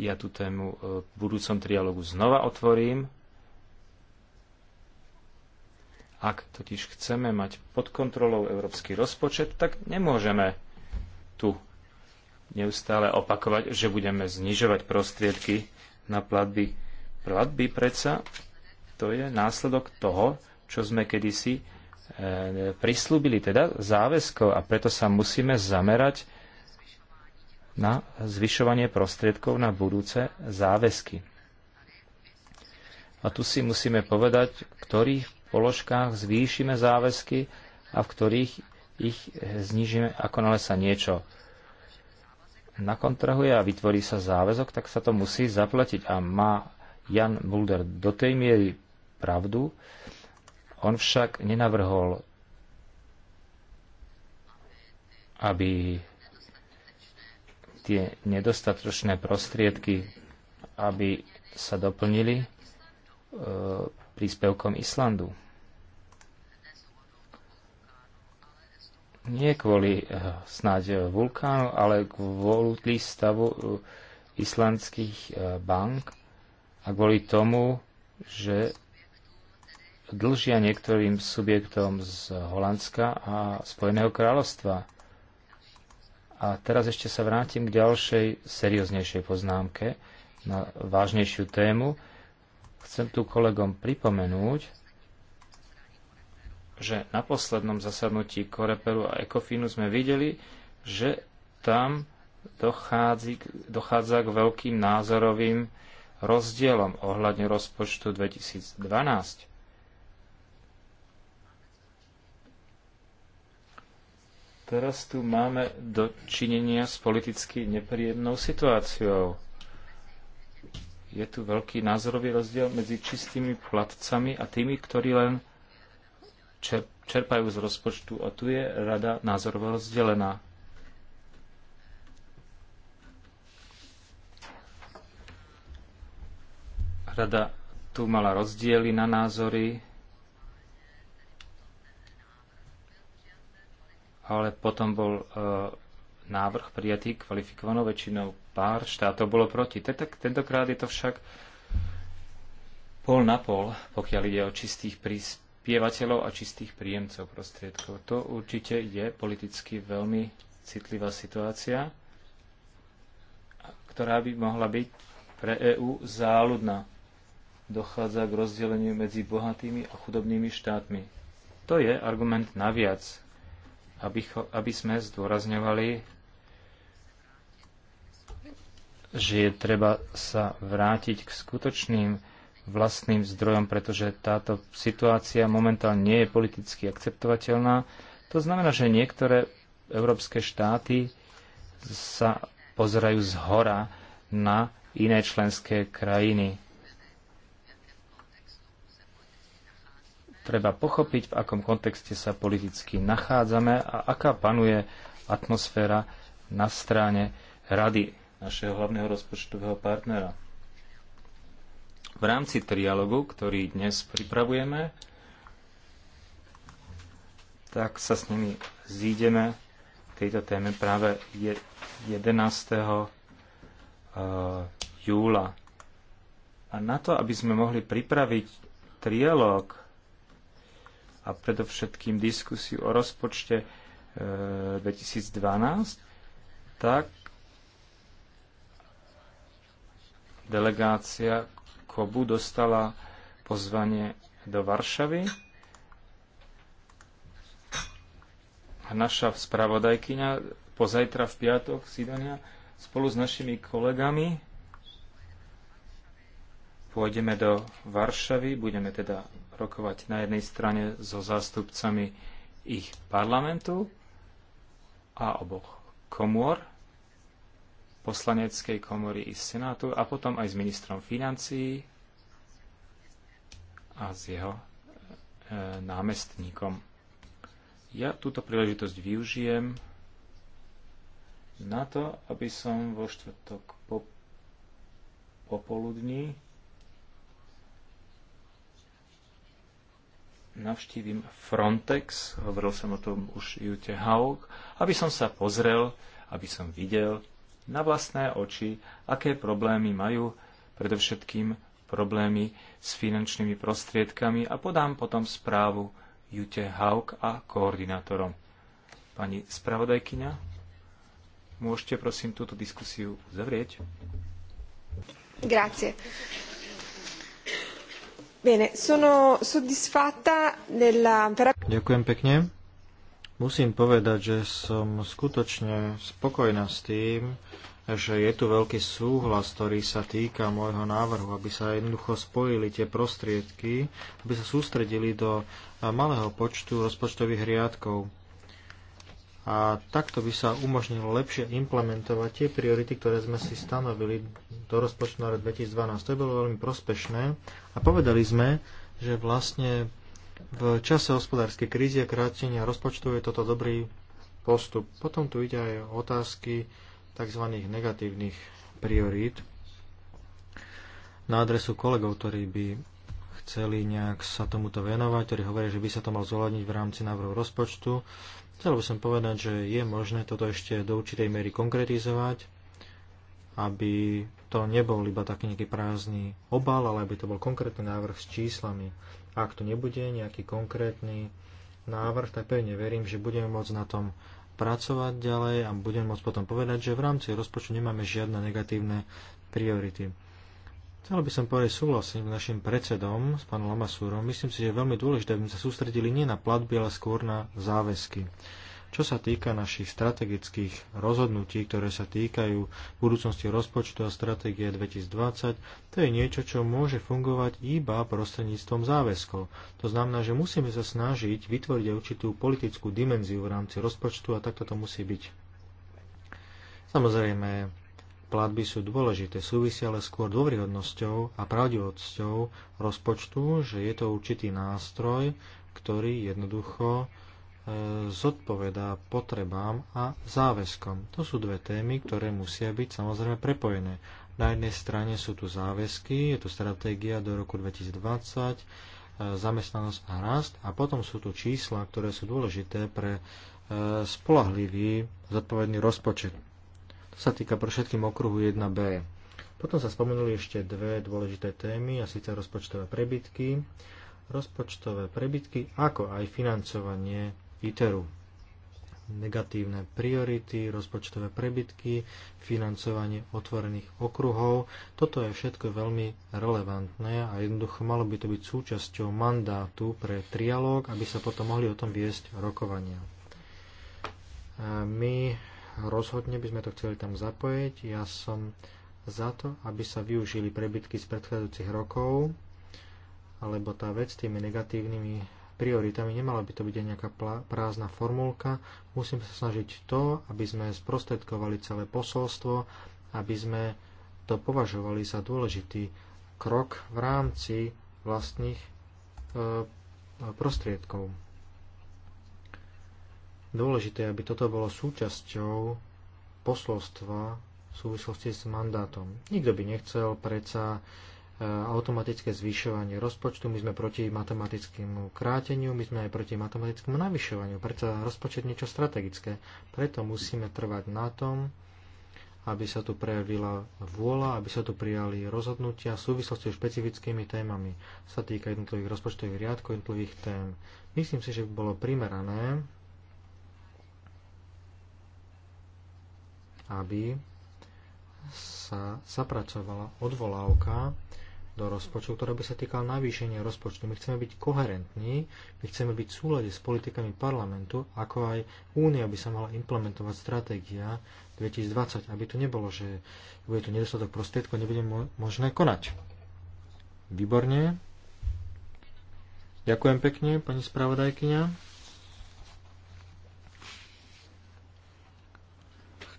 Ja tú tému e, v budúcom trialogu znova otvorím ak totiž chceme mať pod kontrolou európsky rozpočet, tak nemôžeme tu neustále opakovať, že budeme znižovať prostriedky na platby. Platby predsa to je následok toho, čo sme kedysi e, prislúbili, teda záväzkov a preto sa musíme zamerať na zvyšovanie prostriedkov na budúce záväzky. A tu si musíme povedať, ktorých položkách zvýšime záväzky a v ktorých ich znižíme, ako sa niečo nakontrahuje a vytvorí sa záväzok, tak sa to musí zaplatiť. A má Jan Mulder do tej miery pravdu. On však nenavrhol, aby tie nedostatočné prostriedky, aby sa doplnili e, príspevkom Islandu. Nie kvôli eh, snáď eh, vulkánu, ale kvôli stavu eh, islandských bank a kvôli tomu, že dlžia niektorým subjektom z Holandska a Spojeného kráľovstva. A teraz ešte sa vrátim k ďalšej serióznejšej poznámke na vážnejšiu tému. Chcem tu kolegom pripomenúť, že na poslednom zasadnutí Koreperu a ekofinu sme videli, že tam dochádza, dochádza k veľkým názorovým rozdielom ohľadne rozpočtu 2012. Teraz tu máme dočinenia s politicky nepríjemnou situáciou je tu veľký názorový rozdiel medzi čistými platcami a tými, ktorí len čerpajú z rozpočtu. A tu je rada názorovo rozdelená. Rada tu mala rozdiely na názory, ale potom bol e, návrh prijatý kvalifikovanou väčšinou pár štátov bolo proti. Tentokrát je to však pol na pol, pokiaľ ide o čistých prispievateľov a čistých príjemcov prostriedkov. To určite je politicky veľmi citlivá situácia, ktorá by mohla byť pre EÚ záľudná. Dochádza k rozdeleniu medzi bohatými a chudobnými štátmi. To je argument naviac, aby, aby sme zdôrazňovali že je treba sa vrátiť k skutočným vlastným zdrojom, pretože táto situácia momentálne nie je politicky akceptovateľná. To znamená, že niektoré európske štáty sa pozerajú z hora na iné členské krajiny. Treba pochopiť, v akom kontexte sa politicky nachádzame a aká panuje atmosféra na strane rady našeho hlavného rozpočtového partnera. V rámci trialogu, ktorý dnes pripravujeme, tak sa s nimi zídeme k tejto téme práve 11. E, júla. A na to, aby sme mohli pripraviť trialog a predovšetkým diskusiu o rozpočte 2012, e, tak delegácia Kobu dostala pozvanie do Varšavy. A naša spravodajkyňa pozajtra v piatok Sidonia spolu s našimi kolegami pôjdeme do Varšavy, budeme teda rokovať na jednej strane so zástupcami ich parlamentu a oboch komôr poslaneckej komory i Senátu a potom aj s ministrom financií a s jeho e, námestníkom. Ja túto príležitosť využijem na to, aby som vo štvrtok po, popoludní navštívim Frontex, hovoril som o tom už Jute Haug, aby som sa pozrel, aby som videl, na vlastné oči, aké problémy majú, predovšetkým problémy s finančnými prostriedkami a podám potom správu Jute Haug a koordinátorom. Pani spravodajkyňa, môžete prosím túto diskusiu zavrieť? Grazie. Bene, sono soddisfatta della... Ďakujem pekne. Musím povedať, že som skutočne spokojná s tým, že je tu veľký súhlas, ktorý sa týka môjho návrhu, aby sa jednoducho spojili tie prostriedky, aby sa sústredili do eh, malého počtu rozpočtových riadkov. A takto by sa umožnilo lepšie implementovať tie priority, ktoré sme si stanovili do rozpočtu na 2012. To je bolo veľmi prospešné a povedali sme, že vlastne v čase hospodárskej krízy a krátenia rozpočtu je toto dobrý postup. Potom tu ide aj otázky tzv. negatívnych priorít na adresu kolegov, ktorí by chceli nejak sa tomuto venovať, ktorí hovoria, že by sa to mal zohľadniť v rámci návrhu rozpočtu. Chcel by som povedať, že je možné toto ešte do určitej miery konkretizovať, aby to nebol iba taký nejaký prázdny obal, ale aby to bol konkrétny návrh s číslami. Ak to nebude nejaký konkrétny návrh, tak pevne verím, že budeme môcť na tom pracovať ďalej a budem môcť potom povedať, že v rámci rozpočtu nemáme žiadne negatívne priority. Chcel by som povedať súhlasím s našim predsedom, s pánom Lamasúrom. Myslím si, že je veľmi dôležité, aby sme sa sústredili nie na platby, ale skôr na záväzky. Čo sa týka našich strategických rozhodnutí, ktoré sa týkajú budúcnosti rozpočtu a stratégie 2020, to je niečo, čo môže fungovať iba prostredníctvom záväzkov. To znamená, že musíme sa snažiť vytvoriť určitú politickú dimenziu v rámci rozpočtu a takto to musí byť. Samozrejme, platby sú dôležité, súvisia ale skôr dôveryhodnosťou a pravdivosťou rozpočtu, že je to určitý nástroj, ktorý jednoducho zodpovedá potrebám a záväzkom. To sú dve témy, ktoré musia byť samozrejme prepojené. Na jednej strane sú tu záväzky, je tu stratégia do roku 2020, e, zamestnanosť a rast a potom sú tu čísla, ktoré sú dôležité pre e, spolahlivý zodpovedný rozpočet. To sa týka pre všetkým okruhu 1b. Potom sa spomenuli ešte dve dôležité témy, a síce rozpočtové prebytky, rozpočtové prebytky, ako aj financovanie ITERu. Negatívne priority, rozpočtové prebytky, financovanie otvorených okruhov. Toto je všetko veľmi relevantné a jednoducho malo by to byť súčasťou mandátu pre trialóg, aby sa potom mohli o tom viesť rokovania. A my rozhodne by sme to chceli tam zapojiť. Ja som za to, aby sa využili prebytky z predchádzajúcich rokov, alebo tá vec s tými negatívnymi prioritami. Nemala by to byť aj nejaká prázdna formulka. Musíme sa snažiť to, aby sme sprostredkovali celé posolstvo, aby sme to považovali za dôležitý krok v rámci vlastných e, prostriedkov. Dôležité, aby toto bolo súčasťou posolstva v súvislosti s mandátom. Nikto by nechcel predsa automatické zvyšovanie rozpočtu, my sme proti matematickému kráteniu, my sme aj proti matematickému navyšovaniu, preto rozpočet niečo strategické. Preto musíme trvať na tom, aby sa tu prejavila vôľa, aby sa tu prijali rozhodnutia v súvislosti s špecifickými témami. Sa týka jednotlivých rozpočtových riadkov, jednotlivých tém. Myslím si, že by bolo primerané, aby sa zapracovala odvolávka do rozpočtu, ktoré by sa týkal navýšenia rozpočtu. My chceme byť koherentní, my chceme byť v súlade s politikami parlamentu, ako aj únia by sa mala implementovať stratégia 2020, aby tu nebolo, že bude tu nedostatok prostriedkov, nebude možné konať. Výborne. Ďakujem pekne, pani spravodajkyňa.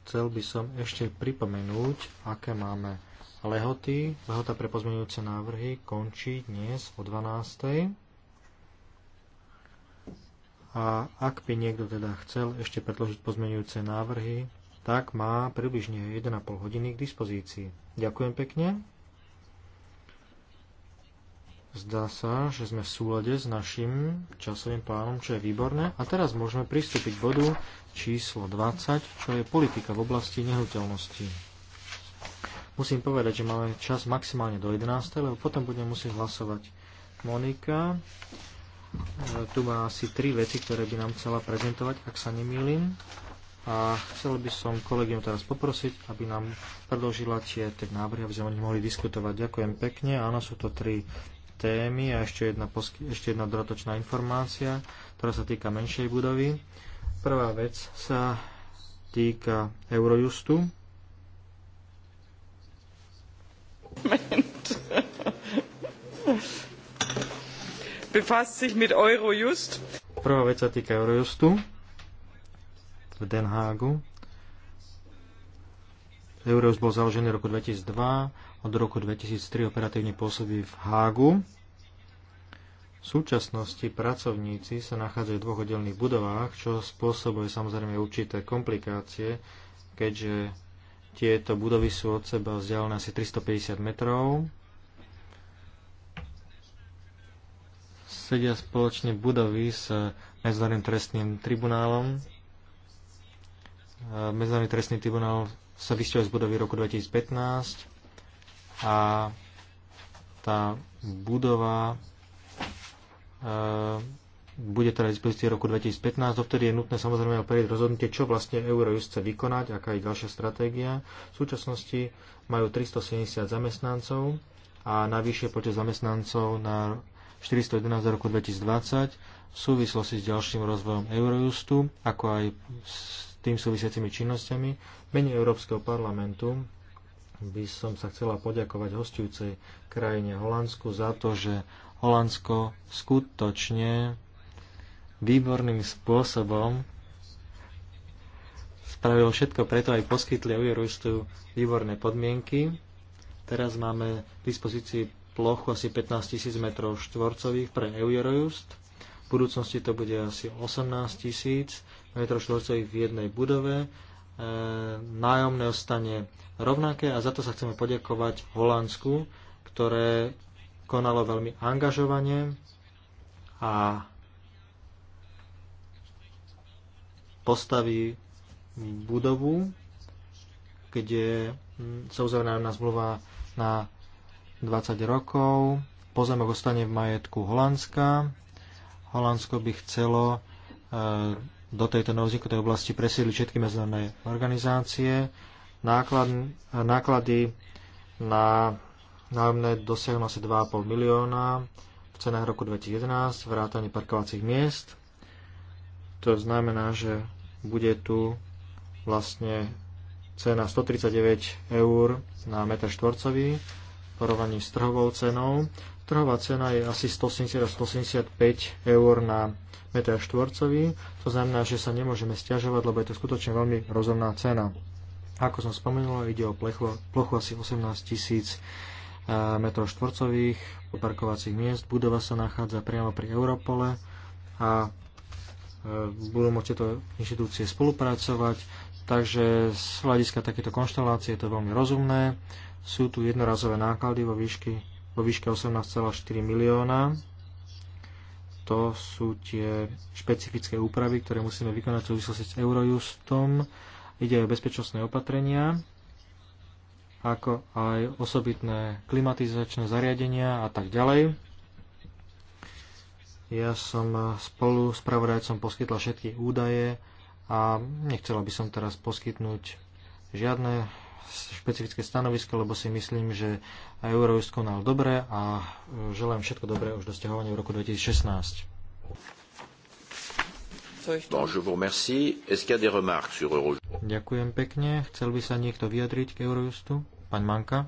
Chcel by som ešte pripomenúť, aké máme lehoty. Lehota pre pozmeňujúce návrhy končí dnes o 12. A ak by niekto teda chcel ešte predložiť pozmeňujúce návrhy, tak má približne 1,5 hodiny k dispozícii. Ďakujem pekne. Zdá sa, že sme v súlade s našim časovým plánom, čo je výborné. A teraz môžeme pristúpiť k bodu číslo 20, čo je politika v oblasti nehnuteľnosti. Musím povedať, že máme čas maximálne do 11, lebo potom budem musieť hlasovať Monika. E, tu má asi tri veci, ktoré by nám chcela prezentovať, ak sa nemýlim. A chcel by som kolegium teraz poprosiť, aby nám predložila tie tie návrhy, aby sme o nich mohli diskutovať. Ďakujem pekne. Áno, sú to tri témy a ešte jedna, ešte jedna dodatočná informácia, ktorá sa týka menšej budovy. Prvá vec sa týka Eurojustu. Befasst sich mit Eurojust. Prvá vec sa týka Eurojustu v Den Hagu. Eurojust bol založený v roku 2002, od roku 2003 operatívne pôsobí v Hagu. V súčasnosti pracovníci sa nachádzajú v dvoch oddelených budovách, čo spôsobuje samozrejme určité komplikácie, keďže tieto budovy sú od seba vzdialené asi 350 metrov. Sedia spoločne budovy s Medzinárodným trestným tribunálom. Medzinárodný trestný tribunál sa vysťahuje z budovy roku 2015 a tá budova e, bude teda dispozícii roku 2015, dovtedy je nutné samozrejme opäť rozhodnutie, čo vlastne Eurojust chce vykonať, aká je ďalšia stratégia. V súčasnosti majú 370 zamestnancov a najvyššie počet zamestnancov na 411 roku 2020 v súvislosti s ďalším rozvojom Eurojustu, ako aj s tým súvisiacimi činnosťami. Mene Európskeho parlamentu by som sa chcela poďakovať hostujúcej krajine Holandsku za to, že Holandsko skutočne výborným spôsobom spravil všetko preto, aj poskytli Eurojustu výborné podmienky. Teraz máme k dispozícii plochu asi 15 tisíc metrov štvorcových pre Eurojust. V budúcnosti to bude asi 18 tisíc metrov štvorcových v jednej budove. E, nájomné ostane rovnaké a za to sa chceme poďakovať Holandsku, ktoré konalo veľmi angažovane a postaví budovu, kde hm, sa uzavrá na zmluva na 20 rokov. Pozemok ostane v majetku Holandska. Holandsko by chcelo e, do tejto novozniknutej oblasti presiedliť všetky medzinárodné organizácie. Náklad, náklady na nájomné dosiahnu asi 2,5 milióna v cenách roku 2011, vrátanie parkovacích miest – to znamená, že bude tu vlastne cena 139 eur na meter štvorcový v porovnaní s trhovou cenou. Trhová cena je asi 180 až eur na meter štvorcový. To znamená, že sa nemôžeme stiažovať, lebo je to skutočne veľmi rozumná cena. Ako som spomenul, ide o plechlo, plochu asi 18 tisíc e, metrov štvorcových parkovacích miest. Budova sa nachádza priamo pri Europole a Eh, budú môcť tieto inštitúcie spolupracovať, takže z hľadiska takéto konštelácie je to veľmi rozumné. Sú tu jednorazové náklady vo, výšky, vo výške 18,4 milióna. To sú tie špecifické úpravy, ktoré musíme vykonať v súvislosti s Eurojustom. Ide o bezpečnostné opatrenia, ako aj osobitné klimatizačné zariadenia a tak ďalej. Ja som eh, spolu s pravodajcom poskytla všetky údaje a nechcela by som teraz poskytnúť žiadne špecifické stanovisko, lebo si myslím, že Eurojust konal dobre a eh, želám všetko dobré už do stiahovania v roku 2016. Ďakujem pekne. Chcel by sa niekto vyjadriť k Eurojustu? Pán Manka?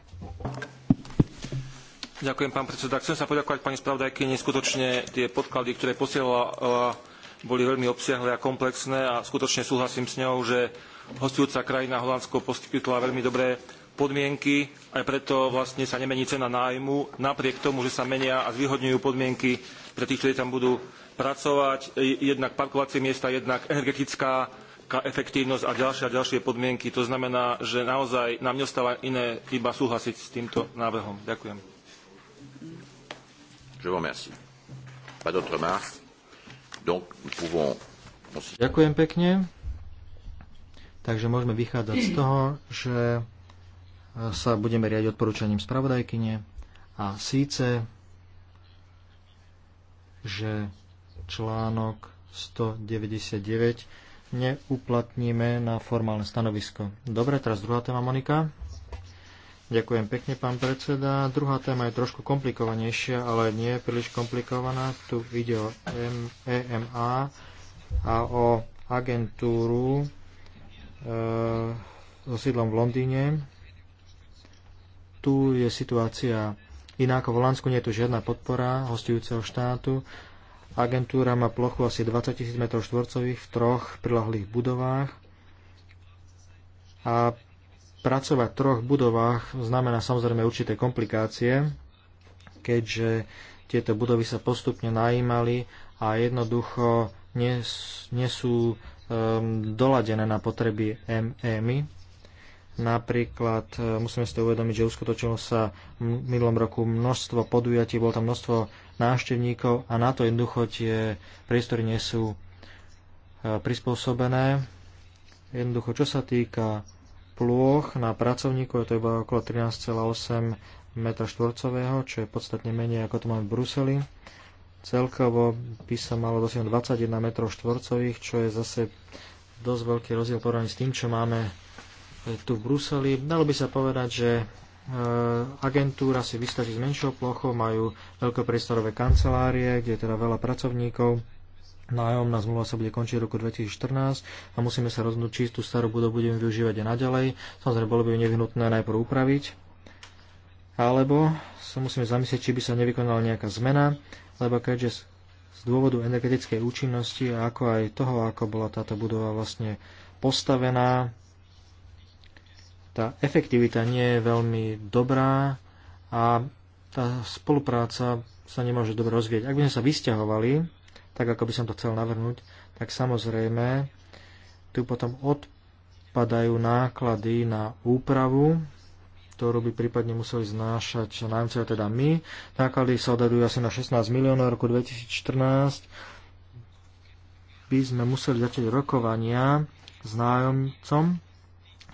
Ďakujem, pán predseda. Chcem sa poďakovať pani spravodajky Skutočne tie podklady, ktoré posielala, eh, boli veľmi obsiahle a komplexné a skutočne súhlasím s ňou, že hostujúca krajina Holandsko poskytla veľmi dobré podmienky, aj preto vlastne sa nemení cena nájmu, napriek tomu, že sa menia a zvýhodňujú podmienky pre tých, ktorí tam budú pracovať, jednak parkovacie miesta, jednak energetická efektívnosť a ďalšie a ďalšie podmienky. To znamená, že naozaj nám neostáva iné iba súhlasiť s týmto návrhom. Ďakujem. Je vous remercie. Pas d'autres remarques. Donc, nous pouvons... Ďakujem pekne. Takže môžeme vychádzať z toho, že e, sa budeme riadiť odporúčaním spravodajkyne a síce, že článok 199 neuplatníme na formálne stanovisko. Dobre, teraz druhá téma, Monika. Ďakujem pekne, pán predseda. Druhá téma je trošku komplikovanejšia, ale nie je príliš komplikovaná. Tu ide o EMA a o agentúru e, so sídlom v Londýne. Tu je situácia iná ako v Holandsku, nie je tu žiadna podpora hostujúceho štátu. Agentúra má plochu asi 20 000 m štvorcových v troch prilahlých budovách a pracovať v troch budovách znamená samozrejme určité komplikácie, keďže tieto budovy sa postupne najímali a jednoducho nie, nie sú um, ehm, doladené na potreby MEMI. Napríklad e, musíme si to uvedomiť, že uskutočnilo sa v minulom roku množstvo podujatí, bolo tam množstvo návštevníkov a na to jednoducho tie priestory nie sú e, prispôsobené. Jednoducho, čo sa týka plôch na pracovníkov, je to iba okolo 13,8 m štvorcového, čo je podstatne menej ako to máme v Bruseli. Celkovo by sa malo dosiahnuť 21 m 2 čo je zase dosť veľký rozdiel porovnaný s tým, čo máme e, tu v Bruseli. Dalo by sa povedať, že e, agentúra si vystačí s menšou plochou, majú veľkopriestorové kancelárie, kde je teda veľa pracovníkov Nájomná zmluva sa bude končiť v roku 2014 a musíme sa rozhodnúť, či tú starú budovu budeme využívať aj naďalej. Samozrejme, bolo by ju nevyhnutné najprv upraviť. Alebo sa musíme zamyslieť, či by sa nevykonala nejaká zmena, lebo keďže z dôvodu energetickej účinnosti a ako aj toho, ako bola táto budova vlastne postavená, tá efektivita nie je veľmi dobrá a tá spolupráca sa nemôže dobre rozvieť. Ak by sme sa vysťahovali, tak ako by som to chcel navrhnúť, tak samozrejme tu potom odpadajú náklady na úpravu, ktorú by prípadne museli znášať nájomcovia, teda my. Náklady sa odhadujú asi na 16 miliónov roku 2014. By sme museli začať rokovania s nájomcom.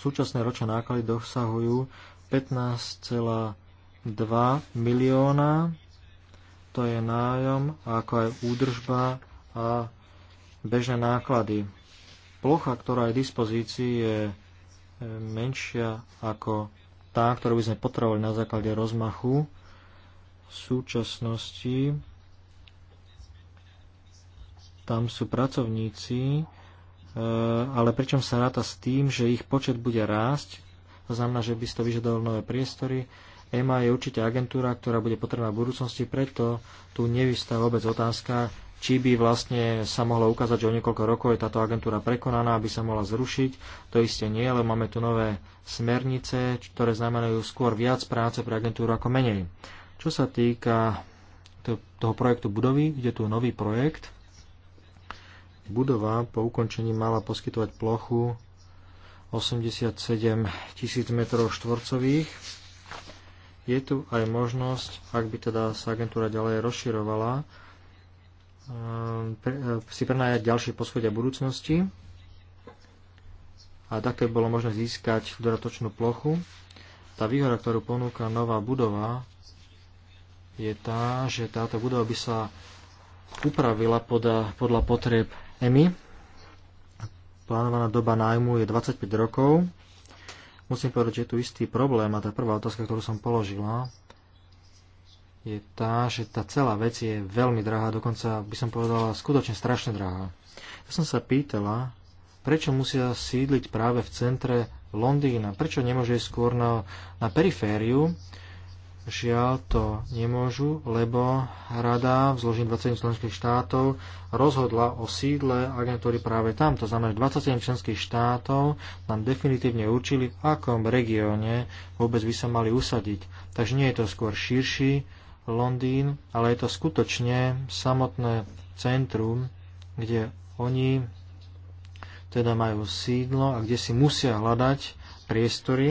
Súčasné ročné náklady dosahujú 15,2 milióna to je nájom, ako aj údržba a bežné náklady. Plocha, ktorá je v dispozícii, je e, menšia ako tá, ktorú by sme potrebovali na základe rozmachu. V súčasnosti tam sú pracovníci, e, ale pričom sa ráta s tým, že ich počet bude rásť, to znamená, že by si to vyžadovalo nové priestory, EMA je určite agentúra, ktorá bude potrebná v budúcnosti, preto tu nevystá vôbec otázka, či by vlastne sa mohlo ukázať, že o niekoľko rokov je táto agentúra prekonaná, aby sa mohla zrušiť. To isté nie, lebo máme tu nové smernice, ktoré znamenajú skôr viac práce pre agentúru ako menej. Čo sa týka toho projektu budovy, kde tu nový projekt, budova po ukončení mala poskytovať plochu 87 tisíc m štvorcových je tu aj možnosť, ak by teda sa agentúra ďalej rozširovala, um, eh, si prenajať ďalšie poschodia budúcnosti a takto by bolo možné získať dodatočnú plochu. Tá výhoda, ktorú ponúka nová budova, je tá, že táto budova by sa upravila podľa, podľa potrieb EMI. Plánovaná doba nájmu je 25 rokov Musím povedať, že je tu istý problém a tá prvá otázka, ktorú som položila, je tá, že tá celá vec je veľmi drahá, dokonca by som povedala skutočne strašne drahá. Ja som sa pýtala, prečo musia sídliť práve v centre Londýna, prečo nemôže ísť skôr na, na perifériu, Žiaľ to nemôžu, lebo Rada v zložení 27 členských štátov rozhodla o sídle agentúry práve tam. To znamená, že 27 členských štátov nám definitívne určili, v akom regióne vôbec by sa mali usadiť. Takže nie je to skôr širší Londýn, ale je to skutočne samotné centrum, kde oni teda majú sídlo a kde si musia hľadať priestory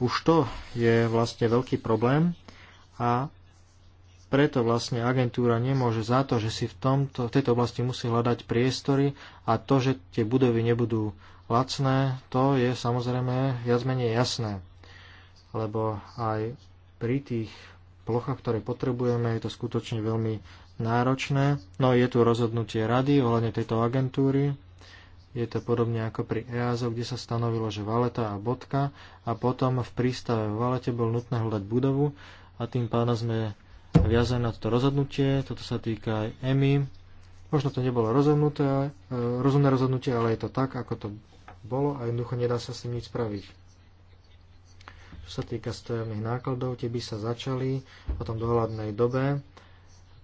už to je vlastne veľký problém a preto vlastne agentúra nemôže za to, že si v, tomto, v tejto oblasti musí hľadať priestory a to, že tie budovy nebudú lacné, to je samozrejme viac menej jasné. Lebo aj pri tých plochách, ktoré potrebujeme, je to skutočne veľmi náročné. No je tu rozhodnutie rady ohľadne tejto agentúry, je to podobne ako pri EASO, kde sa stanovilo, že Valeta a bodka a potom v prístave v Valete bol nutné hľadať budovu a tým pádom sme viazali na toto rozhodnutie. Toto sa týka aj EMI. Možno to nebolo rozhodnuté, e, rozumné rozhodnutie, ale je to tak, ako to bolo a jednoducho nedá sa s tým nič spraviť. Čo sa týka stojemných nákladov, tie by sa začali potom dohľadnej dobe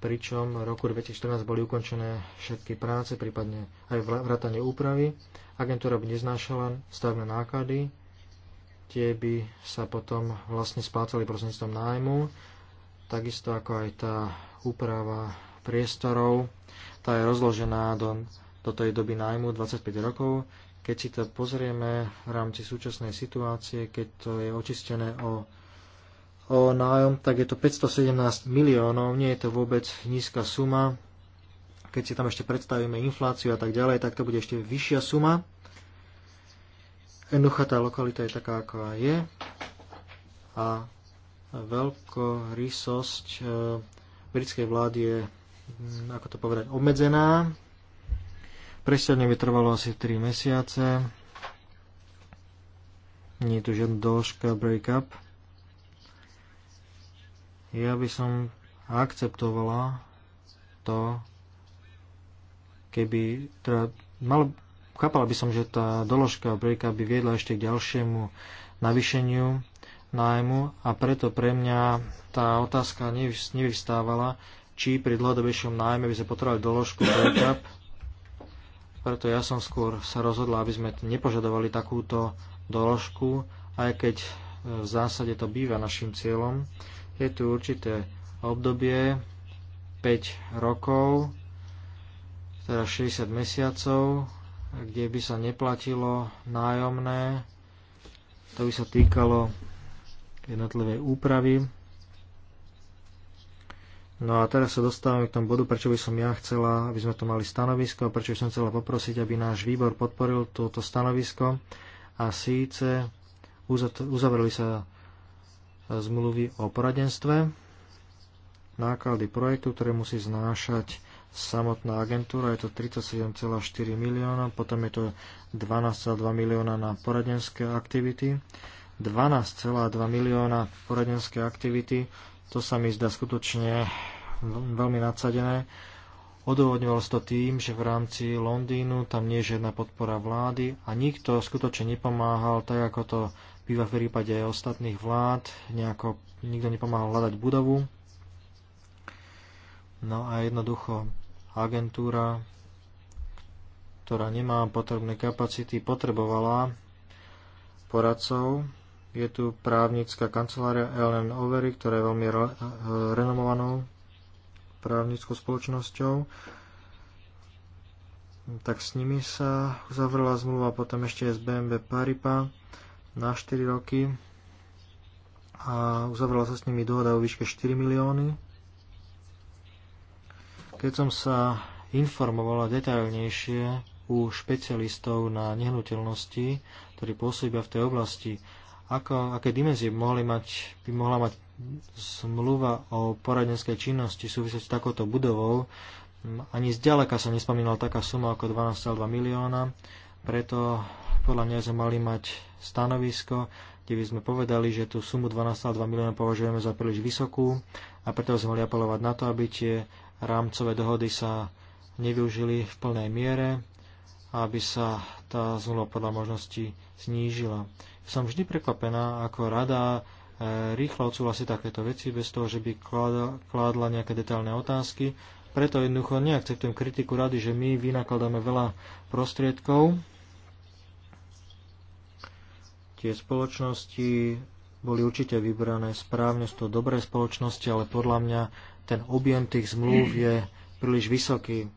pričom v roku 2014 boli ukončené všetky práce, prípadne aj vrátanie úpravy. Agentúra by neznášala stavné náklady, tie by sa potom vlastne splácali prostredníctvom nájmu, takisto ako aj tá úprava priestorov, tá je rozložená do, do tej doby nájmu 25 rokov. Keď si to pozrieme v rámci súčasnej situácie, keď to je očistené o o nájom, tak je to 517 miliónov, nie je to vôbec nízka suma. Keď si tam ešte predstavíme infláciu a tak ďalej, tak to bude ešte vyššia suma. Jednoducho tá lokalita je taká, ako je. A veľkorysosť e, britskej vlády je, mm, ako to povedať, obmedzená. Presťahovanie by trvalo asi 3 mesiace. Nie je tu žiadna dĺžka break-up. Ja by som akceptovala to, keby, teda mal, chápala by som, že tá doložka brejka by viedla ešte k ďalšiemu navýšeniu nájmu a preto pre mňa tá otázka nevystávala, či pri dlhodobejšom nájme by sme potrebovali doložku breakup. Preto ja som skôr sa rozhodla, aby sme nepožadovali takúto doložku, aj keď e, v zásade to býva našim cieľom. Je tu určité obdobie 5 rokov, teda 60 mesiacov, kde by sa neplatilo nájomné. To by sa týkalo jednotlivej úpravy. No a teraz sa dostávame k tomu bodu, prečo by som ja chcela, aby sme to mali stanovisko a prečo by som chcela poprosiť, aby náš výbor podporil toto stanovisko. A síce uzavreli sa zmluvy o poradenstve, náklady projektu, ktoré musí znášať samotná agentúra, je to 37,4 milióna, potom je to 12,2 milióna na poradenské aktivity, 12,2 milióna poradenské aktivity, to sa mi zdá skutočne veľmi nadsadené. Odôvodňovalo sa to tým, že v rámci Londýnu tam nie je žiadna podpora vlády a nikto skutočne nepomáhal tak, ako to býva v prípade ostatných vlád, nejako nikto nepomáhal hľadať budovu. No a jednoducho agentúra, ktorá nemá potrebné kapacity, potrebovala poradcov. Je tu právnická kancelária Ellen Overy, ktorá je veľmi re- renomovanou právnickou spoločnosťou tak s nimi sa uzavrela zmluva potom ešte z BMB Paripa na 4 roky a uzavrela sa s nimi dohoda o výške 4 milióny. Keď som sa informovala detailnejšie u špecialistov na nehnuteľnosti, ktorí pôsobia v tej oblasti, ako, aké dimenzie mohli mať, by mohla mať zmluva o poradenskej činnosti súvisieť s takouto budovou, ani zďaleka sa nespomínala taká suma ako 12,2 milióna, preto podľa mňa sme mali mať stanovisko, kde by sme povedali, že tú sumu 12,2 milióna považujeme za príliš vysokú a preto sme mali apelovať na to, aby tie rámcové dohody sa nevyužili v plnej miere a aby sa tá zmluva podľa možnosti znížila. Som vždy prekvapená, ako rada e, rýchlo odsúhlasí takéto veci bez toho, že by kládla nejaké detailné otázky. Preto jednoducho neakceptujem kritiku rady, že my vynakladáme veľa prostriedkov Tie spoločnosti boli určite vybrané správne, sú to dobré spoločnosti, ale podľa mňa ten objem tých zmluv je príliš vysoký.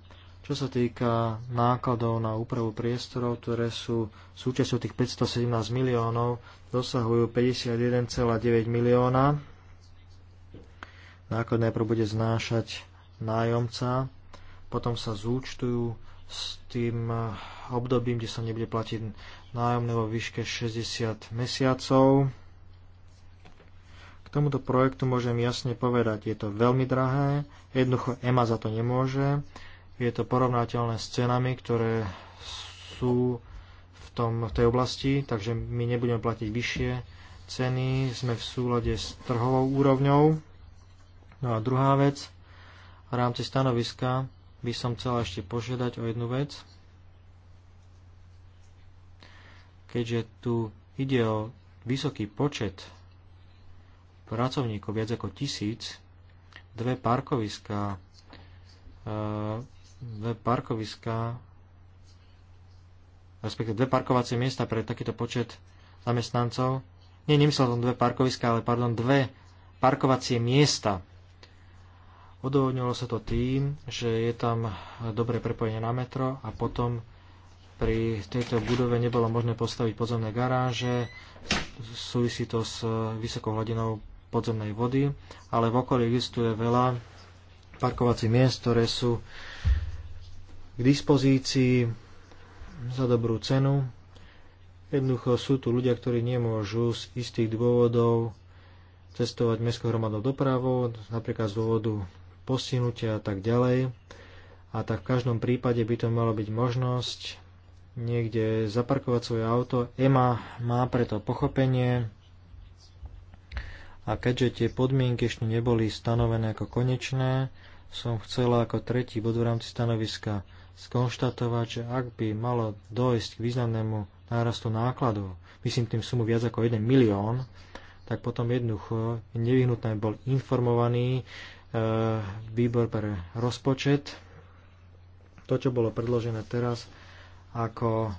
Čo sa týka nákladov na úpravu priestorov, ktoré sú súčasťou tých 517 miliónov, dosahujú 51,9 milióna. Náklad najprv bude znášať nájomca, potom sa zúčtujú s tým obdobím, kde sa nebude platiť nájomné vo výške 60 mesiacov. K tomuto projektu môžem jasne povedať, je to veľmi drahé, jednoducho EMA za to nemôže, je to porovnateľné s cenami, ktoré sú v, tom, v tej oblasti, takže my nebudeme platiť vyššie ceny, sme v súlade s trhovou úrovňou. No a druhá vec, v rámci stanoviska by som chcela ešte požiadať o jednu vec. keďže tu ide o vysoký počet pracovníkov, viac ako tisíc, dve parkoviská, e, dve parkoviská, respektive dve parkovacie miesta pre takýto počet zamestnancov. Nie, nemyslel som dve parkoviská, ale pardon, dve parkovacie miesta. Odôvodňovalo sa to tým, že je tam dobre prepojenie na metro a potom pri tejto budove nebolo možné postaviť podzemné garáže, súvisí to s vysokou hladinou podzemnej vody, ale v okolí existuje veľa parkovacích miest, ktoré sú k dispozícii za dobrú cenu. Jednoducho sú tu ľudia, ktorí nemôžu z istých dôvodov cestovať mestskou hromadnou dopravou, napríklad z dôvodu postihnutia a tak ďalej. A tak v každom prípade by to malo byť možnosť niekde zaparkovať svoje auto. EMA má preto pochopenie a keďže tie podmienky ešte neboli stanovené ako konečné, som chcela ako tretí bod v rámci stanoviska skonštatovať, že ak by malo dojsť k významnému nárastu nákladov, myslím tým sumu viac ako 1 milión, tak potom jednoducho nevyhnutné bol informovaný e, výbor pre rozpočet. To, čo bolo predložené teraz, ako e,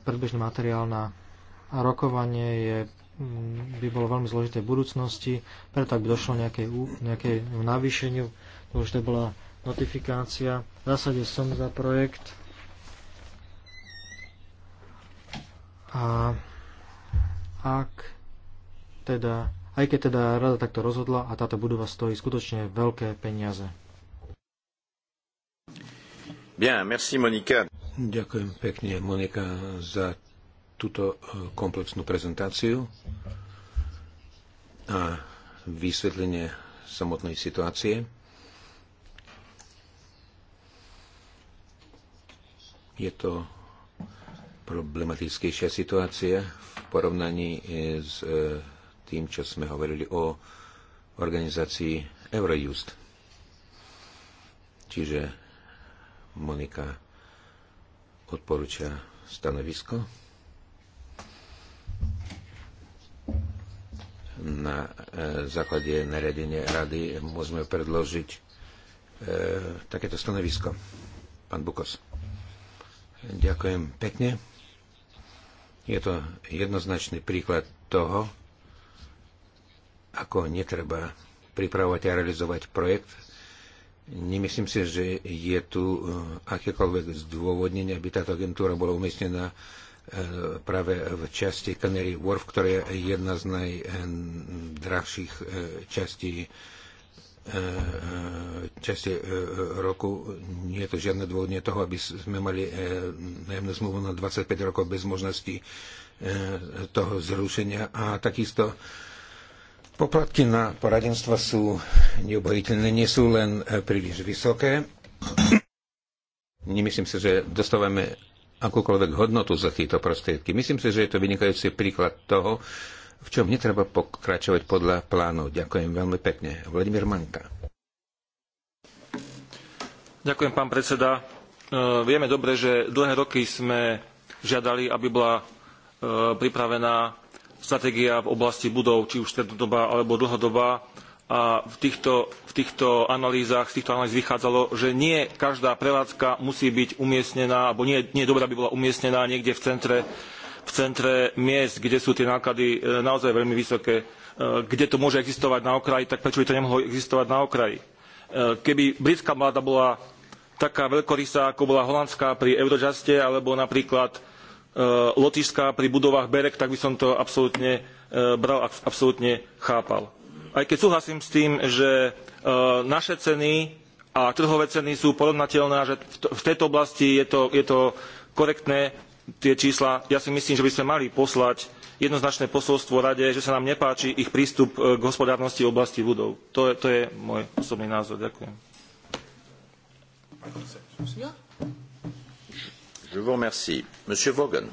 predbežný materiál na rokovanie je, mm, by bolo veľmi zložité v budúcnosti, preto ak by došlo nejakej, nejakej navýšeniu, to už to bola notifikácia. V zásade som za projekt. A ak teda, aj keď teda rada takto rozhodla a táto budova stojí skutočne veľké peniaze. Bien, merci Monika. Ďakujem pekne, Monika, za túto e, komplexnú prezentáciu a vysvetlenie samotnej situácie. Je to problematickejšia situácia v porovnaní e, s e, tým, čo sme hovorili o organizácii Eurojust. Čiže Monika odporúča stanovisko na e, základe nariadenia rady môžeme predložiť e, takéto stanovisko. Pán Bukos. Ďakujem pekne. Je to jednoznačný príklad toho, ako netreba pripravovať a realizovať projekt Nemyslím si, že je tu eh, akékoľvek zdôvodnenie, aby táto agentúra bola umiestnená eh, práve v časti Canary Wharf, ktorá je jedna z najdrahších eh, častí časti roku. Nie je to žiadne dôvodne toho, aby sme mali najemnú zmluvu na 25 rokov bez možnosti toho zrušenia. A takisto Poplatky na poradenstva sú neobhojiteľné, nie sú len e, príliš vysoké. Nemyslím si, že dostávame akúkoľvek hodnotu za tieto prostriedky. Myslím si, že je to vynikajúci príklad toho, v čom netreba pokračovať podľa plánu. Ďakujem veľmi pekne. Vladimír Manka. Ďakujem, pán predseda. E, vieme dobre, že dlhé roky sme žiadali, aby bola e, pripravená stratégia v oblasti budov, či už strednodobá alebo dlhodobá. A v týchto, v týchto analýzach, z týchto analýz vychádzalo, že nie každá prevádzka musí byť umiestnená, alebo nie, nie je dobré, aby bola umiestnená niekde v centre, v centre miest, kde sú tie náklady e, naozaj veľmi vysoké. E, kde to môže existovať na okraji, tak prečo by to nemohlo existovať na okraji? E, keby britská vláda bola taká veľkorysá, ako bola holandská pri Eurojuste, alebo napríklad E, Lotyšska pri budovách Berek, tak by som to absolútne e, bral, absolútne chápal. Aj keď súhlasím s tým, že e, naše ceny a trhové ceny sú porovnateľné a že v tejto oblasti je to, je to korektné, tie čísla, ja si myslím, že by sme mali poslať jednoznačné posolstvo rade, že sa nám nepáči ich prístup k hospodárnosti v oblasti budov. To je, to je môj osobný názor. Ďakujem. Je vous remercie. Monsieur Vaughan.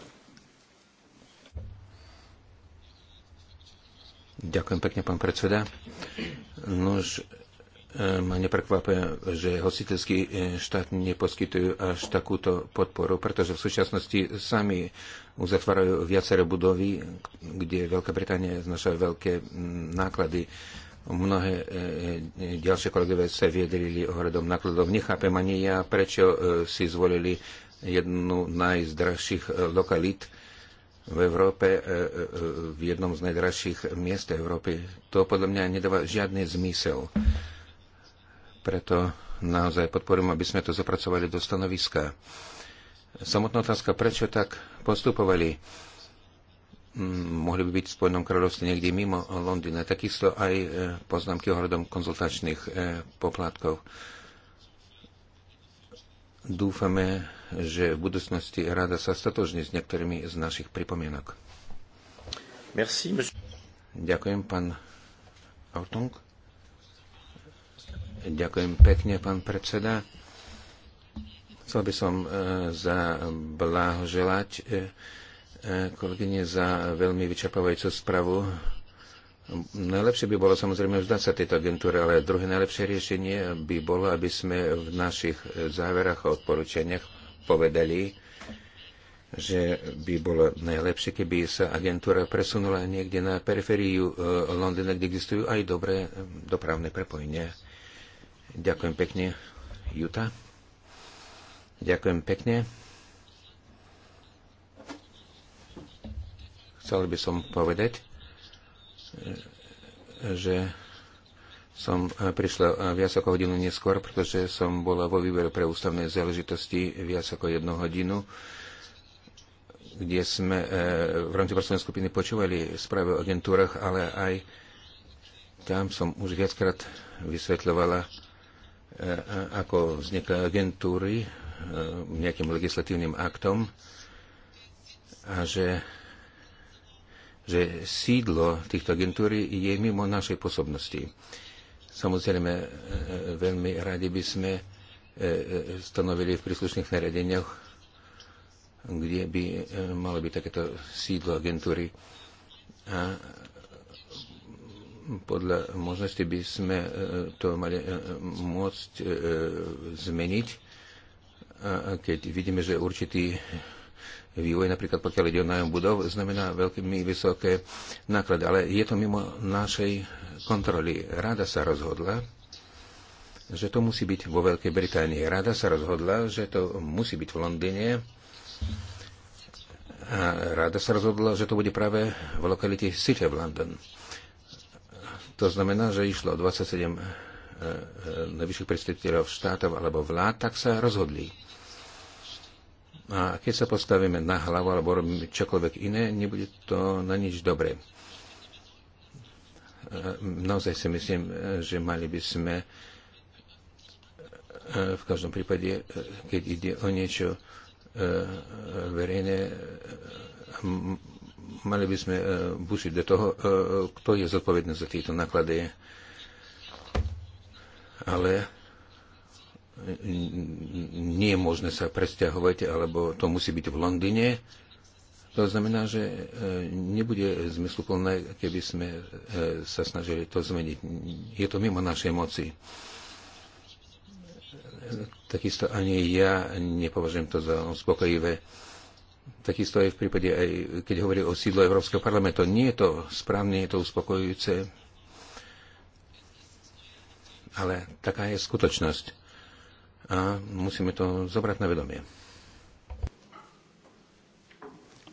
Ďakujem pekne, pán predseda. Nož, e, ma neprekvapuje, že hostiteľský e, štát neposkytujú až takúto podporu, pretože v súčasnosti sami uzatvárajú viaceré budovy, kde Veľká Británia znaša veľké náklady. Mnohé e, ďalšie kolegové sa viedrili ohľadom nákladov. Nechápem ani ja, prečo si zvolili jednu najzdražších e, lokalít v Európe, e, e, v jednom z najdražších miest Európy. To podľa mňa nedáva žiadny zmysel. Preto naozaj podporujem, aby sme to zapracovali do stanoviska. Samotná otázka, prečo tak postupovali? Mm, mohli by byť v Spojenom kráľovstve niekde mimo Londýna. Takisto aj poznámky ohľadom konzultačných poplatkov. Dúfame, že v budúcnosti rada sa statožní s niektorými z našich pripomienok. Merci, Ďakujem, pán Ortung. Ďakujem pekne, pán predseda. Chcel by som e, za e, e, kolegyne za veľmi vyčapávajúcu spravu. Najlepšie by bolo samozrejme vzdať sa tejto agentúre, ale druhé najlepšie riešenie by bolo, aby sme v našich záverach a odporúčaniach povedali, že by bolo najlepšie, keby sa agentúra presunula niekde na periferiu e, Londýna, kde existujú aj dobré e, dopravné prepojenia. Ďakujem pekne, Juta. Ďakujem pekne. Chcel by som povedať, e, že som e, prišla e, viac ako hodinu neskôr, pretože som bola vo výbere pre ústavné záležitosti viac ako jednu hodinu, kde sme e, v rámci pracovnej skupiny počúvali správy o agentúrach, ale aj tam som už viackrát vysvetľovala, ako vznikajú agentúry nejakým legislatívnym aktom a že, že sídlo týchto agentúry je mimo našej pôsobnosti. Samozrejme, e, e, veľmi radi by sme e, stanovili v príslušných nariadeniach, kde by malo byť takéto sídlo agentúry. A podľa možnosti by sme to mali môcť zmeniť, a keď vidíme, že určitý vývoj, napríklad pokiaľ ide o nájom budov, znamená veľmi vysoké náklady. Ale je to mimo našej kontroly. Rada sa rozhodla, že to musí byť vo Veľkej Británii. Rada sa rozhodla, že to musí byť v Londýne. A rada sa rozhodla, že to bude práve v lokalite City v London. To znamená, že išlo 27 e, e, najvyšších predstaviteľov štátov alebo vlád, tak sa rozhodli. A keď sa postavíme na hlavu alebo robíme čokoľvek iné, nebude to na nič dobré naozaj si myslím, že mali by sme e, v každom prípade, e, keď ide o niečo e, verejné, mali by sme bušiť do toho, kto je zodpovedný za tieto náklady. Ale nie je možné sa presťahovať, alebo to musí byť v Londýne, to znamená, že e, nebude zmysluplné, keby sme e, sa snažili to zmeniť. Je to mimo našej moci. Takisto ani ja nepovažujem to za uspokojivé. Takisto aj v prípade, aj keď hovorí o sídlo Európskeho parlamentu, nie je to správne, je to uspokojujúce, ale taká je skutočnosť a musíme to zobrať na vedomie.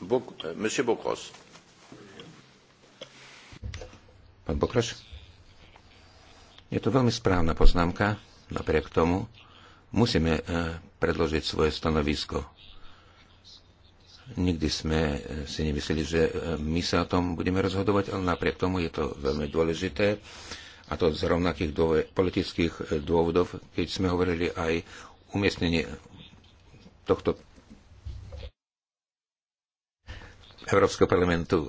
E, Monsieur Bokros. Pán Bokroš, je to veľmi správna poznámka. Napriek tomu musíme e, predložiť svoje stanovisko. Nikdy sme e, si nemysleli, že my sa o tom budeme rozhodovať, ale napriek tomu je to veľmi dôležité. A to z rovnakých dôvod, politických dôvodov, keď sme hovorili aj umiestnenie tohto Európskeho parlamentu, e,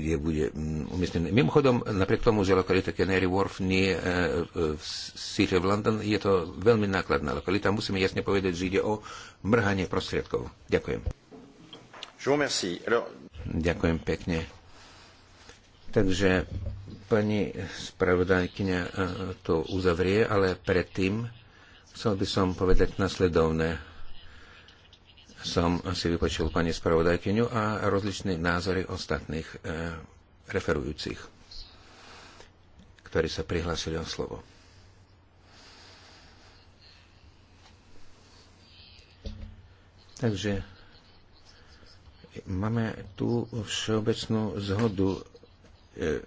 kde bude mm, umiestnené. Mimochodom, napriek tomu, že lokalita Canary Wharf nie je e, v City of London, je to veľmi nákladná lokalita. Musíme jasne povedať, že ide o mrhanie prostriedkov. Ďakujem. Ďakujem pekne. Takže pani spravodajkyňa e, to uzavrie, ale predtým chcel by som povedať nasledovné som si vypočul pani spravodajkyňu a rozličné názory ostatných e, referujúcich, ktorí sa prihlásili o slovo. Takže máme tu všeobecnú zhodu, e,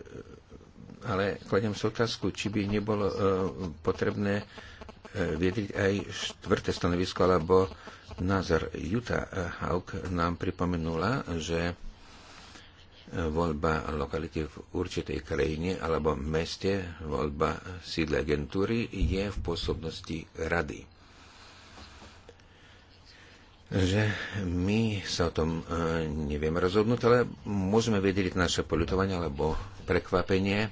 ale kladiem sa otázku, či by nebolo e, potrebné e, E, vyjadriť aj štvrté stanovisko alebo názor. Juta Hauk nám pripomenula, že voľba lokality v určitej krajine alebo meste, voľba sídla agentúry je v pôsobnosti rady. Že my sa o tom e, nevieme rozhodnúť, ale môžeme vedieť naše politovanie alebo prekvapenie.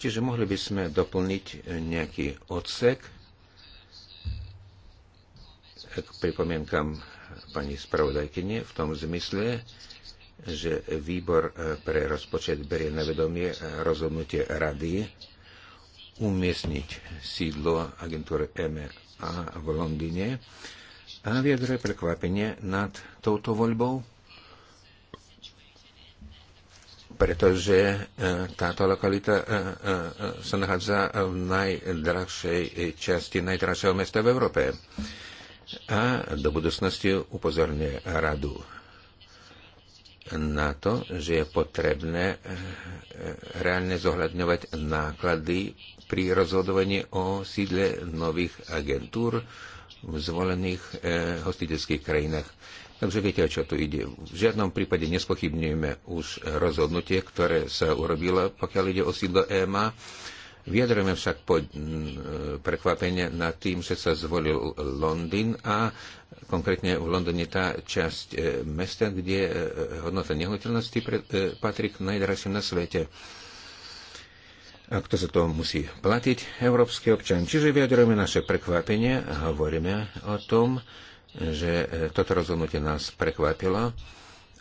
Čiže mohli by sme doplniť nejaký odsek, k pripomienkam pani spravodajkyne v tom zmysle, že výbor e, pre rozpočet berie na vedomie e, rozhodnutie rady umiestniť sídlo agentúry MEA v Londýne a vyjadruje prekvapenie nad touto voľbou, pretože e, táto lokalita sa nachádza v najdrahšej časti najdrahšieho mesta v Európe a do budúcnosti upozorňuje radu na to, že je potrebné eh, eh, reálne zohľadňovať náklady pri rozhodovaní o sídle nových agentúr v zvolených eh, hostiteľských krajinách. Takže viete, o čo tu ide. V žiadnom prípade nespochybňujeme už rozhodnutie, ktoré sa urobilo, pokiaľ ide o sídlo EMA. Vyjadrujeme však po e, prekvapenie nad tým, že sa zvolil Londýn a konkrétne v Londýne tá časť e, mesta, kde e, hodnota nehnuteľnosti patrí k najdražším na svete. A kto za to musí platiť? Európsky občan. Čiže vyjadrujeme naše prekvapenie a hovoríme o tom, že toto rozhodnutie nás prekvapilo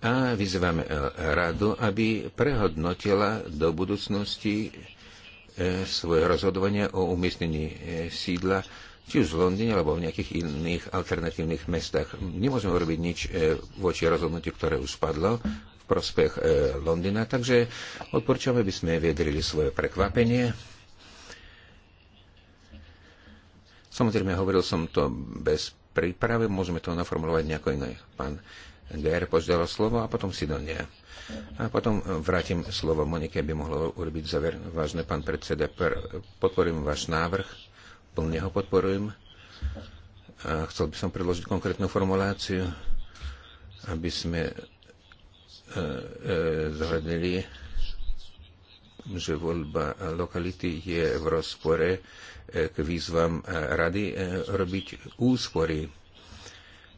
a vyzývame radu, aby prehodnotila do budúcnosti svoje rozhodovanie o umiestnení e, sídla či už v Londýne alebo v nejakých iných alternatívnych mestách. Nemôžeme urobiť nič e, voči rozhodnutiu, ktoré už spadlo v prospech e, Londýna, takže odporúčame, aby sme vyjadrili svoje prekvapenie. Samozrejme, hovoril som to bez prípravy, môžeme to naformulovať nejako iné. Pán Gajer požiadal slovo a potom si do nej. A potom e, vrátim slovo Monike, aby mohla urobiť záver. Vážne pán predseda, podporujem váš návrh, plne ho podporujem. A chcel by som predložiť konkrétnu formuláciu, aby sme e, e, zhľadili, že voľba lokality je v rozpore e, k výzvam e, rady robiť úspory.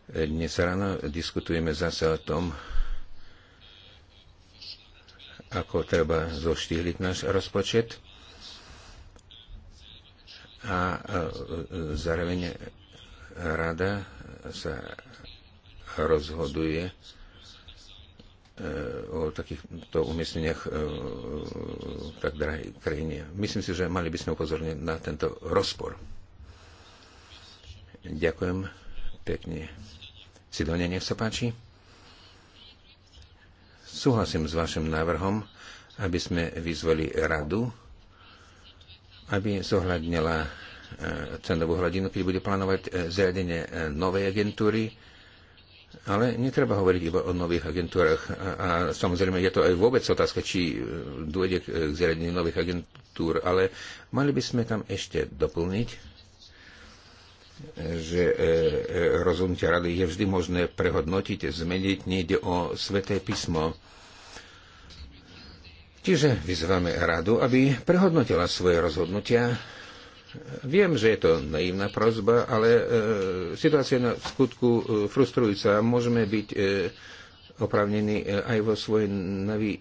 Dnes ráno diskutujeme zase o tom, ako treba zoštíliť náš rozpočet a e, zároveň rada sa rozhoduje e, o takýchto umiestneniach e, v tak drahej krajine. Myslím si, že mali by sme upozorniť na tento rozpor. Ďakujem pekne. Sidonia, nech sa páči. Súhlasím s vašim návrhom, aby sme vyzvali radu, aby zohľadnila e, cenovú hladinu, keď bude plánovať e, zriadenie e, novej agentúry, ale netreba hovoriť iba o nových agentúrach. A, samozrejme je to aj vôbec otázka, či dôjde k zriadeniu nových agentúr, ale mali by sme tam ešte doplniť, že e, e, rozhodnutia rady je vždy možné prehodnotiť, zmeniť, nejde o sveté písmo. Čiže vyzvame radu, aby prehodnotila svoje rozhodnutia. Viem, že je to naivná prozba, ale e, situácia je na skutku e, frustrujúca. Môžeme byť e, opravnení e, aj vo svojej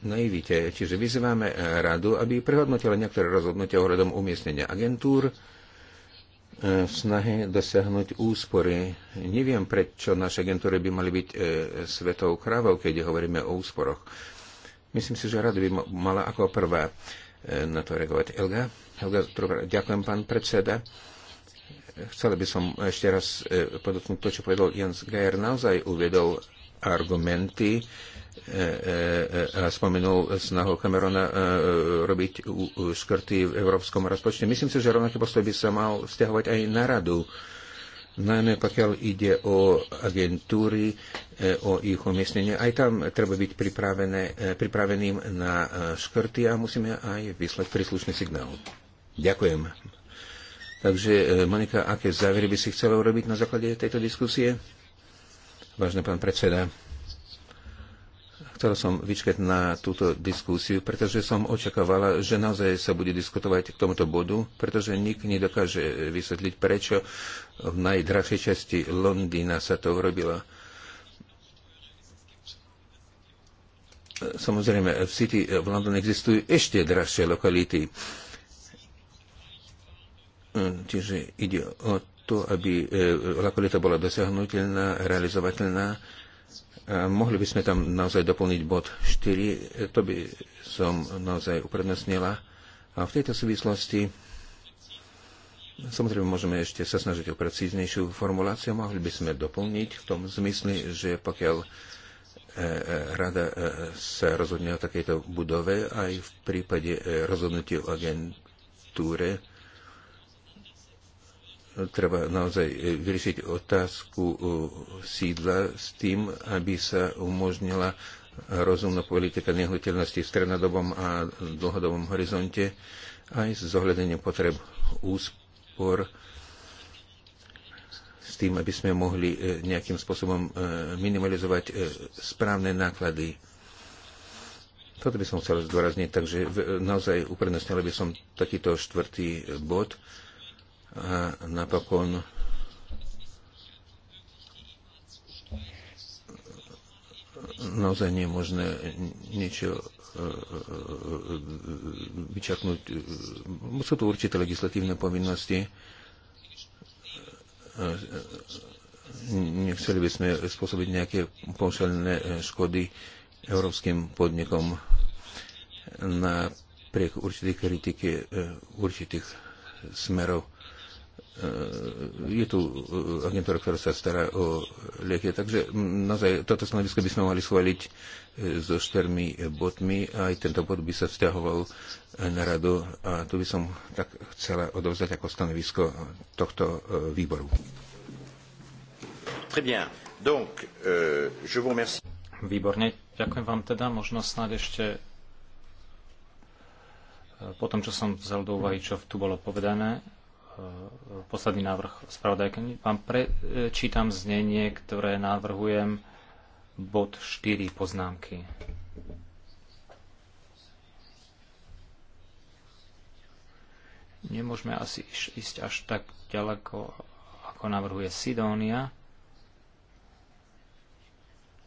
naivite. Čiže vyzývame radu, aby prehodnotila niektoré rozhodnutia ohľadom umiestnenia agentúr, E, v snahe dosiahnuť úspory. Neviem, prečo naše agentúry by mali byť e, svetou krávou, keď hovoríme o úsporoch. Myslím si, že rada by mala ako prvá e, na to reagovať. Elga? Elga Helga, ďakujem, pán predseda. Chcel by som ešte raz e, podotknúť to, čo povedal Jens Geier. Naozaj uvedol argumenty, e, E, e, e, spomenul snahu Camerona robiť škrty v európskom rozpočte. Myslím si, že rovnaký postoj by sa mal vzťahovať aj na radu najmä pokiaľ ide o agentúry, o ich umiestnenie. Aj tam treba byť pripraveným na škrty a musíme aj vyslať príslušný signál. Ďakujem. Takže, Monika, aké závery by si chcela urobiť na základe tejto diskusie? Vážne pán predseda. Chcela som vyčkať na túto diskusiu, pretože som očakávala, že naozaj sa bude diskutovať k tomuto bodu, pretože nik nedokáže vysvetliť, prečo v najdrahšej časti Londýna sa to urobilo. Samozrejme, v City v Londýne existujú ešte drahšie lokality. Čiže ide o to, aby eh, lokalita bola dosiahnutelná, realizovateľná E, mohli by sme tam naozaj doplniť bod 4, e, to by som naozaj uprednostnila. A v tejto súvislosti Samozrejme, môžeme ešte sa snažiť o precíznejšiu formuláciu. Mohli by sme doplniť v tom zmysle, že pokiaľ e, rada sa rozhodne o takejto budove, aj v prípade rozhodnutia o agentúre, treba naozaj e, vyriešiť otázku e, sídla s tým, aby sa umožnila rozumná politika nehnuteľnosti v strednodobom a dlhodobom horizonte aj s zohľadením potreb úspor s tým, aby sme mohli e, nejakým spôsobom minimalizovať správne náklady. Toto by som chcel zdôrazniť, takže naozaj uprednostnil by som takýto štvrtý bod a napokon naozaj nie je možné niečo e, e, e, vyčaknúť. Sú tu určité legislatívne povinnosti. Nechceli by sme spôsobiť nejaké pomšelné škody európskym podnikom napriek určitej kritike určitých smerov je tu eh, agentúra, ktorá sa stará o lieky. Takže mm, naozaj toto stanovisko by sme mohli schváliť eh, so štyrmi bodmi. Aj tento bod by sa vzťahoval eh, na radu. A tu by som tak chcela odovzdať ako stanovisko tohto výboru. Très bien. Donc, euh, je vous remercie. Výborne. Ďakujem vám teda. Možno snáď ešte po tom, čo som vzal do úvahy, čo tu bolo povedané, E, posledný návrh spravodajky. Vám prečítam znenie, ktoré návrhujem bod 4 poznámky. Nemôžeme asi ísť až tak ďaleko, ako navrhuje Sidónia.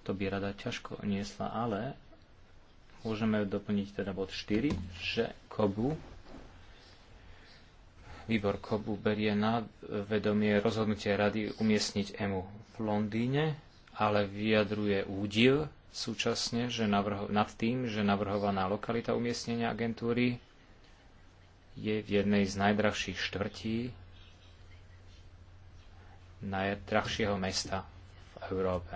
To by rada ťažko niesla, ale môžeme doplniť teda bod 4, že Kobu Výbor Kobu berie na vedomie rozhodnutie rady umiestniť EMU v Londýne, ale vyjadruje údiv súčasne že navrho- nad tým, že navrhovaná lokalita umiestnenia agentúry je v jednej z najdrahších štvrtí najdrahšieho mesta v Európe,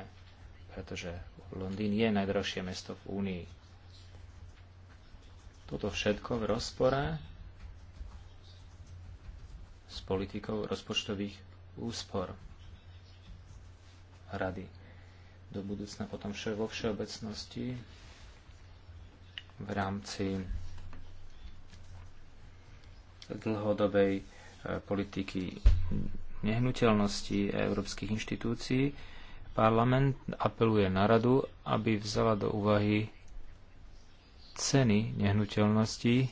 pretože Londýn je najdrahšie mesto v Únii. Toto všetko v rozpore s politikou rozpočtových úspor rady. Do budúcna potom vše vo všeobecnosti v rámci dlhodobej e, politiky nehnuteľnosti európskych inštitúcií, parlament apeluje na radu, aby vzala do úvahy ceny nehnuteľností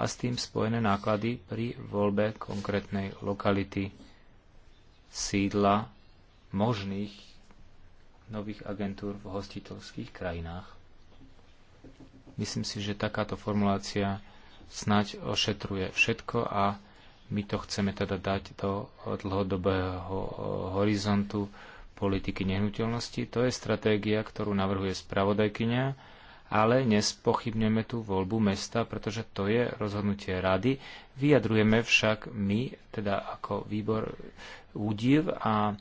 a s tým spojené náklady pri voľbe konkrétnej lokality sídla možných nových agentúr v hostiteľských krajinách. Myslím si, že takáto formulácia snať ošetruje všetko a my to chceme teda dať do dlhodobého horizontu politiky nehnuteľnosti. To je stratégia, ktorú navrhuje spravodajkynia ale nespochybňujeme tú voľbu mesta, pretože to je rozhodnutie rady. Vyjadrujeme však my, teda ako výbor údiv a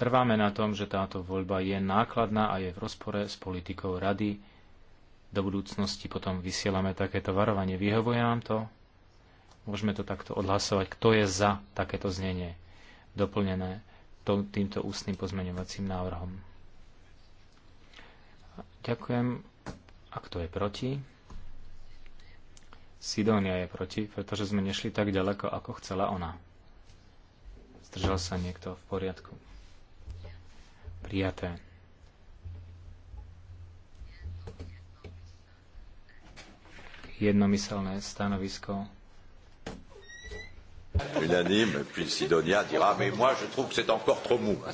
trváme na tom, že táto voľba je nákladná a je v rozpore s politikou rady. Do budúcnosti potom vysielame takéto varovanie. Vyhovuje nám to? Môžeme to takto odhlasovať. Kto je za takéto znenie doplnené týmto ústnym pozmeňovacím návrhom? Ďakujem. A kto je proti? Sidónia je proti, pretože sme nešli tak ďaleko, ako chcela ona. Zdržal sa niekto v poriadku. Prijaté. Jednomyselné stanovisko. Unanime, puis Sidonia dira, mais moi je trouve que c'est encore trop mou.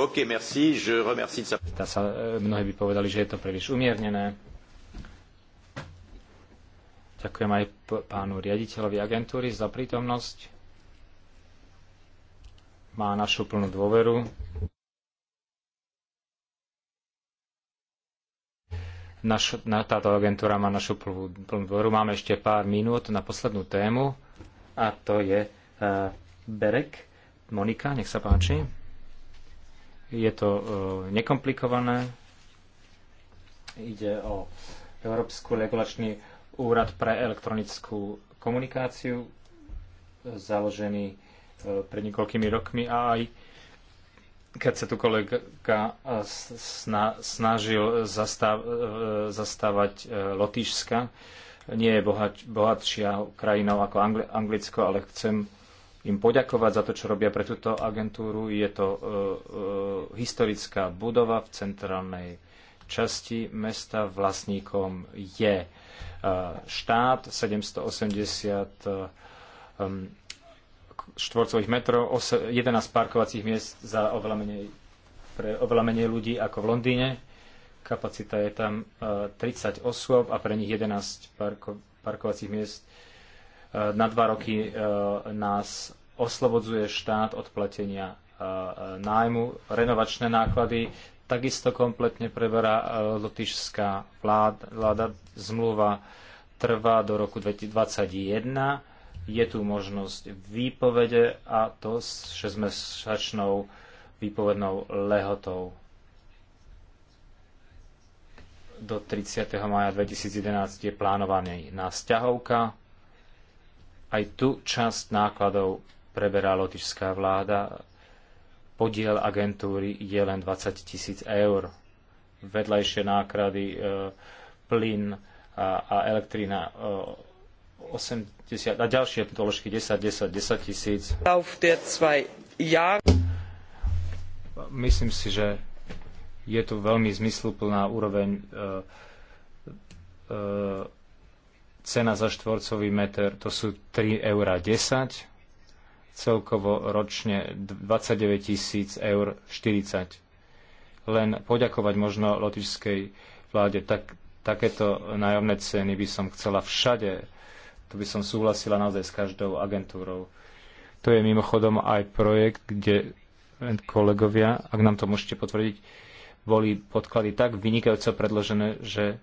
OK, merci. Je remercie de sa... Tá sa e, mnohí by povedali, že je to príliš umiernené. Ďakujem aj pánu riaditeľovi agentúry za prítomnosť. Má našu plnú dôveru. Naš, na, táto agentúra má našu plnú, plnú dôveru. Máme ešte pár minút na poslednú tému a to je uh, Berek. Monika, nech sa páči. Je to e, nekomplikované. Ide o Európsku regulačný úrad pre elektronickú komunikáciu, založený e, pred niekoľkými rokmi a aj keď sa tu kolega e, snažil zastav, zastávať Lotyšska, nie je bohatšia krajinou ako Anglicko, ale chcem im poďakovať za to, čo robia pre túto agentúru. Je to e, e, historická budova v centrálnej časti mesta. Vlastníkom je e, štát 780 e, štvorcových metrov, 11 parkovacích miest za oveľa menej, pre oveľa menej ľudí ako v Londýne. Kapacita je tam 30 e, osôb a pre nich 11 parko, parkovacích miest E, na dva roky e, nás oslobodzuje štát od platenia e, nájmu, renovačné náklady, takisto kompletne preberá lotišská vláda. Zmluva trvá do roku 2021. Je tu možnosť výpovede a to s 6-mesačnou výpovednou lehotou do 30. maja 2011 je plánovaná sťahovka aj tu časť nákladov preberá lotišská vláda. Podiel agentúry je len 20 tisíc eur. Vedľajšie náklady, e, plyn a, a elektrina e, 80 a ďalšie doložky 10, 10, 10 tisíc. Myslím si, že je tu veľmi zmysluplná úroveň e, e Cena za štvorcový meter to sú 3,10 eur, celkovo ročne 29 tisíc eur 40. Len poďakovať možno lotičskej vláde. Tak, takéto nájomné ceny by som chcela všade. To by som súhlasila naozaj s každou agentúrou. To je mimochodom aj projekt, kde kolegovia, ak nám to môžete potvrdiť, boli podklady tak vynikajúco predložené, že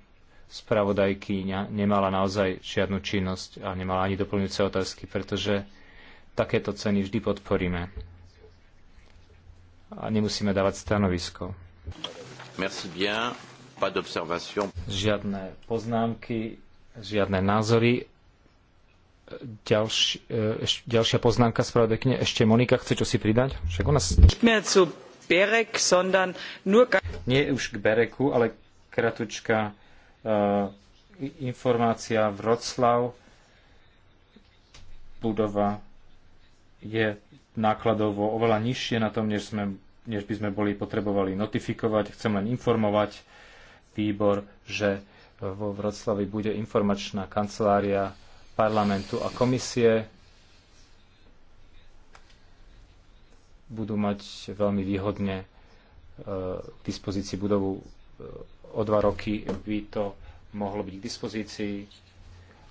spravodajkyňa nemala naozaj žiadnu činnosť a nemala ani doplňujúce otázky, pretože takéto ceny vždy podporíme. A nemusíme dávať stanovisko. Merci bien. Pas žiadne poznámky, žiadne názory. Ďalš, e, eš, ďalšia poznámka spravodajkyne. Ešte Monika chce čo si pridať? Však ona... Nie už k Bereku, ale kratučka E, informácia Vroclav, budova je nákladovo oveľa nižšie na tom, než, sme, než by sme boli potrebovali notifikovať. Chcem len informovať výbor, že vo Vroclavi bude informačná kancelária parlamentu a komisie. Budú mať veľmi výhodne e, k dispozícii budovu e, o dva roky by to mohlo byť k dispozícii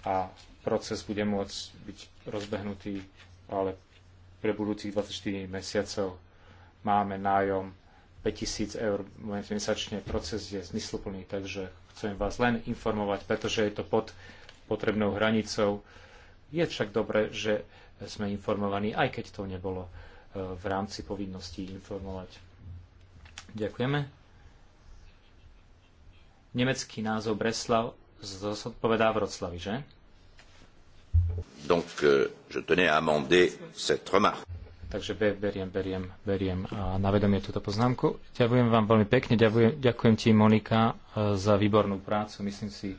a proces bude môcť byť rozbehnutý, ale pre budúcich 24 mesiacov máme nájom 5000 eur mesačne. Proces je zmysluplný, takže chcem vás len informovať, pretože je to pod potrebnou hranicou. Je však dobré, že sme informovaní, aj keď to nebolo eh, v rámci povinností informovať. Ďakujeme. Nemecký názov Breslav zodpovedá Vroclavi, že? Donc, euh, je tenais à amender cette remarque. Takže beriem, beriem, beriem na vedomie túto poznámku. Ďakujem vám veľmi pekne, ďakujem, ďakujem ti Monika e, za výbornú prácu. Myslím si,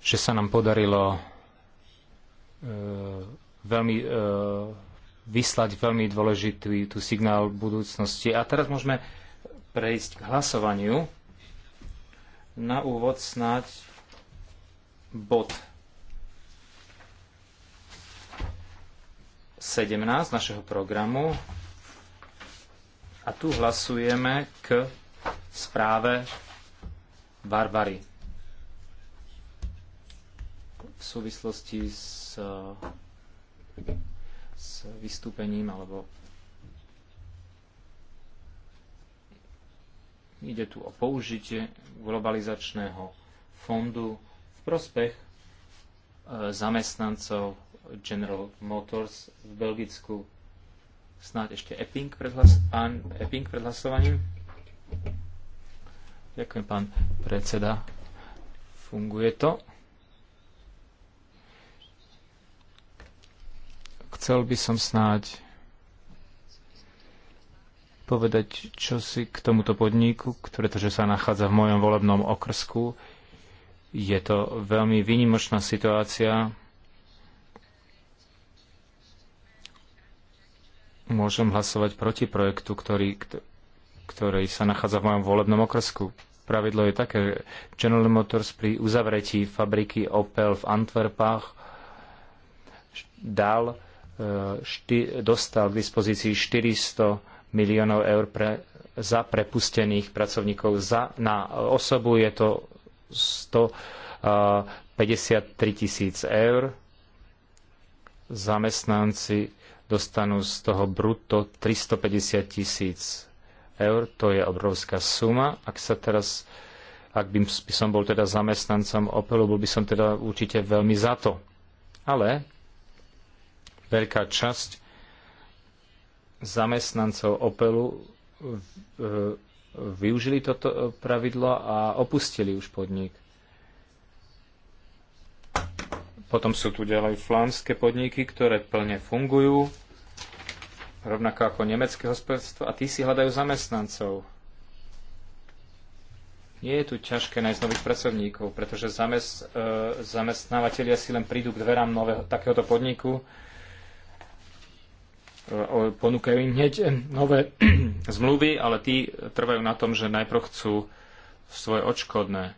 že sa nám podarilo e, veľmi e, vyslať veľmi dôležitý tú signál budúcnosti. A teraz môžeme prejsť k hlasovaniu. Na úvod snáď bod 17 našeho programu a tu hlasujeme k správe Barbary v súvislosti s, s vystúpením alebo Ide tu o použitie globalizačného fondu v prospech e, zamestnancov General Motors v Belgicku. Snáď ešte Epping pred, hlas- pán Epping pred hlasovaním. Ďakujem, pán predseda. Funguje to. Chcel by som snáď povedať čosi k tomuto podniku, pretože sa nachádza v mojom volebnom okrsku. Je to veľmi výnimočná situácia. Môžem hlasovať proti projektu, ktorý, ktorý sa nachádza v mojom volebnom okrsku. Pravidlo je také, že General Motors pri uzavretí fabriky Opel v Antwerpách dal, e, šty, dostal k dispozícii 400 miliónov eur pre, za prepustených pracovníkov za, na osobu. Je to 153 tisíc eur. Zamestnanci dostanú z toho brutto 350 tisíc eur. To je obrovská suma. Ak sa teraz ak by som bol teda zamestnancom Opelu, bol by som teda určite veľmi za to. Ale veľká časť zamestnancov Opelu využili toto pravidlo a opustili už podnik. Potom sú tu ďalej flámske podniky, ktoré plne fungujú, rovnako ako nemecké hospodárstvo, a tí si hľadajú zamestnancov. Nie je tu ťažké nájsť nových pracovníkov, pretože zamest, e, zamestnávateľia si len prídu k dverám nového, takéhoto podniku, ponúkajú im hneď eh, nové zmluvy, ale tí trvajú na tom, že najprv chcú svoje odškodné.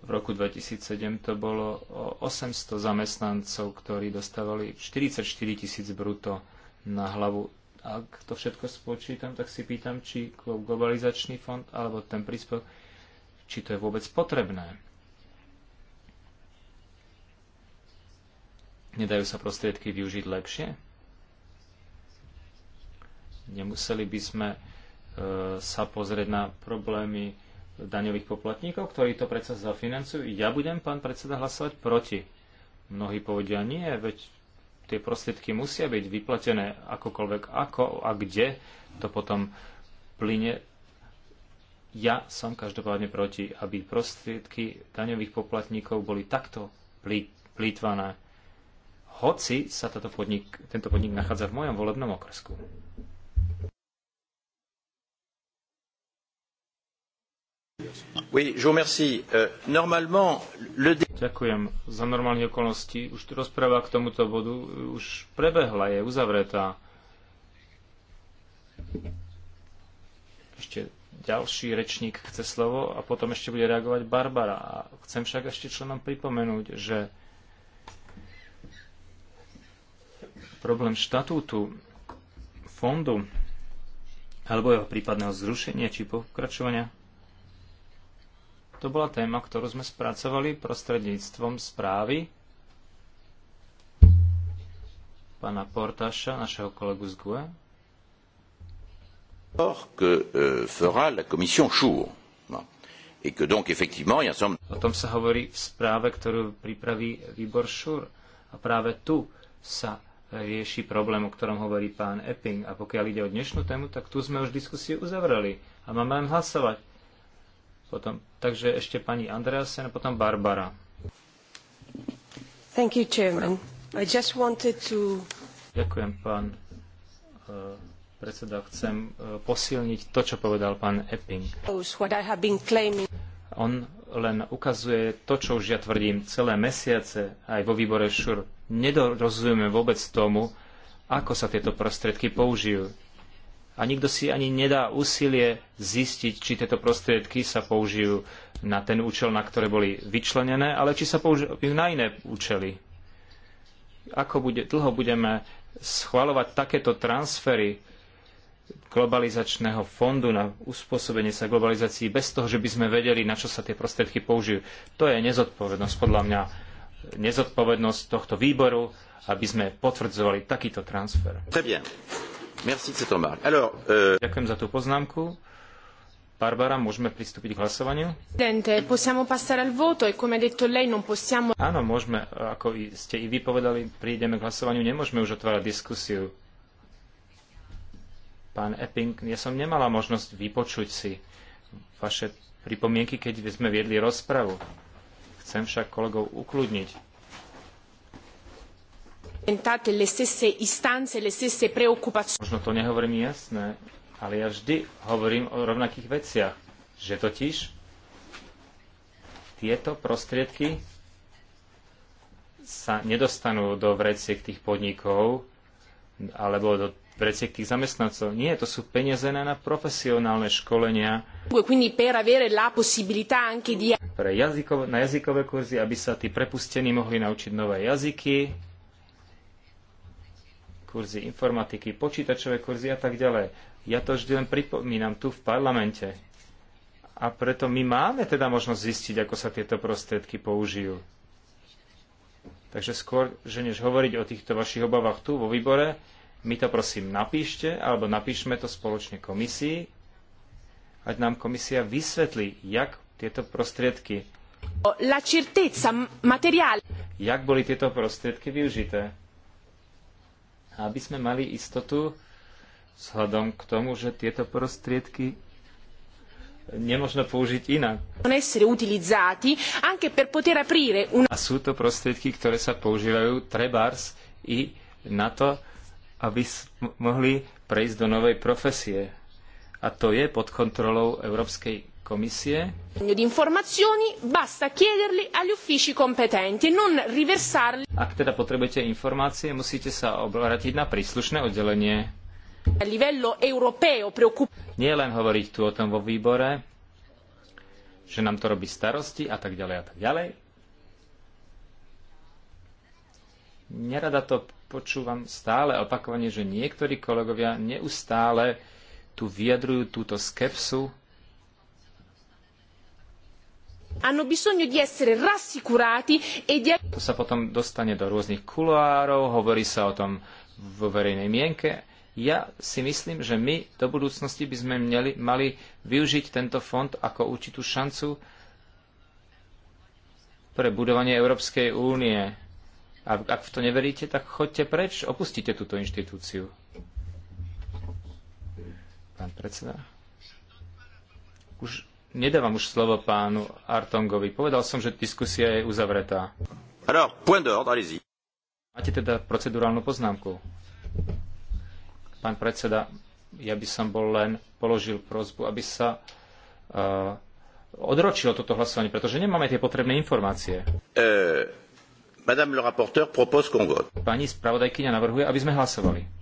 V roku 2007 to bolo 800 zamestnancov, ktorí dostávali 44 tisíc bruto na hlavu. Ak to všetko spočítam, tak si pýtam, či globalizačný fond alebo ten príspevok, či to je vôbec potrebné. Nedajú sa prostriedky využiť lepšie? Nemuseli by sme e, sa pozrieť na problémy daňových poplatníkov, ktorí to predsa zafinancujú. Ja budem, pán predseda, hlasovať proti. Mnohí povedia nie, veď tie prostriedky musia byť vyplatené akokoľvek ako a kde to potom plyne. Ja som každopádne proti, aby prostriedky daňových poplatníkov boli takto plýtvané, hoci sa podnik, tento podnik nachádza v mojom volebnom okresku. Euh, Ďakujem. Za normálne okolností. už rozpráva k tomuto bodu uh, už prebehla, je uzavretá. Ešte ďalší rečník chce slovo a potom ešte bude reagovať Barbara. A chcem však ešte členom pripomenúť, že problém štatútu fondu alebo jeho prípadného zrušenia či pokračovania to bola téma, ktorú sme spracovali prostredníctvom správy pana Portaša, našeho kolegu z GUE. que euh, fera la komisión Šúr. Et que donc effectivement, il y a some... O tom sa hovorí v správe, ktorú pripraví výbor Šúr. A práve tu sa rieši problém, o ktorom hovorí pán Epping. A pokiaľ ide o dnešnú tému, tak tu sme už diskusiu uzavreli. A máme len hlasovať. Potom, takže ešte pani Andreasen a potom Barbara. Thank you, Chairman. I just wanted to... Ďakujem, pán uh, predseda. Chcem uh, posilniť to, čo povedal pán Epping. On len ukazuje to, čo už ja tvrdím celé mesiace aj vo výbore ŠUR. Nedorozumieme vôbec tomu, ako sa tieto prostriedky použijú a nikto si ani nedá úsilie zistiť, či tieto prostriedky sa použijú na ten účel, na ktoré boli vyčlenené, ale či sa použijú na iné účely. Ako bude, dlho budeme schvaľovať takéto transfery globalizačného fondu na uspôsobenie sa globalizácii bez toho, že by sme vedeli, na čo sa tie prostriedky použijú. To je nezodpovednosť podľa mňa nezodpovednosť tohto výboru, aby sme potvrdzovali takýto transfer. Merci de cette Alors, euh... Ďakujem za tú poznámku. Barbara, môžeme pristúpiť k hlasovaniu? E Áno, môžeme, ako ste i vypovedali, povedali, prídeme k hlasovaniu, nemôžeme už otvárať diskusiu. Pán Epping, ja som nemala možnosť vypočuť si vaše pripomienky, keď sme viedli rozpravu. Chcem však kolegov ukludniť Možno to nehovorím jasné, ale ja vždy hovorím o rovnakých veciach. Že totiž tieto prostriedky sa nedostanú do vreciek tých podnikov alebo do vreciek tých zamestnancov. Nie, to sú peniaze na profesionálne školenia. Pre jazykové, na jazykové kurzy, aby sa tí prepustení mohli naučiť nové jazyky, kurzy informatiky, počítačové kurzy a tak ďalej. Ja to vždy len pripomínam tu v parlamente. A preto my máme teda možnosť zistiť, ako sa tieto prostriedky použijú. Takže skôr, že než hovoriť o týchto vašich obavách tu vo výbore, my to prosím napíšte, alebo napíšme to spoločne komisii, ať nám komisia vysvetlí, jak tieto prostriedky jak boli tieto prostriedky využité aby sme mali istotu vzhľadom k tomu, že tieto prostriedky nemôžno použiť inak. A sú to prostriedky, ktoré sa používajú trebárs i na to, aby mohli prejsť do novej profesie. A to je pod kontrolou Európskej Komisie. Ak teda potrebujete informácie, musíte sa obrátiť na príslušné oddelenie. Nie len hovoriť tu o tom vo výbore, že nám to robí starosti a tak ďalej a tak ďalej. Nerada to počúvam stále opakovane, že niektorí kolegovia neustále tu vyjadrujú túto skepsu E to sa potom dostane do rôznych kuloárov, hovorí sa o tom vo verejnej mienke. Ja si myslím, že my do budúcnosti by sme mali, mali využiť tento fond ako určitú šancu pre budovanie Európskej únie. A ak v to neveríte, tak choďte preč, opustite túto inštitúciu. Pán predseda. Už nedávam už slovo pánu Artongovi. Povedal som, že diskusia je uzavretá. Alors, point d'ordre, Máte teda procedurálnu poznámku? Pán predseda, ja by som bol len položil prozbu, aby sa uh, odročilo toto hlasovanie, pretože nemáme tie potrebné informácie. Uh, Pani spravodajkyňa navrhuje, aby sme hlasovali.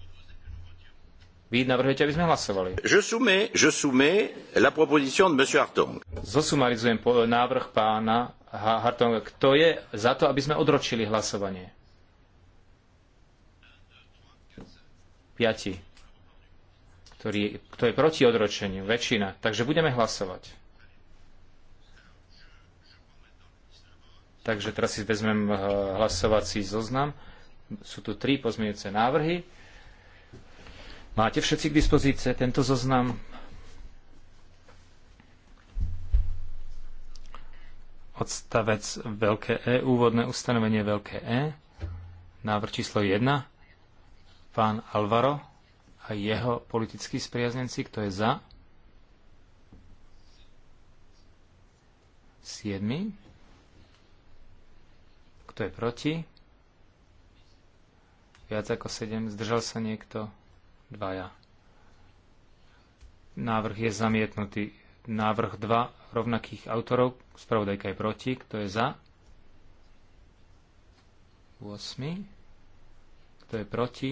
Vy navrhujete, aby sme hlasovali. Je je la proposition de monsieur Hartong. Zosumarizujem návrh pána Hartonga. Kto je za to, aby sme odročili hlasovanie? Piati. Ktorý, kto je proti odročeniu? Väčšina. Takže budeme hlasovať. Takže teraz si vezmem eh, hlasovací zoznam. Sú tu tri pozmienujúce návrhy. Máte všetci k dispozícii tento zoznam? Odstavec veľké E, úvodné ustanovenie veľké E, návrh číslo 1, pán Alvaro a jeho politickí spriaznenci, kto je za? 7. Kto je proti? Viac ako 7. Zdržal sa niekto? dvaja. Návrh je zamietnutý. Návrh dva rovnakých autorov. Spravodajka je proti. Kto je za? 8. Kto je proti?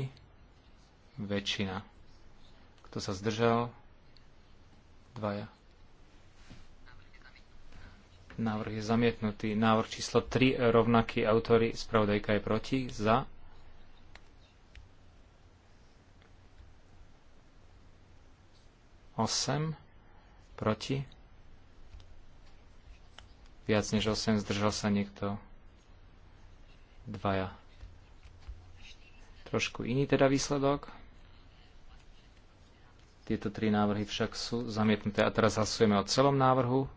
Väčšina. Kto sa zdržal? Dvaja. Návrh je zamietnutý. Návrh číslo 3 rovnaký autory. Spravodajka je proti. Za? 8 proti. Viac než 8 zdržal sa niekto. Dvaja. Trošku iný teda výsledok. Tieto tri návrhy však sú zamietnuté. A teraz hlasujeme o celom návrhu. V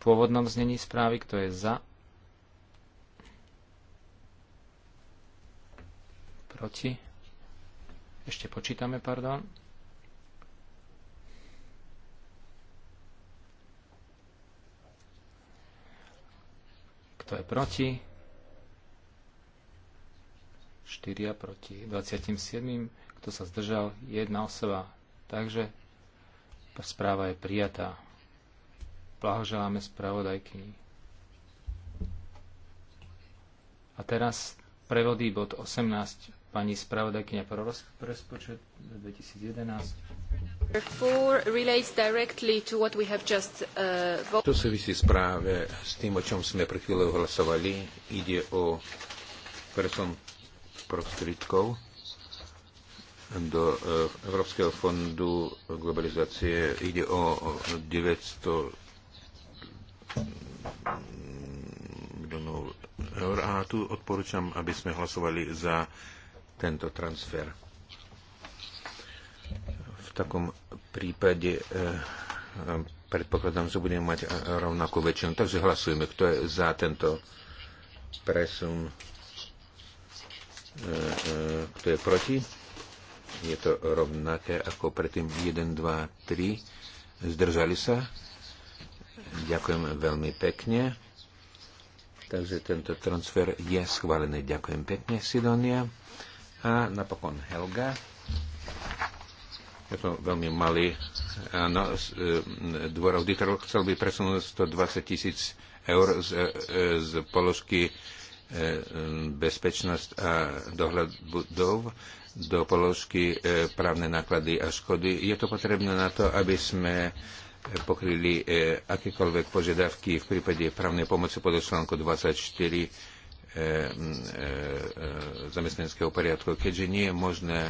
pôvodnom znení správy, kto je za. Proti. Ešte počítame, pardon. Kto je proti? 4 proti 27. Kto sa zdržal? Jedna osoba. Takže správa je prijatá. Blahoželáme spravodajkyni. A teraz prevodí bod 18 pani spravodajkynia pro rozpočet 2011. Uh, to súvisí správe s tým, o čom sme pred chvíľou hlasovali. Ide o presun prostriedkov do eh, Európskeho fondu globalizácie. Ide o 900 miliónov eur a tu odporúčam, aby sme hlasovali za tento transfer. V takom prípade e, predpokladám, že budeme mať rovnakú väčšinu. Takže hlasujeme, kto je za tento presun, e, e, kto je proti. Je to rovnaké ako predtým 1, 2, 3. Zdržali sa. Ďakujem veľmi pekne. Takže tento transfer je schválený. Ďakujem pekne, Sidonia. A napokon Helga je to veľmi malý no, dvor auditorov, chcel by presunúť 120 tisíc eur z, e, z položky e, bezpečnosť a dohľad budov do položky právne náklady a škody. Je to potrebné na to, aby sme pokryli akékoľvek požiadavky v prípade právnej pomoci pod článku 24 zamestnanského poriadku, keďže nie je možné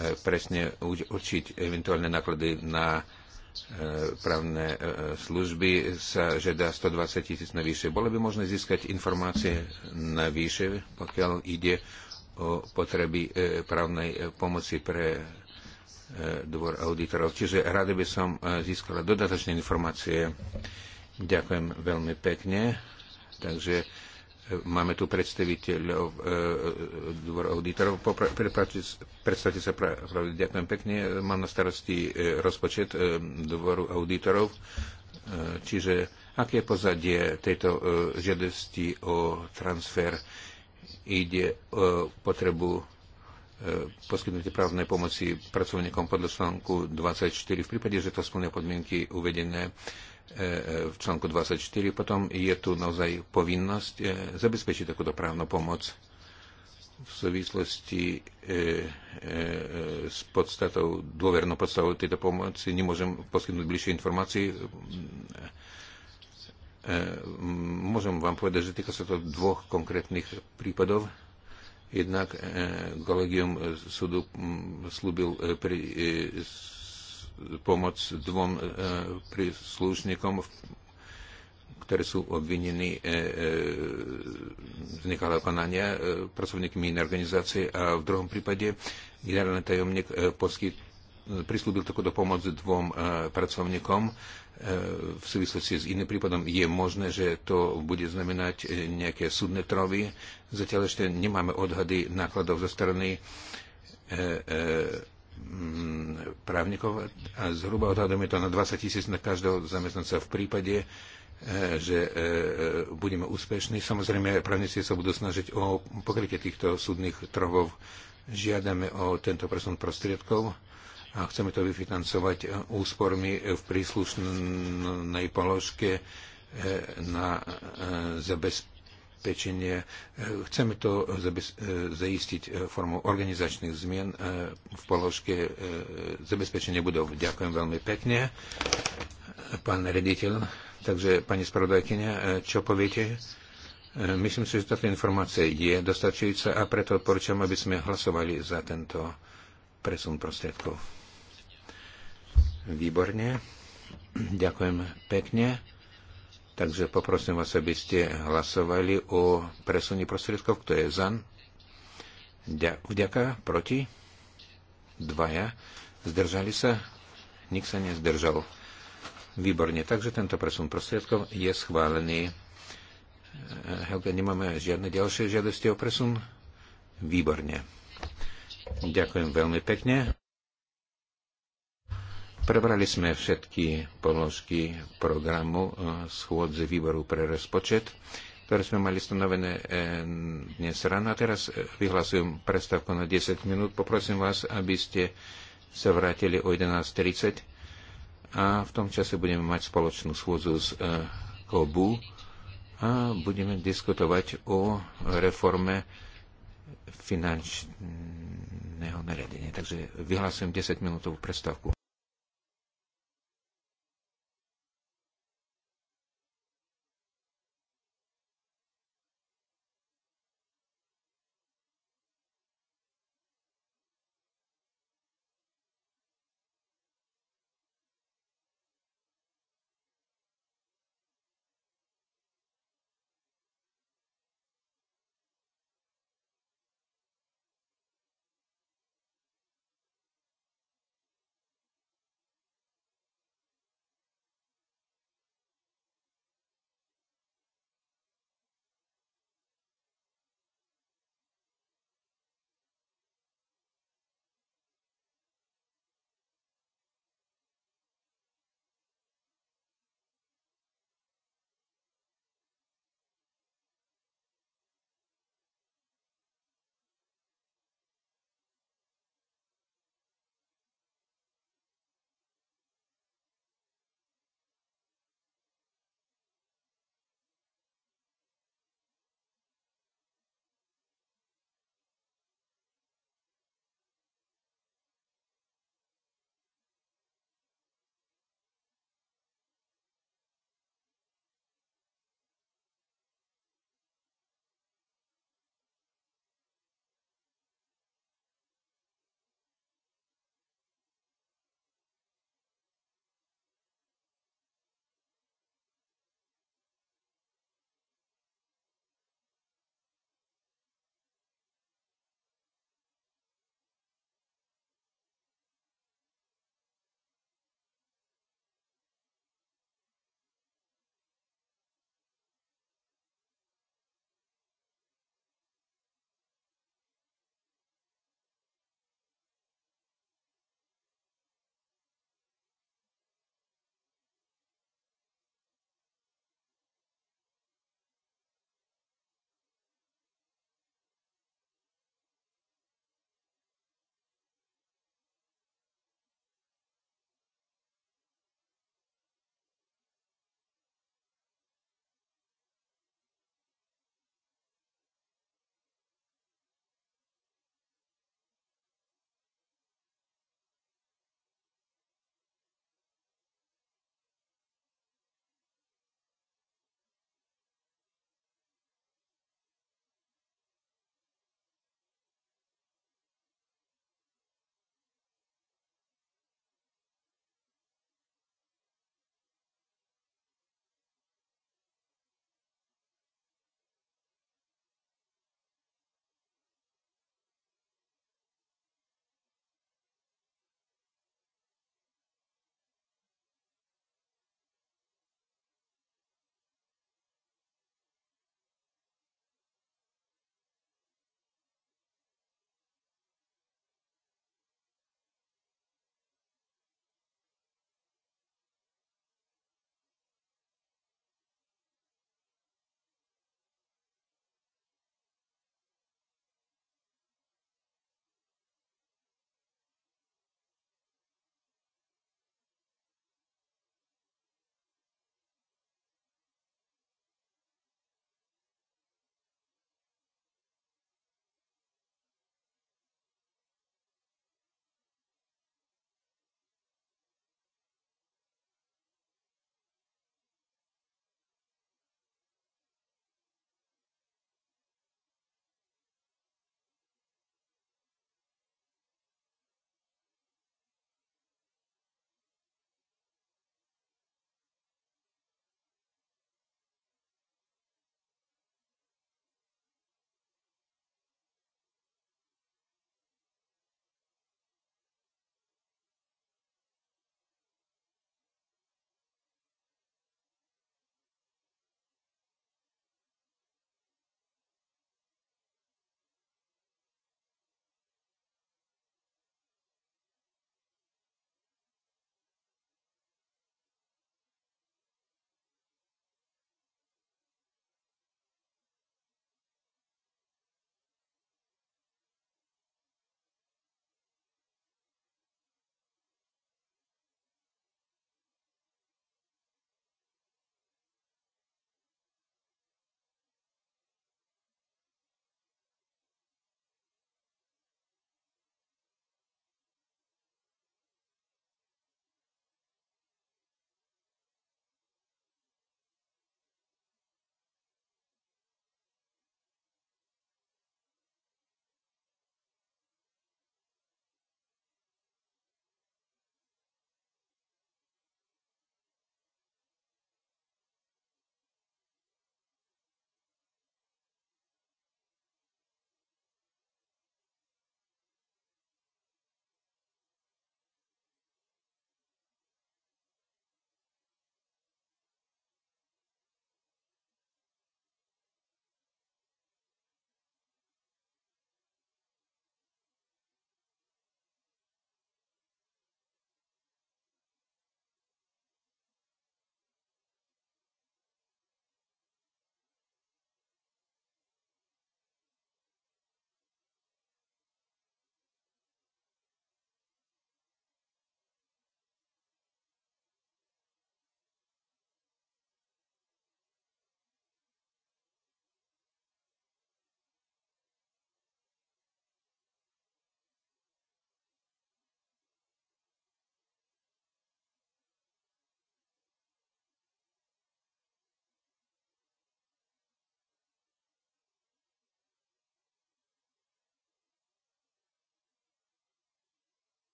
E, presne určiť eventuálne náklady na e, právne e, služby sa žiada 120 tisíc navýše. Bolo by možné získať informácie navýše, pokiaľ ide o potreby právnej pomoci pre dvor auditorov. Čiže rada by som získala dodatočné informácie. Ďakujem veľmi pekne. Takže Máme tu predstaviteľov e, e, dvor auditorov. Predstavte sa, pravde, ďakujem pekne. Mám na starosti e, rozpočet dvoru auditorov. Čiže aké je pozadie tejto žiadosti o transfer? Ide o potrebu poskytnutie právnej pomoci pracovníkom podľa článku 24 v prípade, že to splňuje podmienky uvedené E, e, v článku 24. Potom je tu naozaj povinnosť e, zabezpečiť takúto právnu pomoc v súvislosti s podstatou, dôvernou podstatou tejto pomoci. Nemôžem poskytnúť bližšie informácie. Môžem vám povedať, že týka sa to dvoch konkrétnych prípadov. Jednak kolegium súdu slúbil pri pomoc dvom e, e, príslušníkom, ktorí sú obvinení e, z nekalého konania, pracovníkmi inej organizácie a v druhom prípade generálny tajomník polský prislúbil takúto pomoc dvom pracovníkom v súvislosti s iným prípadom. Je možné, že to bude znamenať nejaké súdne trovy. Zatiaľ ešte nemáme odhady nákladov zo strany Mm, právnikov a zhruba odhadujeme to na 20 tisíc na každého zamestnanca v prípade, e, že e, e, budeme úspešní. Samozrejme, právnici sa budú snažiť o pokrytie týchto súdnych trhov. Žiadame o tento presun prostriedkov a chceme to vyfinancovať úspormi v príslušnej položke na zabez, pečenie. E, chceme to e, zaistiť e, formou organizačných zmien v položke zabezpečenie budov. Ďakujem veľmi pekne, pán rediteľ. Takže, pani spravodajkynia, čo poviete? Myslím si, že táto informácia je dostačujúca a preto odporúčam, aby sme hlasovali za tento presun prostriedkov. Výborne. Ďakujem pekne. Takže poprosím vás, aby ste hlasovali o presunie prostriedkov. Kto je za? Vďaka. Proti? Dvaja. Zdržali sa? Nik sa nezdržal. Výborne. Takže tento presun prostriedkov je schválený. Eh, Helga, nemáme žiadne ďalšie žiadosti o presun? Výborne. Ďakujem veľmi pekne. Prebrali sme všetky položky programu e, schôdze výboru pre rozpočet, ktoré sme mali stanovené e, dnes ráno. A teraz e, vyhlasujem prestávku na 10 minút. Poprosím vás, aby ste sa vrátili o 11.30 a v tom čase budeme mať spoločnú schôdzu s KOBU a budeme diskutovať o reforme finančného naredenia. Takže vyhlasujem 10 minútovú prestávku.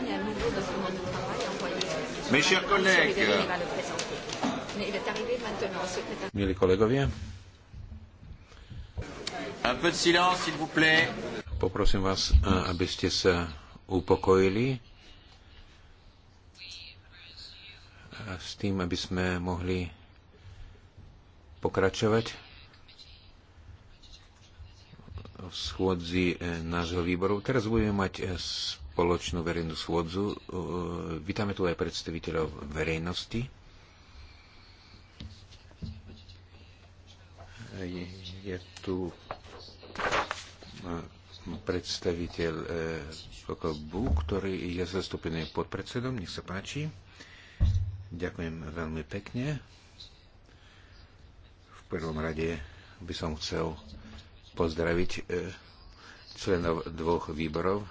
il y a un nouveau document de travail envoyé. Euh, Mes chers collègues, mais il est arrivé maintenant. Milí kolegovia, un peu de silence, s'il vous plaît. Poprosím vás, eh, aby ste sa upokojili eh, s tým, aby sme mohli pokračovať v schôdzi eh, nášho výboru. Teraz budeme mať spoločnú verejnú schôdzu. E, vítame tu aj predstaviteľov verejnosti. Je, tu e, predstaviteľ KOKOBU, e, ktorý je zastúpený pod predsedom. Nech sa páči. Ďakujem veľmi pekne. V prvom rade by som chcel pozdraviť členov dvoch výborov,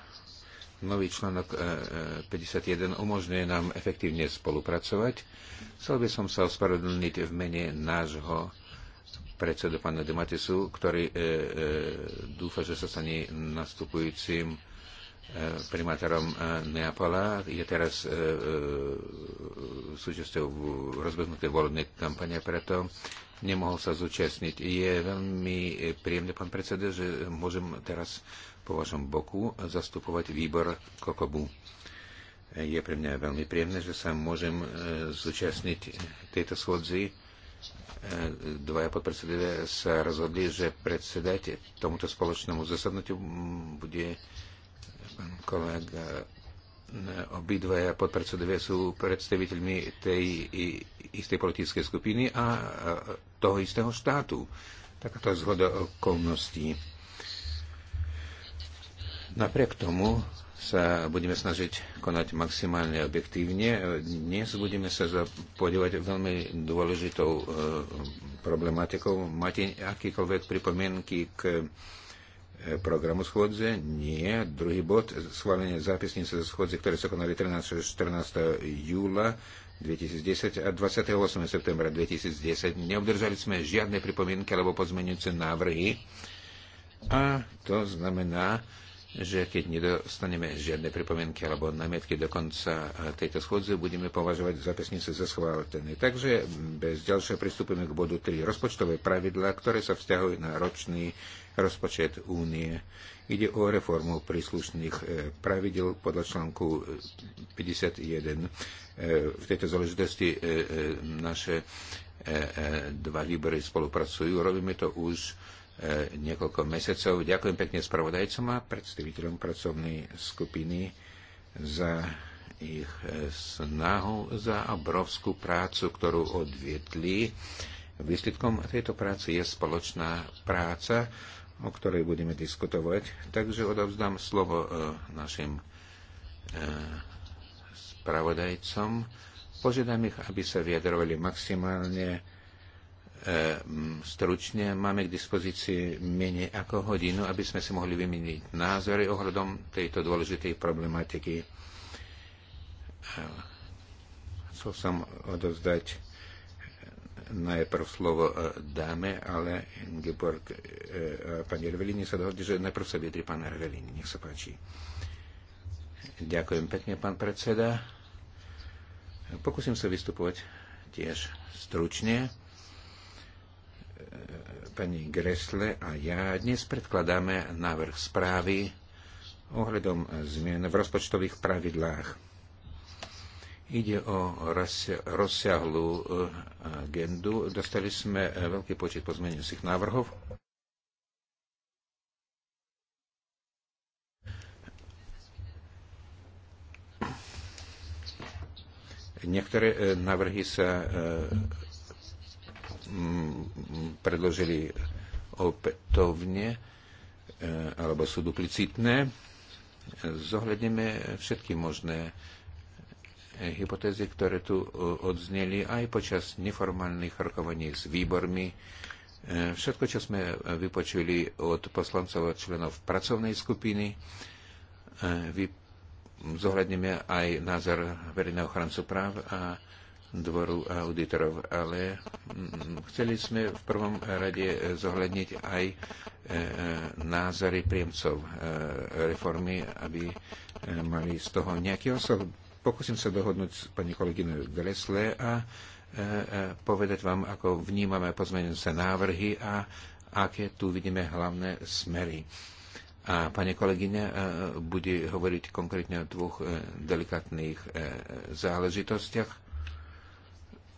Nový článok 51 e, e, umožňuje nám efektívne spolupracovať. Chcel by som sa ospravedlniť v mene nášho predsedu pána Dematisu, ktorý e, dúfa, že sa stane nastupujúcim primátorom Neapola. Je teraz súčasťou rozbehnuté volebnej kampane, preto nemohol sa zúčastniť. Je veľmi príjemné, pán predseda, že môžem teraz po vašom boku zastupovať výbor Kokobu. Je pre mňa veľmi príjemné, že sa môžem e, zúčastniť tejto schodzi. E, dvaja podpredsedovia sa rozhodli, že predsedať tomuto spoločnému zasadnutiu bude pán kolega e, obidvaja podpredsedovia sú predstaviteľmi tej istej politickej skupiny a toho istého štátu. Takáto zhoda okolností. Napriek tomu sa budeme snažiť konať maximálne objektívne. Dnes budeme sa podívať veľmi dôležitou e, problematikou. Máte akýkoľvek pripomienky k e, programu schôdze? Nie. Druhý bod, schválenie zápisnice zo schôdze, ktoré sa konali 13. 14. júla 2010 a 28. septembra 2010. Neobdržali sme žiadne pripomienky alebo pozmenujúce návrhy. A to znamená, že keď nedostaneme žiadne pripomienky alebo námietky do konca tejto schôdze, budeme považovať zápisnice za schválené. Takže bez ďalšieho pristúpime k bodu 3. Rozpočtové pravidla, ktoré sa vzťahujú na ročný rozpočet únie. Ide o reformu príslušných e, pravidel podľa článku 51. E, e, v tejto záležitosti naše dva výbory spolupracujú. Robíme to už E, niekoľko mesiacov. Ďakujem pekne spravodajcom a predstaviteľom pracovnej skupiny za ich e, snahu, za obrovskú prácu, ktorú odvietli. Výsledkom tejto práce je spoločná práca, o ktorej budeme diskutovať. Takže odovzdám slovo e, našim spravodajcom. Požiadam ich, aby sa vyjadrovali maximálne Ehm, stručne. Máme k dispozícii menej ako hodinu, aby sme si mohli vymeniť názory ohľadom tejto dôležitej problematiky. Ehm, chcel som odovzdať najprv slovo e, dáme, ale Ingeborg e, e, pani Revelini sa dohodli, že najprv sa vyjadri pán Revelini. Nech sa páči. Ďakujem pekne, pán predseda. Pokúsim sa vystupovať tiež stručne pani Gresle a ja dnes predkladáme návrh správy ohľadom zmien v rozpočtových pravidlách. Ide o rozsiahlú eh, agendu. Dostali sme eh, veľký počet pozmeňujúcich návrhov. Niektoré eh, návrhy sa Mm, predložili opätovne e, alebo sú duplicitné. Zohľadneme všetky možné hypotézy, ktoré tu e, odzneli aj počas neformálnych rokovaní s výbormi. E, všetko, čo sme vypočuli od poslancov a členov pracovnej skupiny, vy zohľadneme aj názor verejného ochrancu práv a dvoru auditorov, ale mm, chceli sme v prvom rade zohľadniť aj e, názory príjemcov e, reformy, aby e, mali z toho nejaký osob. Pokúsim sa dohodnúť s pani kolegynou Gresle a povedať vám, ako vnímame pozmeňujúce návrhy a aké tu vidíme hlavné smery. A pani kolegyňa bude hovoriť konkrétne o dvoch delikatných záležitostiach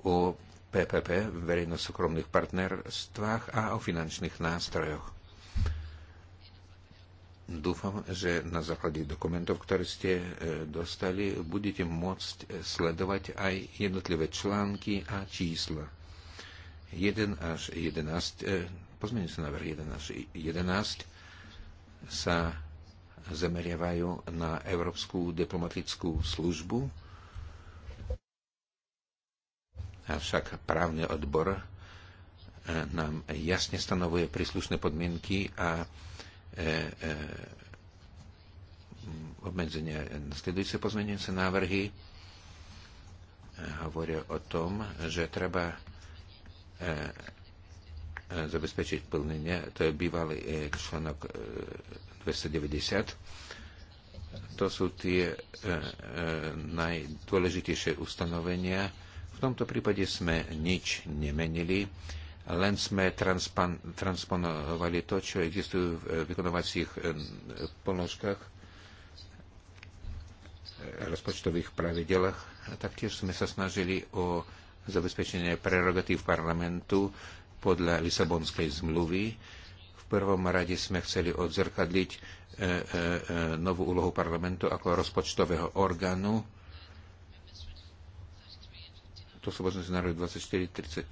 o PPP, verejno-súkromných partnerstvách a o finančných nástrojoch. Dúfam, že na základe dokumentov, ktoré ste e, dostali, budete môcť sledovať aj jednotlivé články a čísla. 1 až 11, e, pozmeňujúci návrh 1 až 11 sa zameriavajú na Európsku diplomatickú službu Avšak právny odbor e, nám jasne stanovuje príslušné podmienky a e, e, obmedzenia. Nasledujúce pozmenujúce návrhy hovoria o tom, že treba zabezpečiť plnenie. To je bývalý článok 290. To sú tie najdôležitejšie ustanovenia v tomto prípade sme nič nemenili, len sme transponovali to, čo existuje v e, vykonovacích e, položkách e, rozpočtových pravidelách. Taktiež sme sa snažili o zabezpečenie prerogatív parlamentu podľa Lisabonskej zmluvy. V prvom rade sme chceli odzrkadliť novú úlohu parlamentu ako rozpočtového orgánu to súbožnosť národov 24, 39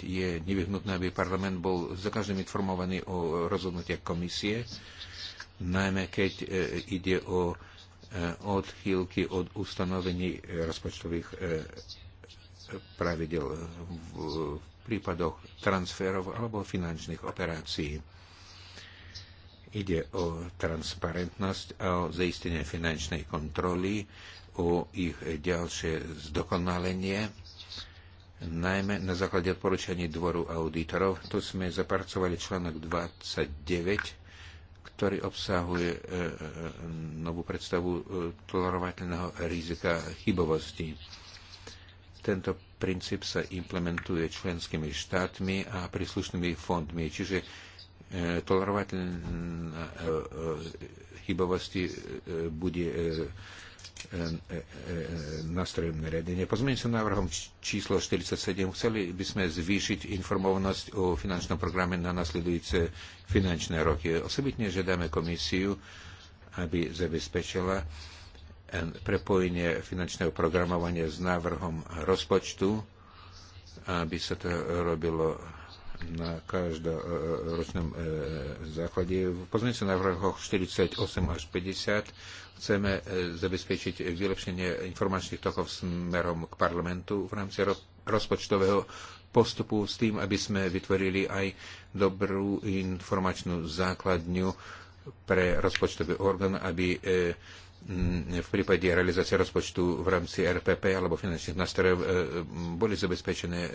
je nevyhnutné, aby parlament bol za každým informovaný o rozhodnutiach komisie, najmä keď e, ide o e, odchýlky od ustanovení rozpočtových e, pravidel v prípadoch transferov alebo finančných operácií. Ide o transparentnosť a o zaistenie finančnej kontroly o ich ďalšie zdokonalenie, najmä na základe odporúčaní dvoru auditorov. Tu sme zapracovali článok 29, ktorý obsahuje e, e, novú predstavu e, tolerovateľného rizika chybovosti. Tento princíp sa implementuje členskými štátmi a príslušnými fondmi, čiže e, tolerovateľná e, e, chybovosti e, bude E, E, e, e, nástrojom nariadenia. Pozmeňujúcim návrhom číslo 47 chceli by sme zvýšiť informovanosť o finančnom programe na nasledujúce finančné roky. Osobitne žiadame komisiu, aby zabezpečila prepojenie finančného programovania s návrhom rozpočtu, aby sa to robilo na každoročnom e, e, e, základe. V pozmeňujúcich návrhoch 48 až 50 chceme zabezpečiť vylepšenie informačných tokov smerom k parlamentu v rámci rozpočtového postupu s tým, aby sme vytvorili aj dobrú informačnú základňu pre rozpočtový orgán, aby e, v prípade realizácie rozpočtu v rámci RPP alebo finančných nástrojov e, boli zabezpečené e,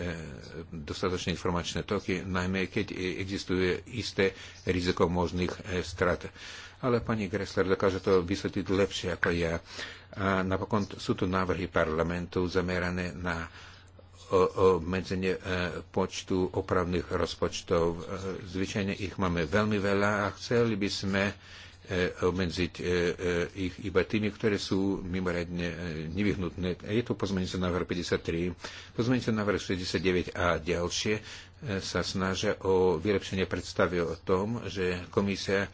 dostatočné informačné toky, najmä keď e, existuje isté riziko možných strat. Ale pani Gressler dokáže to vysvetliť lepšie ako ja. A napokon sú tu návrhy parlamentu zamerané na obmedzenie počtu opravných rozpočtov. Zvyčajne ich máme veľmi veľa a chceli by sme E, obmedziť e, e, ich iba tými, ktoré sú mimoriadne nevyhnutné. Je to pozmeňujúce návrh 53, pozmeňujúce návrh 69 a ďalšie sa snažia o vylepšenie predstavy o tom, že komisia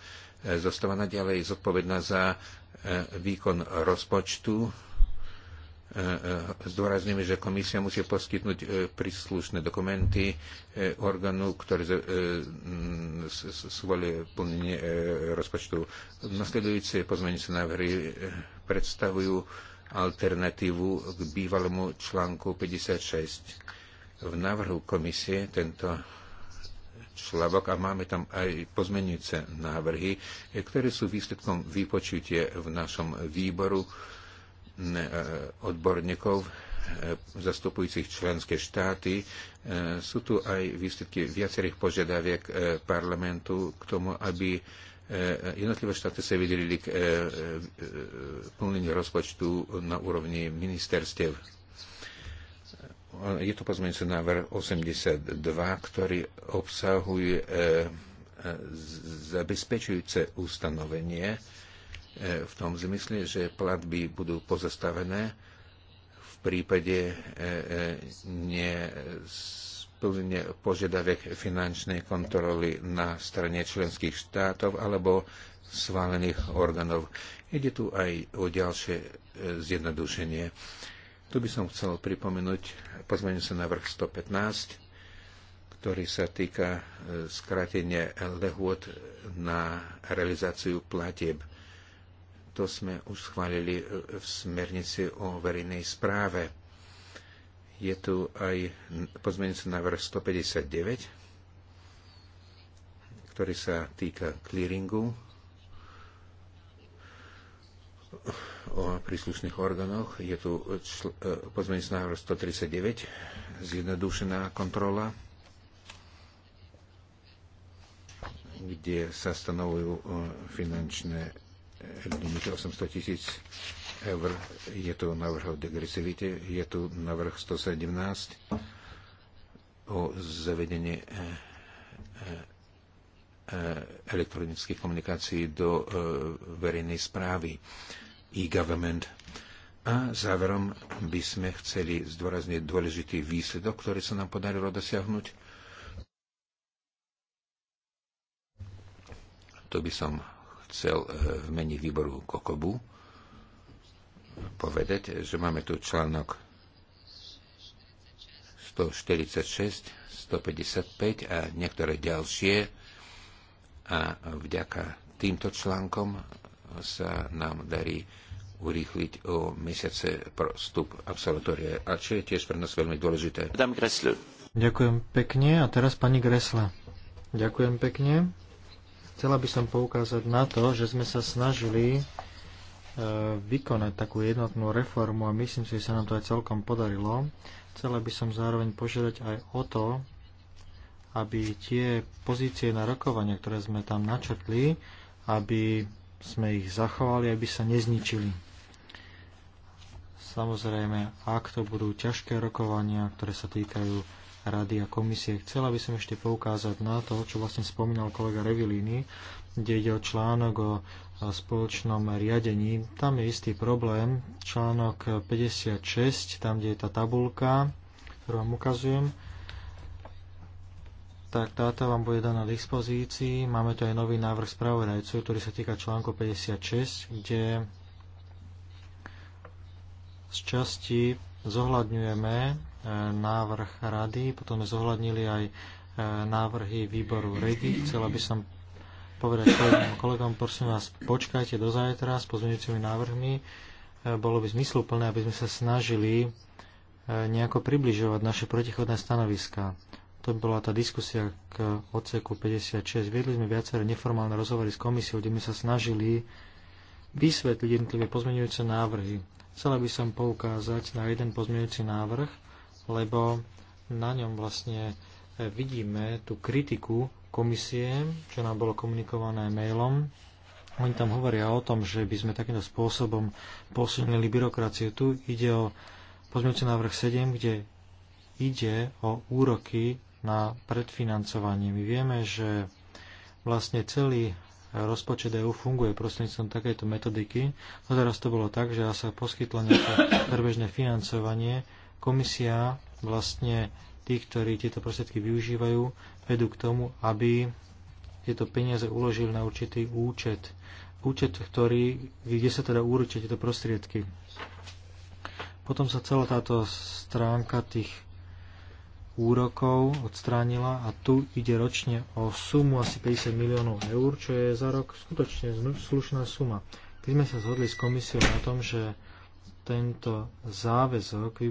zostáva naďalej zodpovedná za výkon rozpočtu E, e, zdôrazňujeme, že komisia musí poskytnúť e, príslušné dokumenty orgánu, ktorý svolie plnenie rozpočtu. Nasledujúce pozmeňujúce návrhy predstavujú alternatívu k bývalému článku 56. V návrhu komisie tento článok a máme tam aj pozmenujúce návrhy, ktoré sú výsledkom výpočutie v našom výboru E, odborníkov e, zastupujúcich členské štáty. E, sú tu aj výsledky viacerých požiadaviek parlamentu k tomu, aby jednotlivé štáty sa vydelili k plneniu rozpočtu na úrovni ministerstiev. Je to pozmeňujúci návrh 82, ktorý obsahuje zabezpečujúce ustanovenie, E, v tom zmysle, že platby budú pozastavené v prípade e, e, nesplnenia požiadavek finančnej kontroly na strane členských štátov alebo schválených orgánov. Ide tu aj o ďalšie zjednodušenie. Tu by som chcel pripomenúť pozmením sa vrch 115, ktorý sa týka skratenia lehôd na realizáciu platieb to sme už schválili e, v smernici o verejnej správe. Je tu aj pozmeňujúci návrh 159, ktorý sa týka clearingu o príslušných orgánoch. Je tu čl- e, pozmeňujúci návrh 139, zjednodušená kontrola, kde sa stanovujú e, finančné 800 tisíc eur. Je tu návrh o degresivite, je tu návrh 117 o zavedení e, e, e, elektronických komunikácií do verejnej správy e-government. A záverom by sme chceli zdôrazniť dôležitý výsledok, ktorý sa nám podarilo dosiahnuť. To by som chcel eh, v mene výboru Kokobu povedať, že máme tu článok 146, 155 a niektoré ďalšie a vďaka týmto článkom sa nám darí urýchliť o mesiace vstup absolutória. A čo je tiež pre nás veľmi dôležité. Ďakujem pekne. A teraz pani Gresla. Ďakujem pekne. Chcela by som poukázať na to, že sme sa snažili e, vykonať takú jednotnú reformu a myslím si, že sa nám to aj celkom podarilo. Chcela by som zároveň požiadať aj o to, aby tie pozície na rokovania, ktoré sme tam načrtli, aby sme ich zachovali, aby sa nezničili. Samozrejme, ak to budú ťažké rokovania, ktoré sa týkajú rady a komisie. Chcela by som ešte poukázať na to, čo vlastne spomínal kolega Revilíny, kde ide o článok o spoločnom riadení. Tam je istý problém. Článok 56, tam, kde je tá tabulka, ktorú vám ukazujem, tak táto vám bude daná k dispozícii. Máme tu aj nový návrh spravodajcu, ktorý sa týka článku 56, kde z časti zohľadňujeme E, návrh rady, potom sme zohľadnili aj e, návrhy výboru REGI. Chcela by som povedať kolegom, kolegom, prosím vás, počkajte do zajtra s pozmeňujúcimi návrhmi. E, bolo by zmysluplné, aby sme sa snažili nejako približovať naše protichodné stanoviská. To bola tá diskusia k odseku 56. Viedli sme viaceré neformálne rozhovory s komisiou, kde sme sa snažili vysvetliť jednotlivé pozmeňujúce návrhy. Chcela by som poukázať na jeden pozmeňujúci návrh, lebo na ňom vlastne e, vidíme tú kritiku komisie, čo nám bolo komunikované mailom. Oni tam hovoria o tom, že by sme takýmto spôsobom posilnili byrokraciu. Tu ide o pozmeňujúci návrh 7, kde ide o úroky na predfinancovanie. My vieme, že vlastne celý rozpočet EU funguje prostredníctvom takejto metodiky. No teraz to bolo tak, že sa poskytlo nejaké prebežné financovanie Komisia vlastne tí, ktorí tieto prostriedky využívajú, vedú k tomu, aby tieto peniaze uložili na určitý účet. Účet, ktorý, kde sa teda úročia tieto prostriedky. Potom sa celá táto stránka tých úrokov odstránila a tu ide ročne o sumu asi 50 miliónov eur, čo je za rok skutočne slušná suma. Keď sme sa zhodli s komisiou na tom, že tento záväzok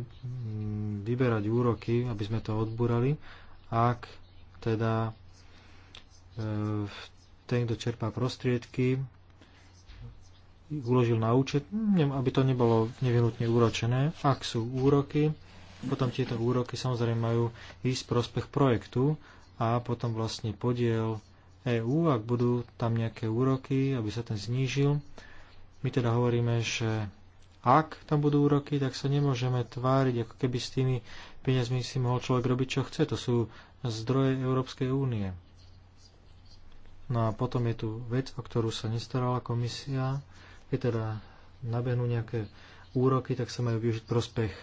vyberať úroky, aby sme to odbúrali, ak teda e, ten, kto čerpá prostriedky, uložil na účet, aby to nebolo nevyhnutne úročené. Ak sú úroky, potom tieto úroky samozrejme majú ísť prospech projektu a potom vlastne podiel EÚ, ak budú tam nejaké úroky, aby sa ten znížil. My teda hovoríme, že ak tam budú úroky, tak sa nemôžeme tváriť, ako keby s tými peniazmi si mohol človek robiť, čo chce. To sú zdroje Európskej únie. No a potom je tu vec, o ktorú sa nestarala komisia. Keď teda nabehnú nejaké úroky, tak sa majú využiť prospech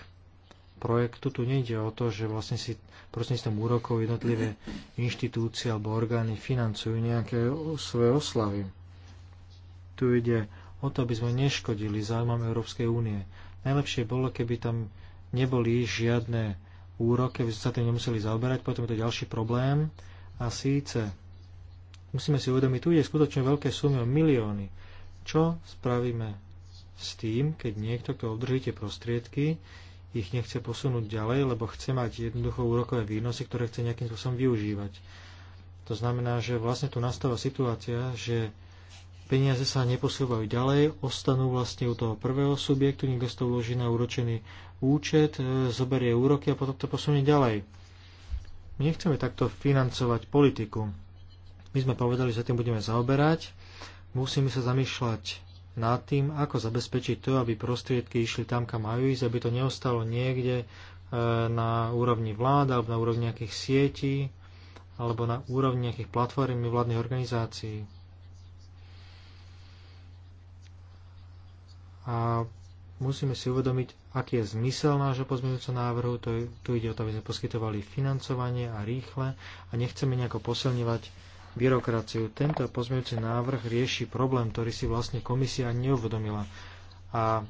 projektu. Tu nejde o to, že vlastne si prostredníctvom úrokov jednotlivé inštitúcie alebo orgány financujú nejaké svoje oslavy. Tu ide o to, aby sme neškodili záujmom Európskej únie. Najlepšie bolo, keby tam neboli žiadne úroky, aby sme sa tým nemuseli zaoberať. Potom je to ďalší problém a síce musíme si uvedomiť, tu je skutočne veľké sumy o milióny. Čo spravíme s tým, keď niekto, kto obdrží tie prostriedky, ich nechce posunúť ďalej, lebo chce mať jednoducho úrokové výnosy, ktoré chce nejakým spôsobom využívať. To znamená, že vlastne tu nastáva situácia, že peniaze sa neposúvajú ďalej, ostanú vlastne u toho prvého subjektu, niekto to vloží na úročený účet, e, zoberie úroky a potom to posunie ďalej. My nechceme takto financovať politiku. My sme povedali, že tým budeme zaoberať. Musíme sa zamýšľať nad tým, ako zabezpečiť to, aby prostriedky išli tam, kam majú ísť, aby to neostalo niekde e, na úrovni vlád alebo na úrovni nejakých sietí alebo na úrovni nejakých platform vládnych organizácií. a musíme si uvedomiť, aký je zmysel nášho pozmeňujúceho návrhu. To je, tu ide o to, aby sme poskytovali financovanie a rýchle a nechceme nejako posilňovať byrokraciu. Tento pozmeňujúci návrh rieši problém, ktorý si vlastne komisia neuvedomila. A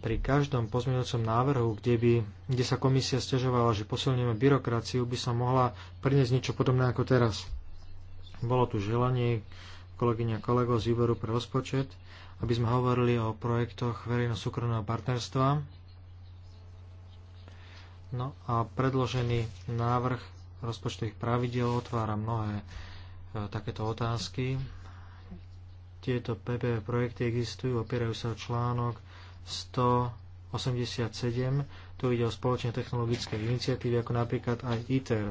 pri každom pozmeňujúcom návrhu, kde, by, kde sa komisia stiažovala, že posilňujeme byrokraciu, by sa mohla priniesť niečo podobné ako teraz. Bolo tu želanie kolegyňa kolegov z výboru pre rozpočet, aby sme hovorili o projektoch verejno-súkromného partnerstva. No a predložený návrh rozpočtových pravidel otvára mnohé e, takéto otázky. Tieto PPP projekty existujú, opierajú sa o článok 187. Tu ide o spoločné technologické iniciatívy, ako napríklad aj ITER.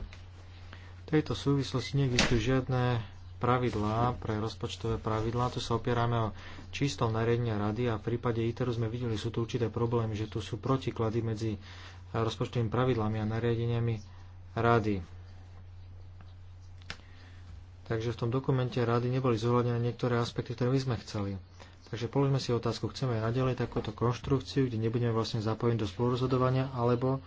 V tejto súvislosti neexistujú žiadne pravidlá, pre rozpočtové pravidlá. Tu sa opierame o čistom nariadenia rady a v prípade ITERu sme videli, sú tu určité problémy, že tu sú protiklady medzi rozpočtovými pravidlami a nariadeniami rady. Takže v tom dokumente rady neboli zohľadené niektoré aspekty, ktoré by sme chceli. Takže položme si otázku, chceme aj naďalej takúto konštrukciu, kde nebudeme vlastne zapojení do spolurozhodovania, alebo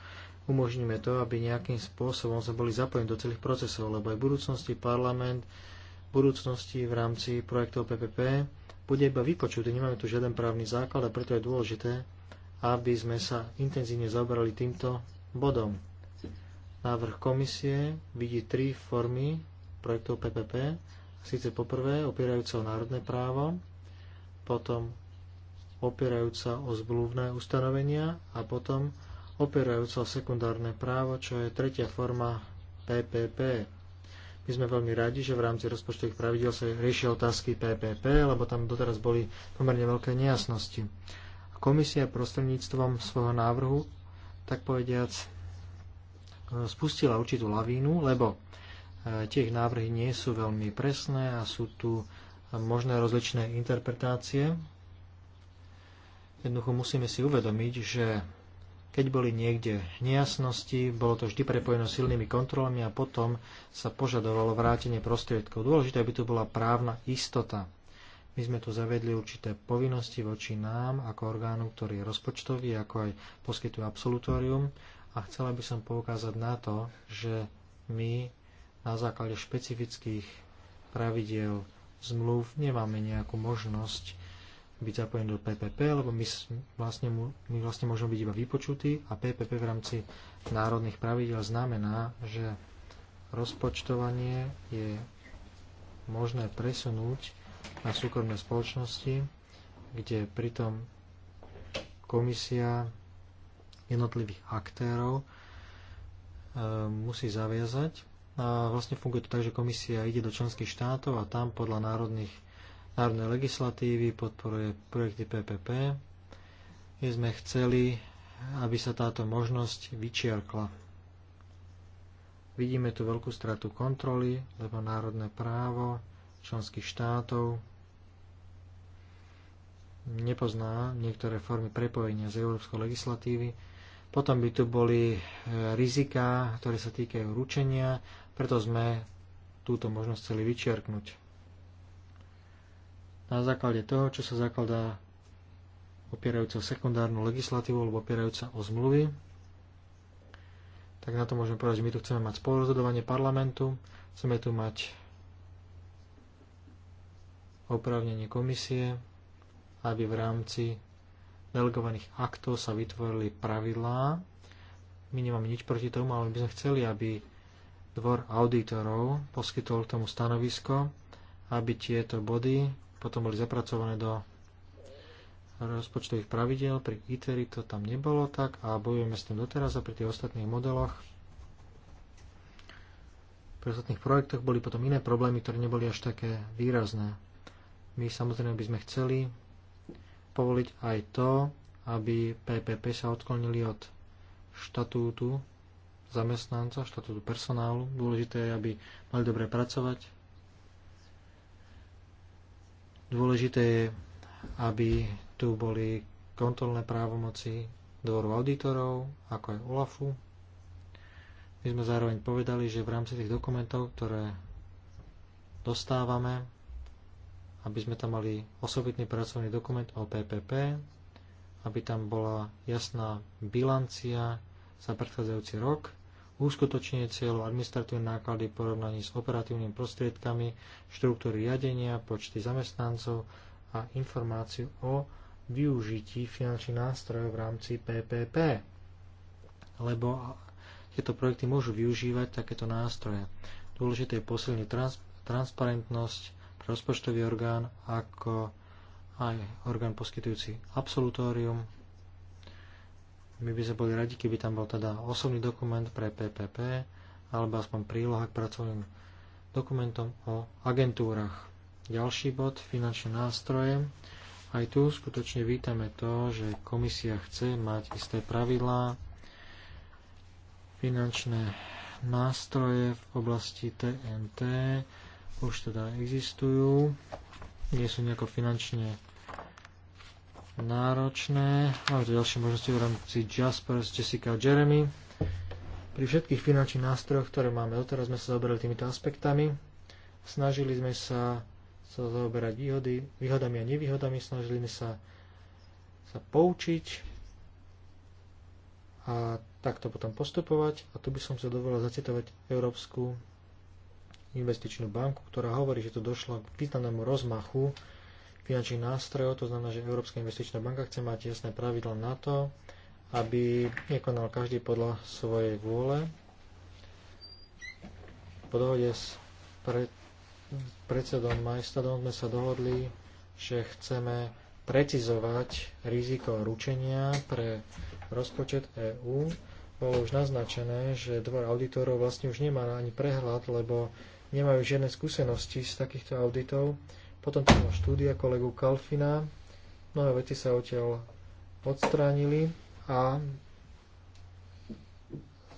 umožníme to, aby nejakým spôsobom sme boli zapojení do celých procesov, lebo aj v budúcnosti parlament budúcnosti v rámci projektov PPP bude iba vypočutý. Nemáme tu žiaden právny základ a preto je dôležité, aby sme sa intenzívne zaoberali týmto bodom. Návrh komisie vidí tri formy projektov PPP, síce poprvé opierajúca o národné právo, potom opierajúca o zblúvne ustanovenia a potom opierajúca o sekundárne právo, čo je tretia forma PPP. My sme veľmi radi, že v rámci rozpočtových pravidel sa riešia otázky PPP, lebo tam doteraz boli pomerne veľké nejasnosti. Komisia prostredníctvom svojho návrhu, tak povediac, e, spustila určitú lavínu, lebo e, tie návrhy nie sú veľmi presné a sú tu možné rozličné interpretácie. Jednoducho musíme si uvedomiť, že keď boli niekde nejasnosti, bolo to vždy prepojeno silnými kontrolami a potom sa požadovalo vrátenie prostriedkov. Dôležité, aby tu bola právna istota. My sme tu zavedli určité povinnosti voči nám ako orgánu, ktorý je rozpočtový, ako aj poskytuje absolutórium a chcela by som poukázať na to, že my na základe špecifických pravidiel zmluv nemáme nejakú možnosť byť zapojený do PPP, lebo my vlastne, my vlastne môžeme byť iba vypočutí a PPP v rámci národných pravidel znamená, že rozpočtovanie je možné presunúť na súkromné spoločnosti, kde pritom komisia jednotlivých aktérov e, musí zaviazať. A vlastne funguje to tak, že komisia ide do členských štátov a tam podľa národných národnej legislatívy, podporuje projekty PPP, My sme chceli, aby sa táto možnosť vyčiarkla. Vidíme tu veľkú stratu kontroly, lebo národné právo členských štátov nepozná niektoré formy prepojenia z európskej legislatívy. Potom by tu boli e, riziká, ktoré sa týkajú ručenia, preto sme túto možnosť chceli vyčiarknúť na základe toho, čo sa zakladá opierajúca o sekundárnu legislatívu alebo opierajúca o zmluvy, tak na to môžeme povedať, že my tu chceme mať spolurozhodovanie parlamentu, chceme tu mať oprávnenie komisie, aby v rámci delegovaných aktov sa vytvorili pravidlá. My nemáme nič proti tomu, ale my by sme chceli, aby dvor auditorov poskytol tomu stanovisko, aby tieto body potom boli zapracované do rozpočtových pravidel, pri ITERI to tam nebolo tak a bojujeme s tým doteraz a pri tých ostatných modeloch pri ostatných projektoch boli potom iné problémy, ktoré neboli až také výrazné. My samozrejme by sme chceli povoliť aj to, aby PPP sa odklonili od štatútu zamestnanca, štatútu personálu. Dôležité je, aby mali dobre pracovať, Dôležité je, aby tu boli kontrolné právomoci dvoru auditorov, ako aj OLAFu. My sme zároveň povedali, že v rámci tých dokumentov, ktoré dostávame, aby sme tam mali osobitný pracovný dokument o PPP, aby tam bola jasná bilancia za predchádzajúci rok uskutočnenie cieľov, administratívne náklady v porovnaní s operatívnymi prostriedkami, štruktúry riadenia, počty zamestnancov a informáciu o využití finančných nástrojov v rámci PPP. Lebo tieto projekty môžu využívať takéto nástroje. Dôležité je posilniť trans- transparentnosť pre rozpočtový orgán ako aj orgán poskytujúci absolutórium my by sme boli radi, keby tam bol teda osobný dokument pre PPP, alebo aspoň príloha k pracovným dokumentom o agentúrach. Ďalší bod, finančné nástroje. Aj tu skutočne vítame to, že komisia chce mať isté pravidlá, finančné nástroje v oblasti TNT už teda existujú, nie sú nejako finančne náročné. Máme tu ďalšie možnosti v rámci Jasper s Jessica a Jeremy. Pri všetkých finančných nástrojoch, ktoré máme doteraz, sme sa zaoberali týmito aspektami. Snažili sme sa sa zaoberať výhody, výhodami a nevýhodami, snažili sme sa, sa poučiť a takto potom postupovať. A tu by som sa dovolil zacitovať Európsku investičnú banku, ktorá hovorí, že tu došlo k významnému rozmachu finančných nástrojov, to znamená, že Európska investičná banka chce mať jasné pravidla na to, aby nekonal každý podľa svojej vôle. Po dohode s predsedom Majstadom sme sa dohodli, že chceme precizovať riziko ručenia pre rozpočet EÚ. Bolo už naznačené, že dvor auditorov vlastne už nemá ani prehľad, lebo nemajú žiadne skúsenosti z takýchto auditov potom tu bola štúdia kolegu Kalfina. Mnohé veci sa odtiaľ odstránili a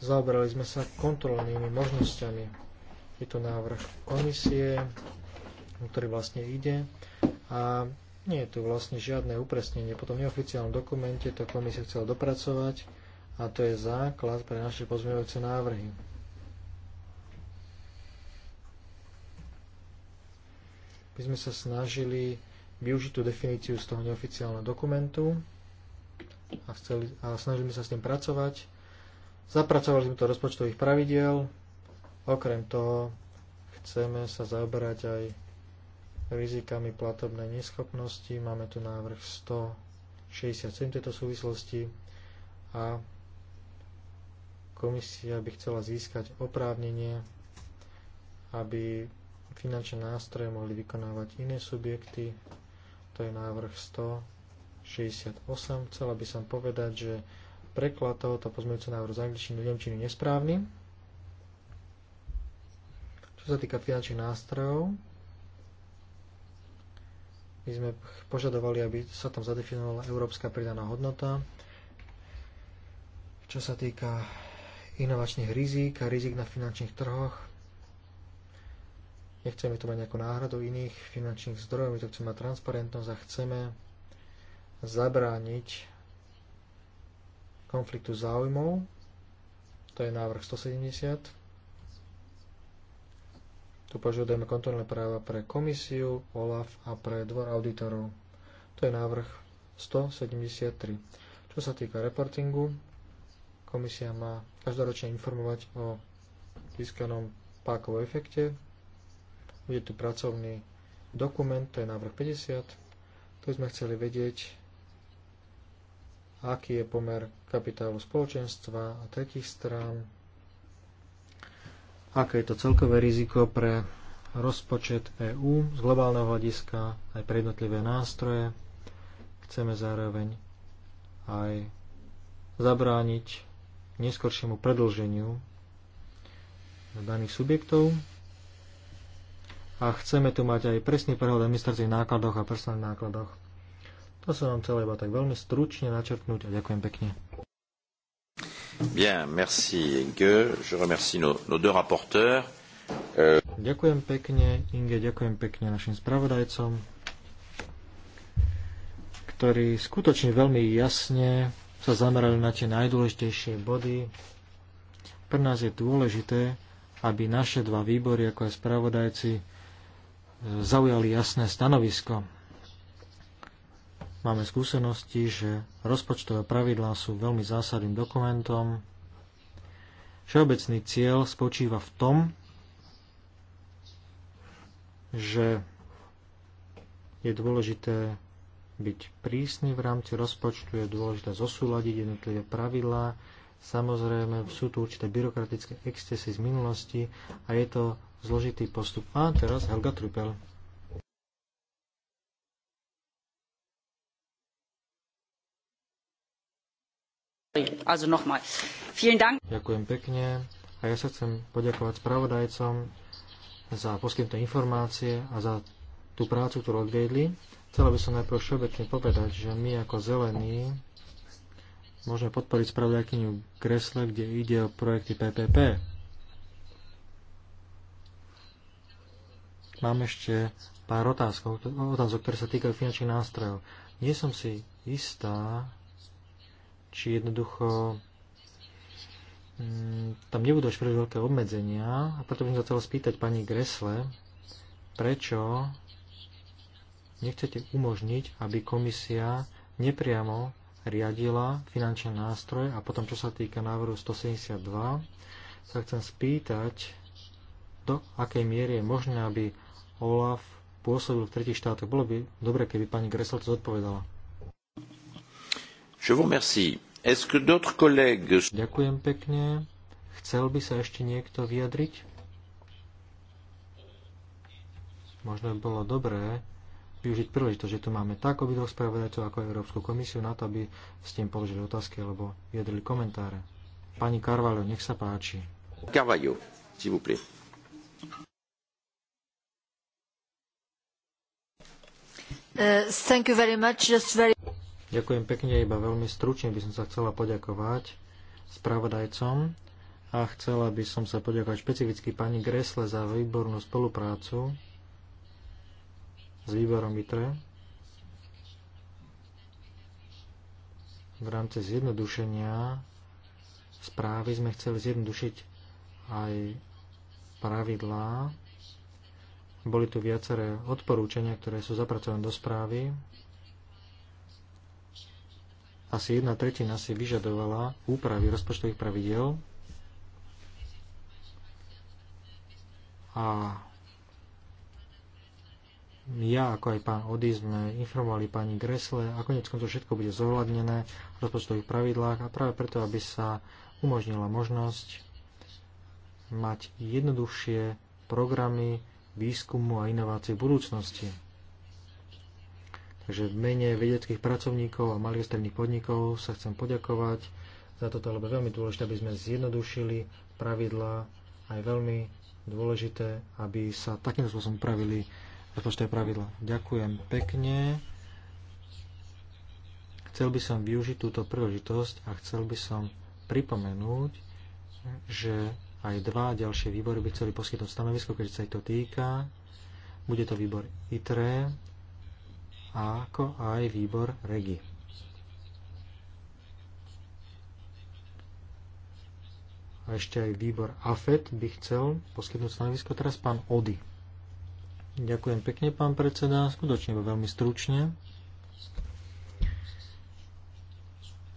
zaoberali sme sa kontrolnými možnosťami. Je to návrh komisie, o ktorý vlastne ide a nie je tu vlastne žiadne upresnenie. Potom neoficiálnom dokumente to komisia chcela dopracovať a to je základ pre naše pozmeňujúce návrhy. by sme sa snažili využiť tú definíciu z toho neoficiálneho dokumentu a, chceli, a snažili sme sa s tým pracovať. Zapracovali sme to rozpočtových pravidiel. Okrem toho chceme sa zaoberať aj rizikami platobnej neschopnosti. Máme tu návrh 167 tejto súvislosti a komisia by chcela získať oprávnenie, aby finančné nástroje mohli vykonávať iné subjekty. To je návrh 168. Chcela by som povedať, že preklad tohoto pozmeňujúceho návrhu z angličtiny do nemčiny nesprávny. Čo sa týka finančných nástrojov, my sme požadovali, aby sa tam zadefinovala európska pridaná hodnota. Čo sa týka inovačných rizík a rizik na finančných trhoch, Nechceme to mať nejakú náhradu iných finančných zdrojov, my to chceme mať transparentnosť a chceme zabrániť konfliktu záujmov. To je návrh 170. Tu požiadujeme kontrolné práva pre komisiu, OLAF a pre dvor auditorov. To je návrh 173. Čo sa týka reportingu, komisia má každoročne informovať o získanom pákovom efekte. Bude tu pracovný dokument, to je návrh 50. Tu sme chceli vedieť, aký je pomer kapitálu spoločenstva a tretich strán, aké je to celkové riziko pre rozpočet EÚ z globálneho hľadiska, aj pre jednotlivé nástroje. Chceme zároveň aj zabrániť neskôršiemu predlženiu daných subjektov a chceme tu mať aj presný prehľad o administratívnych nákladoch a personálnych nákladoch. To som vám chcel iba tak veľmi stručne načrtnúť a ďakujem pekne. Bien, merci Inge. Je remercie nos, nos deux rapporteurs. Euh... Ďakujem pekne Inge, ďakujem pekne našim spravodajcom, ktorí skutočne veľmi jasne sa zamerali na tie najdôležitejšie body. Pre nás je dôležité, aby naše dva výbory, ako aj spravodajci, zaujali jasné stanovisko. Máme skúsenosti, že rozpočtové pravidlá sú veľmi zásadným dokumentom. Všeobecný cieľ spočíva v tom, že je dôležité byť prísny v rámci rozpočtu, je dôležité zosúľadiť jednotlivé pravidlá, Samozrejme, sú tu určité byrokratické excesy z minulosti a je to zložitý postup. A teraz Helga Trupel. Ďakujem pekne a ja sa chcem poďakovať spravodajcom za poskytnuté informácie a za tú prácu, ktorú odviedli. Chcela by som najprv všeobecne povedať, že my ako zelení Môžeme podporiť spravodajkyniu Kresle, kde ide o projekty PPP. Mám ešte pár otázkov, otázok, ktoré sa týkajú finančných nástrojov. Nie som si istá, či jednoducho mm, tam nebudú až príliš veľké obmedzenia a preto by som sa chcel spýtať pani Gresle, prečo nechcete umožniť, aby komisia nepriamo riadila finančné nástroje a potom, čo sa týka návrhu 172, sa chcem spýtať, do akej miery je možné, aby OLAF pôsobil v tretich štátoch. Bolo by dobre, keby pani Gressel to zodpovedala. Je vous merci. Est-ce que d'autres collègues... Ďakujem pekne. Chcel by sa ešte niekto vyjadriť? Možno by bolo dobré, využiť príležitosť, že tu máme tak obidvoch spravodajcov ako Európsku komisiu na to, aby s tým položili otázky alebo jedli komentáre. Pani Carvalho, nech sa páči. Carvalho, s'il vous plaît. Uh, thank you very much. Just very... Ďakujem pekne, iba veľmi stručne by som sa chcela poďakovať spravodajcom a chcela by som sa poďakovať špecificky pani Gresle za výbornú spoluprácu s výborom ITRE v rámci zjednodušenia správy sme chceli zjednodušiť aj pravidlá. Boli tu viaceré odporúčania, ktoré sú zapracované do správy. Asi jedna tretina si vyžadovala úpravy rozpočtových pravidel a ja ako aj pán Ody sme informovali pani Gresle a konec to všetko bude zohľadnené v rozpočtových pravidlách a práve preto, aby sa umožnila možnosť mať jednoduchšie programy výskumu a inovácie v budúcnosti. Takže v mene vedeckých pracovníkov a malých stredných podnikov sa chcem poďakovať za toto, lebo veľmi dôležité, aby sme zjednodušili pravidlá aj veľmi dôležité, aby sa takým spôsobom pravili rozpočtové pravidla. Ďakujem pekne. Chcel by som využiť túto príležitosť a chcel by som pripomenúť, že aj dva ďalšie výbory by chceli poskytnúť stanovisko, keď sa ich to týka. Bude to výbor ITRE a ako aj výbor REGI. A ešte aj výbor AFET by chcel poskytnúť stanovisko. Teraz pán Ody. Ďakujem pekne, pán predseda. Skutočne veľmi stručne.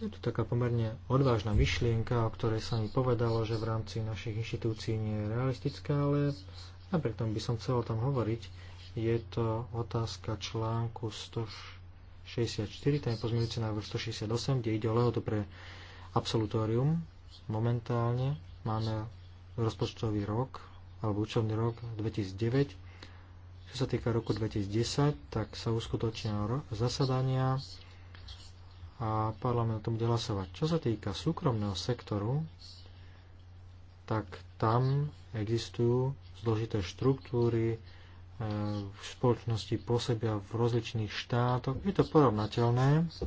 Je tu taká pomerne odvážna myšlienka, o ktorej sa mi povedalo, že v rámci našich inštitúcií nie je realistická, ale napriek tomu by som chcel tam hovoriť. Je to otázka článku 164, ten je pozmeňujúci návrh 168, kde ide o lehotu pre absolutórium. Momentálne máme rozpočtový rok, alebo účelný rok 2009 čo sa týka roku 2010, tak sa uskutočnia zasadania a parlament o tom bude hlasovať. Čo sa týka súkromného sektoru, tak tam existujú zložité štruktúry, e, v spoločnosti pôsobia v rozličných štátoch. Je to porovnateľné s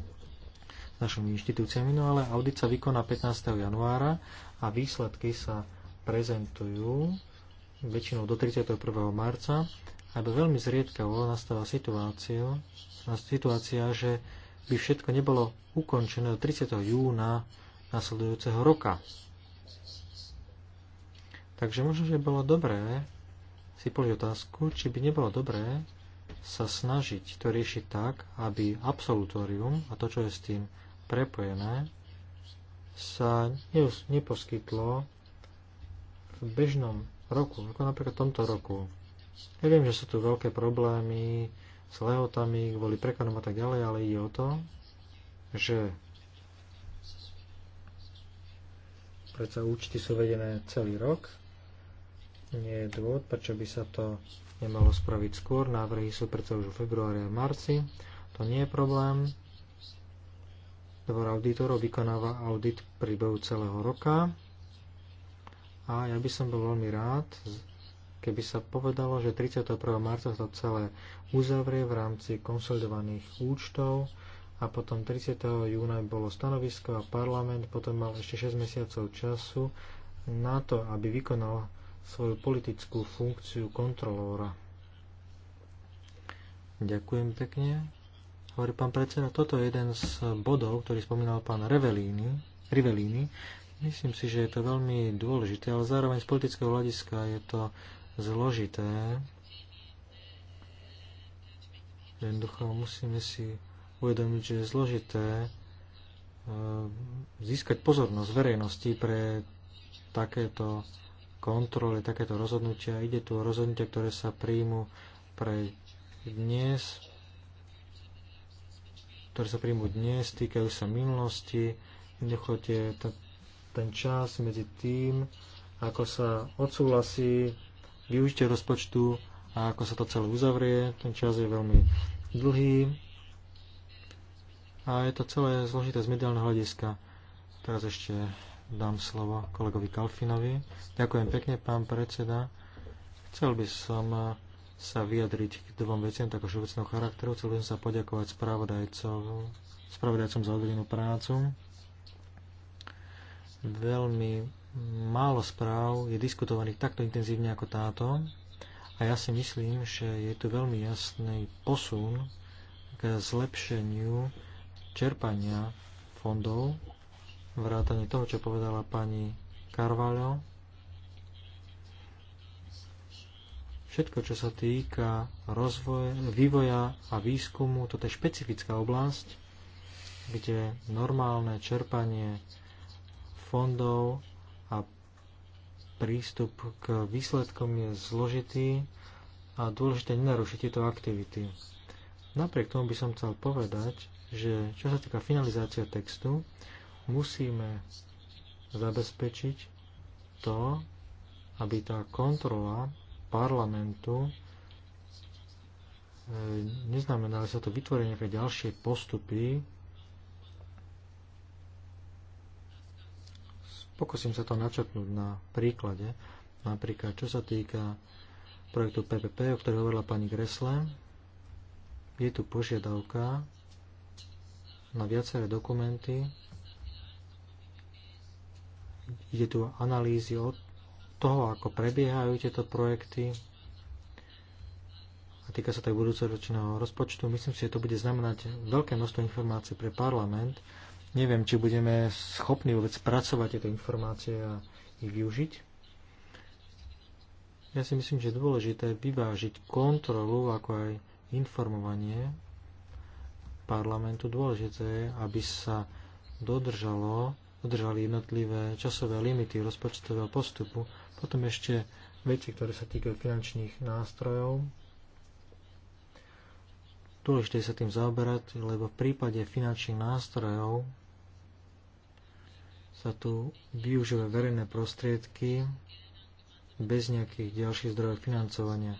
našimi inštitúciami, no ale audit sa vykoná 15. januára a výsledky sa prezentujú väčšinou do 31. marca alebo veľmi zriedkavo nastáva situácia, situácia, že by všetko nebolo ukončené do 30. júna nasledujúceho roka. Takže možno, že bolo dobré si položiť otázku, či by nebolo dobré sa snažiť to riešiť tak, aby absolutórium a to, čo je s tým prepojené, sa neposkytlo v bežnom roku, ako napríklad v tomto roku. Ja viem, že sú tu veľké problémy s lehotami kvôli prekonom a tak ďalej, ale ide o to, že predsa účty sú vedené celý rok. Nie je dôvod, prečo by sa to nemalo spraviť skôr. Návrhy sú predsa už v februári a marci. To nie je problém. Dvor auditorov vykonáva audit priebehu celého roka. A ja by som bol veľmi rád, keby sa povedalo, že 31. marca sa to celé uzavrie v rámci konsolidovaných účtov a potom 30. júna bolo stanovisko a parlament potom mal ešte 6 mesiacov času na to, aby vykonal svoju politickú funkciu kontrolóra. Ďakujem pekne. Hovorí pán predseda, toto je jeden z bodov, ktorý spomínal pán Revelíny, Rivelíny. Myslím si, že je to veľmi dôležité, ale zároveň z politického hľadiska je to zložité. Jednoducho musíme si uvedomiť, že je zložité eh, získať pozornosť verejnosti pre takéto kontroly, takéto rozhodnutia. Ide tu o rozhodnutia, ktoré sa príjmu pre dnes, ktoré sa príjmu dnes, týkajú sa minulosti, jednoducho ten čas medzi tým, ako sa odsúhlasí využitie rozpočtu a ako sa to celé uzavrie. Ten čas je veľmi dlhý a je to celé zložité z mediálneho hľadiska. Teraz ešte dám slovo kolegovi Kalfinovi. Ďakujem pekne, pán predseda. Chcel by som sa vyjadriť k dvom veciam takého všeobecného charakteru. Chcel by som sa poďakovať spravodajcom za odvedenú prácu. Veľmi málo správ je diskutovaných takto intenzívne ako táto a ja si myslím, že je tu veľmi jasný posun k zlepšeniu čerpania fondov, vrátane toho, čo povedala pani Carvalho. Všetko, čo sa týka rozvoja, vývoja a výskumu, toto je špecifická oblasť, kde normálne čerpanie fondov a prístup k výsledkom je zložitý a dôležité nenarušiť tieto aktivity. Napriek tomu by som chcel povedať, že čo sa týka finalizácia textu, musíme zabezpečiť to, aby tá kontrola parlamentu e, neznamená sa to vytvorí nejaké ďalšie postupy Pokúsim sa to načrtnúť na príklade. Napríklad, čo sa týka projektu PPP, o ktorej hovorila pani Gresle, je tu požiadavka na viaceré dokumenty. Je tu analýzy od toho, ako prebiehajú tieto projekty, a týka sa to aj ročného rozpočtu. Myslím si, že to bude znamenať veľké množstvo informácií pre parlament Neviem, či budeme schopní vôbec pracovať tieto informácie a ich využiť. Ja si myslím, že je dôležité vyvážiť kontrolu, ako aj informovanie parlamentu. Dôležité je, aby sa dodržalo, dodržali jednotlivé časové limity rozpočtového postupu. Potom ešte veci, ktoré sa týkajú finančných nástrojov, Dôležité sa tým zaoberať, lebo v prípade finančných nástrojov sa tu využívajú verejné prostriedky bez nejakých ďalších zdrojov financovania.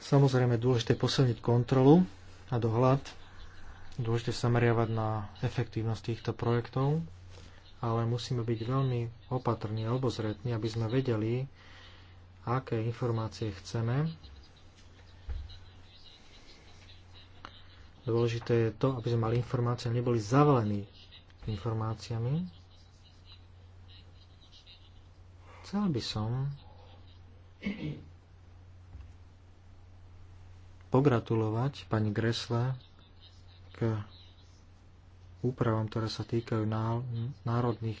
Samozrejme je dôležité posilniť kontrolu a dohľad, dôležité meriavať na efektívnosť týchto projektov, ale musíme byť veľmi opatrní a obozretní, aby sme vedeli, aké informácie chceme Dôležité je to, aby sme mali informácie, neboli zavalení informáciami. Chcel by som pogratulovať pani Gresle k úpravom, ktoré sa týkajú národných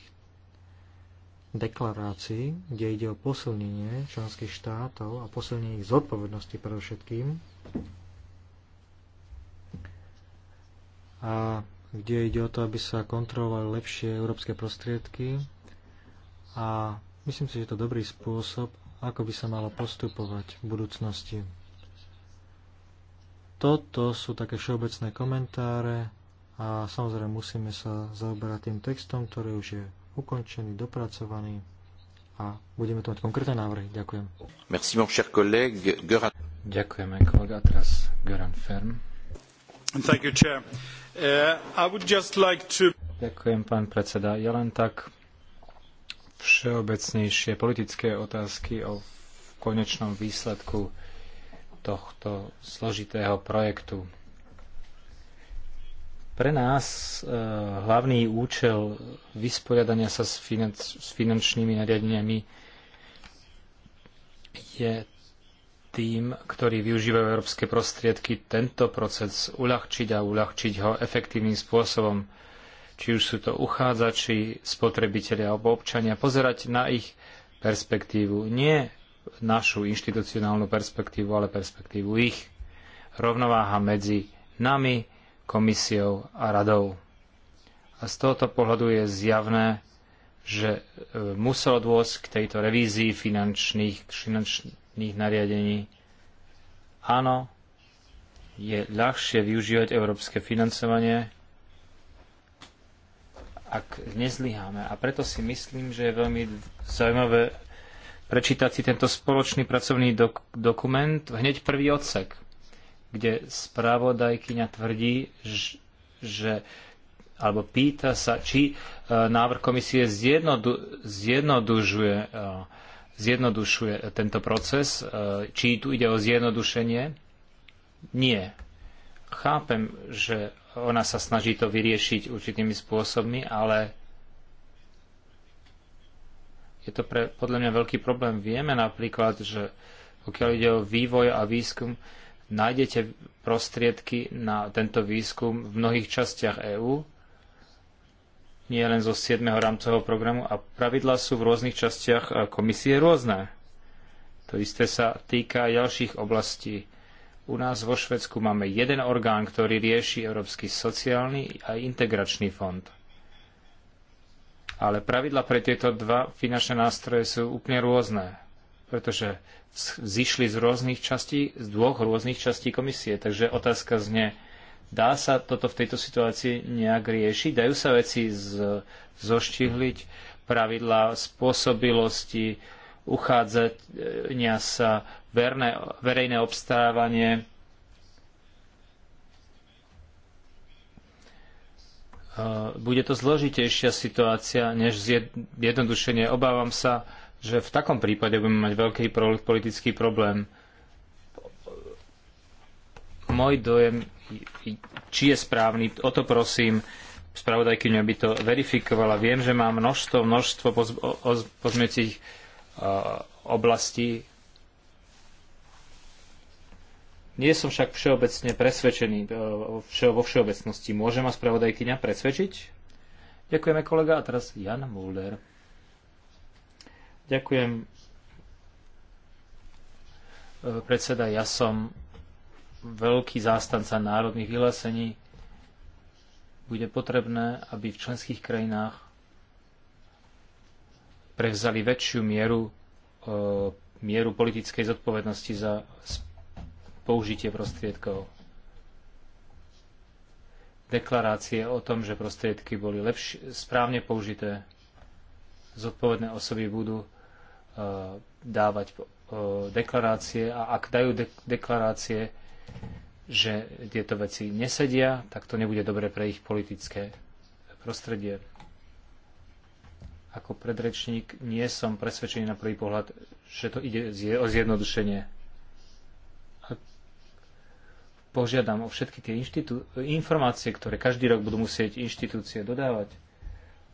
deklarácií, kde ide o posilnenie členských štátov a posilnenie ich zodpovednosti predovšetkým. a kde ide o to, aby sa kontrolovali lepšie európske prostriedky a myslím si, že je to dobrý spôsob, ako by sa malo postupovať v budúcnosti. Toto sú také všeobecné komentáre a samozrejme musíme sa zaoberať tým textom, ktorý už je ukončený, dopracovaný a budeme tu mať konkrétne návrhy. Ďakujem. Merci, mon cher collègue. Ďakujeme, kolega. Teraz Göran Ferm. Uh, Ďakujem, pán predseda. Ja len tak všeobecnejšie politické otázky o konečnom výsledku tohto zložitého projektu. Pre nás e, hlavný účel vysporiadania sa s, finanč, s finančnými nariadeniami je tým, ktorí využívajú európske prostriedky, tento proces uľahčiť a uľahčiť ho efektívnym spôsobom. Či už sú to uchádzači, spotrebitelia alebo občania, pozerať na ich perspektívu, nie našu inštitucionálnu perspektívu, ale perspektívu ich. Rovnováha medzi nami, komisiou a radou. A z tohoto pohľadu je zjavné, že e, muselo dôjsť k tejto revízii finančných, finančných štátnych nariadení. Áno, je ľahšie využívať európske financovanie, ak nezlyháme. A preto si myslím, že je veľmi zaujímavé prečítať si tento spoločný pracovný dok- dokument, hneď prvý odsek, kde správodajkyňa tvrdí, že alebo pýta sa, či e, návrh komisie zjednodu, zjednodužuje e, zjednodušuje tento proces. E, či tu ide o zjednodušenie? Nie. Chápem, že ona sa snaží to vyriešiť určitými spôsobmi, ale je to pre, podľa mňa veľký problém. Vieme napríklad, že pokiaľ ide o vývoj a výskum, nájdete prostriedky na tento výskum v mnohých častiach EÚ, nie len zo 7. rámcového programu a pravidlá sú v rôznych častiach komisie rôzne. To isté sa týka ďalších oblastí. U nás vo Švedsku máme jeden orgán, ktorý rieši Európsky sociálny a integračný fond. Ale pravidla pre tieto dva finančné nástroje sú úplne rôzne, pretože zišli z rôznych častí, z dvoch rôznych častí komisie. Takže otázka znie, Dá sa toto v tejto situácii nejak riešiť? Dajú sa veci z, zoštihliť, pravidlá spôsobilosti, uchádzania sa, verné, verejné obstávanie. E, bude to zložitejšia situácia než zjednodušenie. Obávam sa, že v takom prípade budeme mať veľký politický problém môj dojem, či je správny, o to prosím spravodajkyňu, aby to verifikovala. Viem, že má množstvo, množstvo poz, pozmecích e, oblastí. Nie som však všeobecne presvedčený e, vo všeobecnosti. Môže ma spravodajkyňa presvedčiť? Ďakujeme kolega a teraz Jan Mulder. Ďakujem. E, predseda, ja som veľký zástanca národných vyhlásení, bude potrebné, aby v členských krajinách prevzali väčšiu mieru, e, mieru politickej zodpovednosti za použitie prostriedkov. Deklarácie o tom, že prostriedky boli lepši, správne použité, zodpovedné osoby budú e, dávať e, deklarácie a ak dajú de, deklarácie, že tieto veci nesedia, tak to nebude dobre pre ich politické prostredie. Ako predrečník nie som presvedčený na prvý pohľad, že to ide o zjednodušenie. A požiadam o všetky tie informácie, ktoré každý rok budú musieť inštitúcie dodávať.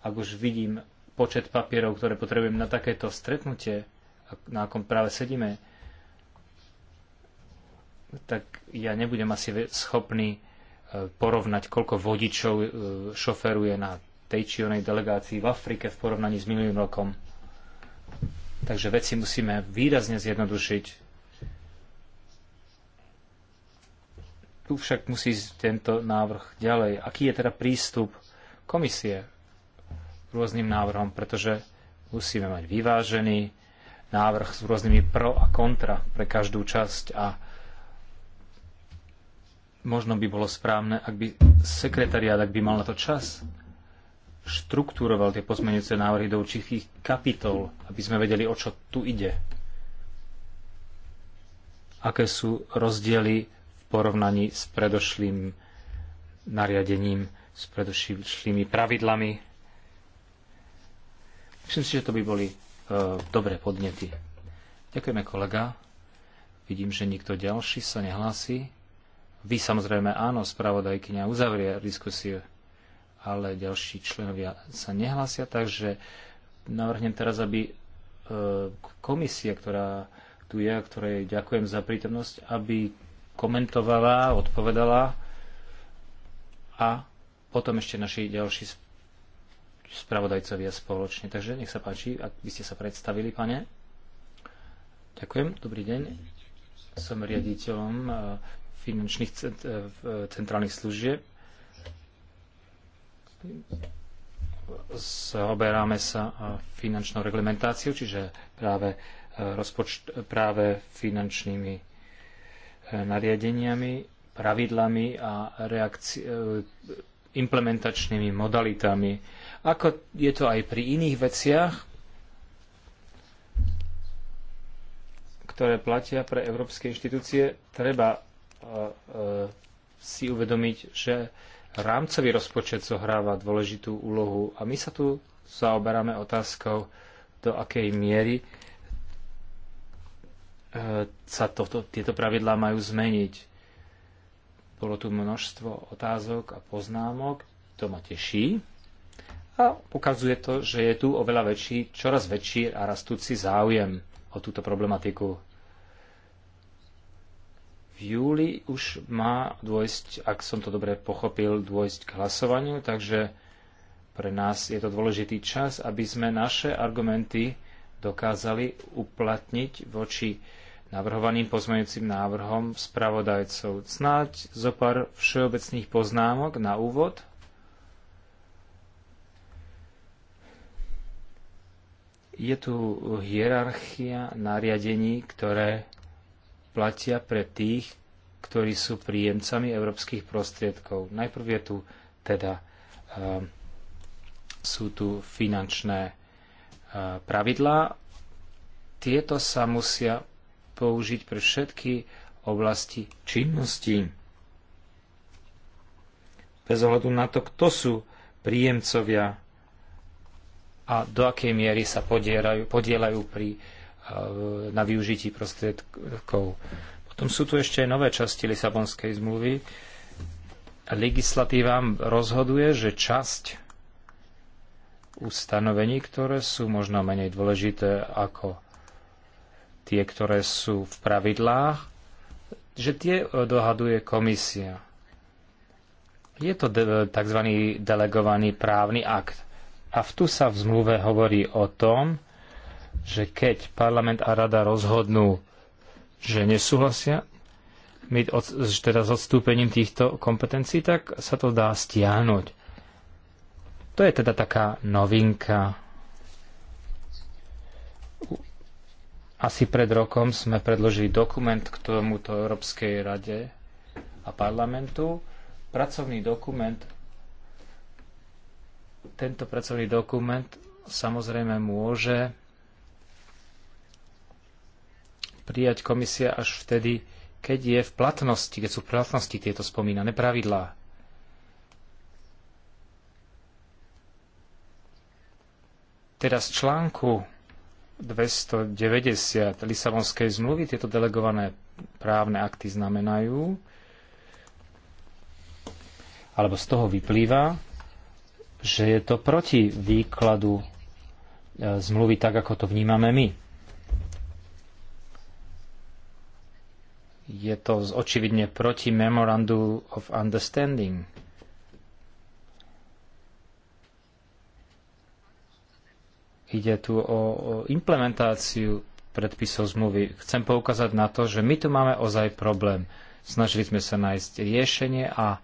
Ak už vidím počet papierov, ktoré potrebujem na takéto stretnutie, na akom práve sedíme, tak ja nebudem asi schopný e, porovnať, koľko vodičov e, šoferuje na tej či onej delegácii v Afrike v porovnaní s minulým rokom. Takže veci musíme výrazne zjednodušiť. Tu však musí ísť tento návrh ďalej. Aký je teda prístup komisie k rôznym návrhom, pretože musíme mať vyvážený návrh s rôznymi pro a kontra pre každú časť a možno by bolo správne, ak by sekretariát, ak by mal na to čas, štruktúroval tie pozmeňujúce návrhy do určitých kapitol, aby sme vedeli, o čo tu ide. Aké sú rozdiely v porovnaní s predošlým nariadením, s predošlými pravidlami. Myslím si, že to by boli e, dobré podnety. Ďakujeme, kolega. Vidím, že nikto ďalší sa nehlási. Vy samozrejme áno, spravodajkyňa uzavrie diskusiu, ale ďalší členovia sa nehlásia, takže navrhnem teraz, aby e, komisia, ktorá tu je, ktorej ďakujem za prítomnosť, aby komentovala, odpovedala a potom ešte naši ďalší spravodajcovia spoločne. Takže nech sa páči, ak by ste sa predstavili, pane. Ďakujem, dobrý deň. Som riaditeľom e, finančných e, centrálnych služieb. Zaoberáme sa e, finančnou reglementáciou, čiže práve, e, rozpočt, práve finančnými nariadeniami, pravidlami a reakci- implementačnými modalitami. Ako je to aj pri iných veciach, ktoré platia pre európske inštitúcie, treba E, si uvedomiť, že rámcový rozpočet zohráva dôležitú úlohu a my sa tu zaoberáme otázkou, do akej miery e, sa to, tieto pravidlá majú zmeniť. Bolo tu množstvo otázok a poznámok, to ma teší a ukazuje to, že je tu oveľa väčší, čoraz väčší a rastúci záujem o túto problematiku v júli už má dôjsť, ak som to dobre pochopil, dôjsť k hlasovaniu, takže pre nás je to dôležitý čas, aby sme naše argumenty dokázali uplatniť voči navrhovaným pozmeňujúcim návrhom spravodajcov. Snáď zo pár všeobecných poznámok na úvod. Je tu hierarchia nariadení, ktoré platia pre tých, ktorí sú príjemcami európskych prostriedkov. Najprv je tu teda uh, sú tu finančné uh, pravidlá. Tieto sa musia použiť pre všetky oblasti činnosti. Bez ohľadu na to, kto sú príjemcovia a do akej miery sa podierajú, podielajú pri na využití prostriedkov. Potom sú tu ešte nové časti Lisabonskej zmluvy. Legislatíva rozhoduje, že časť ustanovení, ktoré sú možno menej dôležité ako tie, ktoré sú v pravidlách, že tie e, dohaduje komisia. Je to e, tzv. delegovaný právny akt. A v tu sa v zmluve hovorí o tom, že keď parlament a rada rozhodnú, že nesúhlasia my od, teda s odstúpením týchto kompetencií, tak sa to dá stiahnuť. To je teda taká novinka. Asi pred rokom sme predložili dokument k tomuto Európskej rade a parlamentu. Pracovný dokument tento pracovný dokument samozrejme môže prijať komisia až vtedy, keď je v platnosti, keď sú v platnosti tieto spomínané pravidlá. Teda z článku 290 Lisabonskej zmluvy tieto delegované právne akty znamenajú, alebo z toho vyplýva, že je to proti výkladu e, zmluvy tak, ako to vnímame my. je to očividne proti Memorandu of Understanding. Ide tu o, implementáciu predpisov zmluvy. Chcem poukázať na to, že my tu máme ozaj problém. Snažili sme sa nájsť riešenie a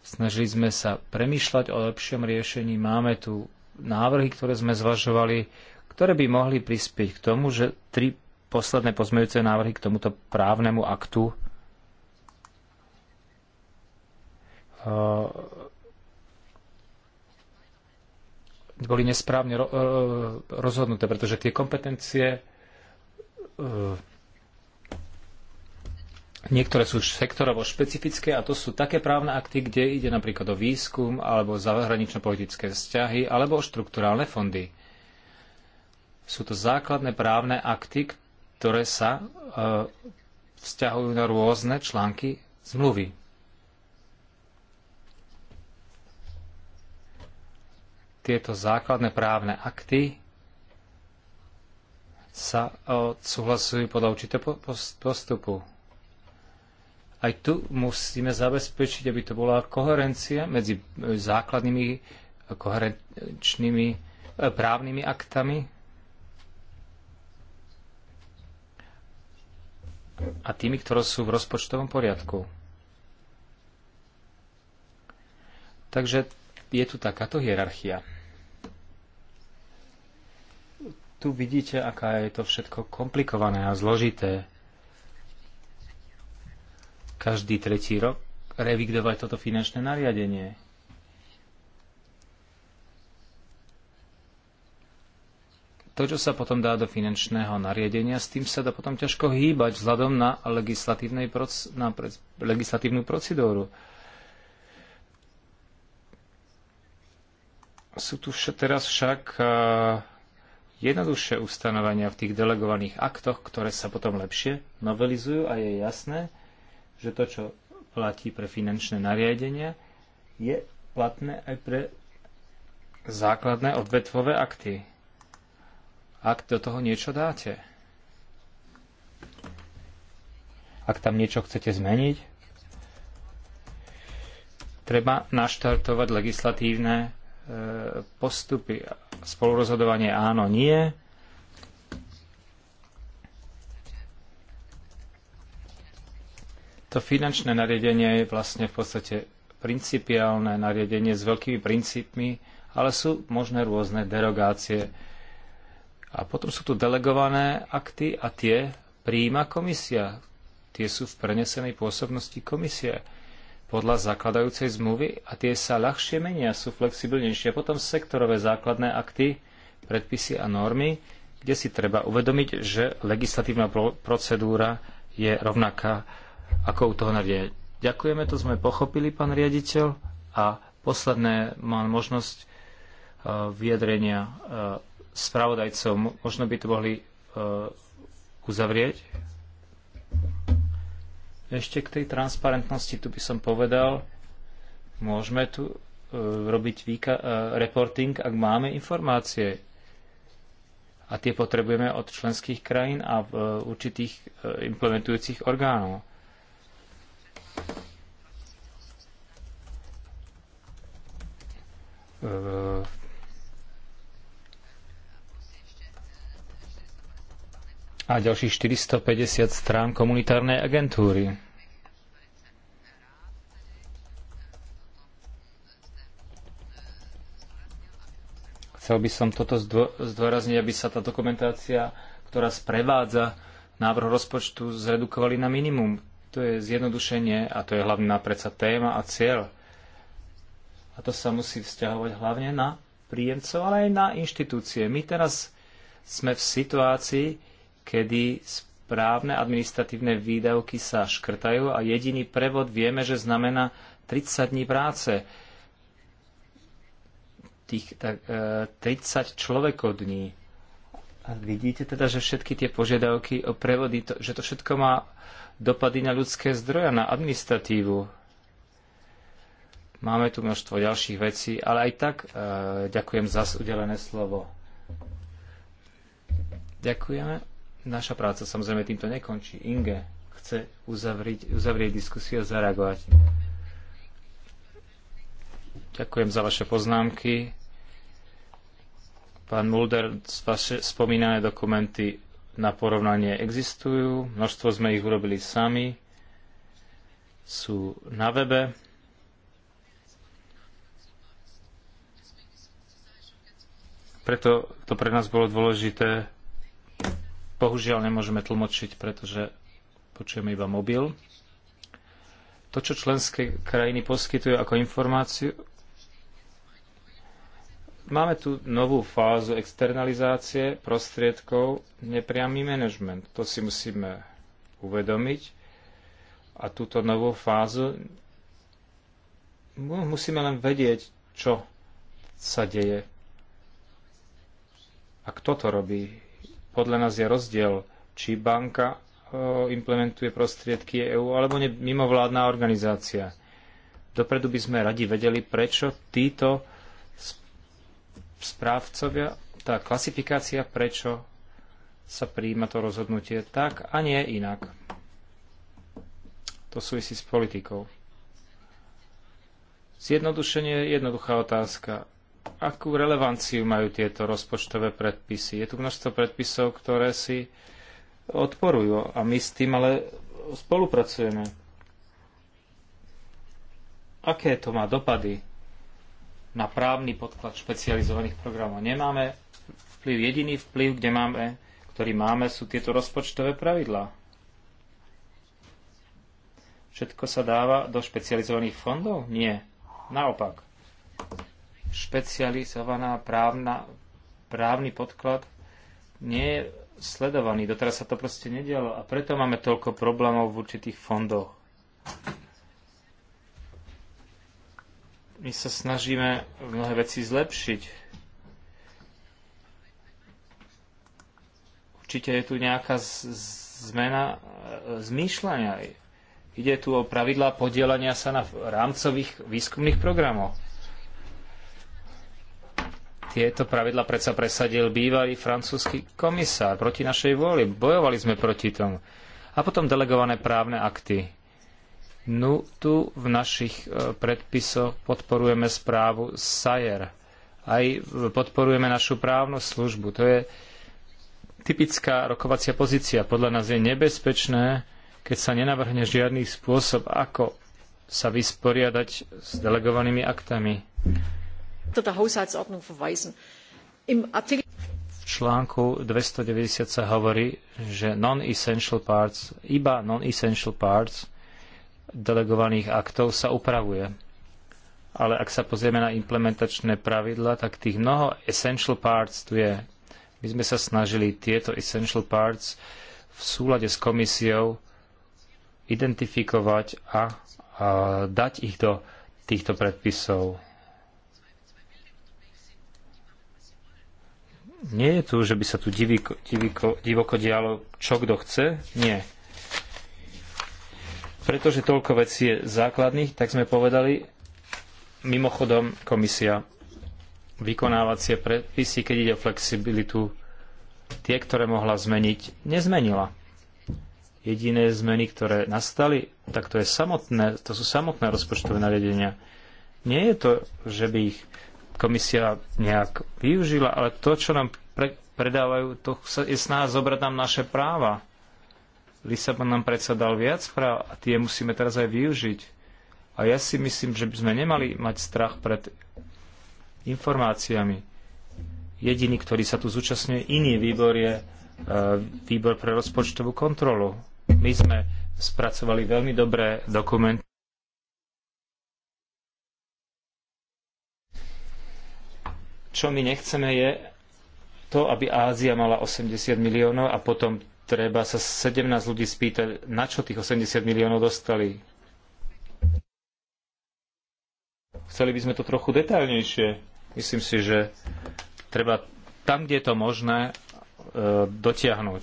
snažili sme sa premýšľať o lepšom riešení. Máme tu návrhy, ktoré sme zvažovali, ktoré by mohli prispieť k tomu, že tri posledné pozmejúce návrhy k tomuto právnemu aktu e, boli nesprávne e, rozhodnuté, pretože tie kompetencie e, niektoré sú sektorovo špecifické a to sú také právne akty, kde ide napríklad o výskum alebo zahranično-politické vzťahy alebo o štrukturálne fondy. Sú to základné právne akty, ktoré sa e, vzťahujú na rôzne články zmluvy. Tieto základné právne akty sa odsúhlasujú e, podľa určitého postupu. Aj tu musíme zabezpečiť, aby to bola koherencia medzi základnými koherenčnými e, právnymi aktami a tými, ktoré sú v rozpočtovom poriadku. Takže je tu takáto hierarchia. Tu vidíte, aká je to všetko komplikované a zložité. Každý tretí rok revidovať toto finančné nariadenie. to, čo sa potom dá do finančného nariadenia, s tým sa dá potom ťažko hýbať vzhľadom na, proc- na pre- legislatívnu procedúru. Sú tu vš- teraz však uh, jednoduchšie ustanovenia v tých delegovaných aktoch, ktoré sa potom lepšie novelizujú a je jasné, že to, čo platí pre finančné nariadenia, je platné aj pre základné odvetvové akty ak do toho niečo dáte. Ak tam niečo chcete zmeniť, treba naštartovať legislatívne e, postupy. Spolurozhodovanie áno, nie. To finančné nariadenie je vlastne v podstate principiálne nariadenie s veľkými princípmi, ale sú možné rôzne derogácie a potom sú tu delegované akty a tie prijíma komisia. Tie sú v prenesenej pôsobnosti komisie podľa zakladajúcej zmluvy a tie sa ľahšie menia, sú flexibilnejšie. Potom sektorové základné akty, predpisy a normy, kde si treba uvedomiť, že legislatívna procedúra je rovnaká ako u toho nariadenia. Ďakujeme, to sme pochopili, pán riaditeľ. A posledné mám možnosť eh, vyjadrenia eh, spravodajcov, Možno by to mohli e, uzavrieť. Ešte k tej transparentnosti, tu by som povedal, môžeme tu e, robiť e, reporting, ak máme informácie. A tie potrebujeme od členských krajín a určitých implementujúcich orgánov. Uh, a ďalších 450 strán komunitárnej agentúry. Chcel by som toto zdôrazniť, aby sa tá dokumentácia, ktorá sprevádza návrh rozpočtu, zredukovali na minimum. To je zjednodušenie a to je hlavne na predsa téma a cieľ. A to sa musí vzťahovať hlavne na príjemcov, ale aj na inštitúcie. My teraz sme v situácii, kedy správne administratívne výdavky sa škrtajú a jediný prevod vieme, že znamená 30 dní práce. Tých tak, e, 30 dní. A vidíte teda, že všetky tie požiadavky o prevody, to, že to všetko má dopady na ľudské zdroje, na administratívu. Máme tu množstvo ďalších vecí, ale aj tak e, ďakujem za udelené slovo. Ďakujeme. Naša práca samozrejme týmto nekončí. Inge chce uzavrieť, uzavrieť diskusiu a zareagovať. Ďakujem za vaše poznámky. Pán Mulder, vaše spomínané dokumenty na porovnanie existujú. Množstvo sme ich urobili sami. Sú na webe. Preto to pre nás bolo dôležité bohužiaľ nemôžeme tlmočiť, pretože počujeme iba mobil. To, čo členské krajiny poskytujú ako informáciu, máme tu novú fázu externalizácie prostriedkov, nepriamy manažment. To si musíme uvedomiť a túto novú fázu musíme len vedieť, čo sa deje a kto to robí podľa nás je rozdiel, či banka e, implementuje prostriedky EÚ alebo ne, mimovládna organizácia. Dopredu by sme radi vedeli, prečo títo správcovia, tá klasifikácia, prečo sa príjma to rozhodnutie tak a nie inak. To súvisí s politikou. Zjednodušenie je jednoduchá otázka. Akú relevanciu majú tieto rozpočtové predpisy? Je tu množstvo predpisov, ktoré si odporujú a my s tým ale spolupracujeme. Aké to má dopady na právny podklad špecializovaných programov? Nemáme vplyv. Jediný vplyv, kde máme, ktorý máme, sú tieto rozpočtové pravidlá. Všetko sa dáva do špecializovaných fondov? Nie. Naopak špecializovaná právna, právny podklad nie je sledovaný. Doteraz sa to proste nedialo a preto máme toľko problémov v určitých fondoch. My sa snažíme mnohé veci zlepšiť. Určite je tu nejaká zmena e, zmýšľania. Ide tu o pravidlá podielania sa na rámcových výskumných programoch. Tieto pravidla predsa presadil bývalý francúzsky komisár proti našej vôli. Bojovali sme proti tomu. A potom delegované právne akty. No, tu v našich e, predpisoch podporujeme správu Sayer. Aj podporujeme našu právnu službu. To je typická rokovacia pozícia. Podľa nás je nebezpečné, keď sa nenavrhne žiadny spôsob, ako sa vysporiadať s delegovanými aktami der Haushaltsordnung verweisen. Im Artikel v článku 290 sa hovorí, že non-essential parts, iba non-essential parts delegovaných aktov sa upravuje. Ale ak sa pozrieme na implementačné pravidla, tak tých mnoho essential parts tu je. My sme sa snažili tieto essential parts v súlade s komisiou identifikovať a, a dať ich do týchto predpisov nie je tu, že by sa tu diviko, diviko, divoko dialo, čo kto chce. Nie. Pretože toľko vecí je základných, tak sme povedali, mimochodom komisia vykonávacie predpisy, keď ide o flexibilitu, tie, ktoré mohla zmeniť, nezmenila. Jediné zmeny, ktoré nastali, tak to, je samotné, to sú samotné rozpočtové nariadenia. Nie je to, že by ich komisia nejak využila, ale to, čo nám pre, predávajú, to je nás zobrať nám naše práva. Lisabon nám predsa dal viac práv a tie musíme teraz aj využiť. A ja si myslím, že by sme nemali mať strach pred informáciami. Jediný, ktorý sa tu zúčastňuje, iný výbor je e, výbor pre rozpočtovú kontrolu. My sme spracovali veľmi dobré dokumenty. Čo my nechceme je to, aby Ázia mala 80 miliónov a potom treba sa 17 ľudí spýtať, na čo tých 80 miliónov dostali. Chceli by sme to trochu detaľnejšie. Myslím si, že treba tam, kde je to možné, e, dotiahnuť.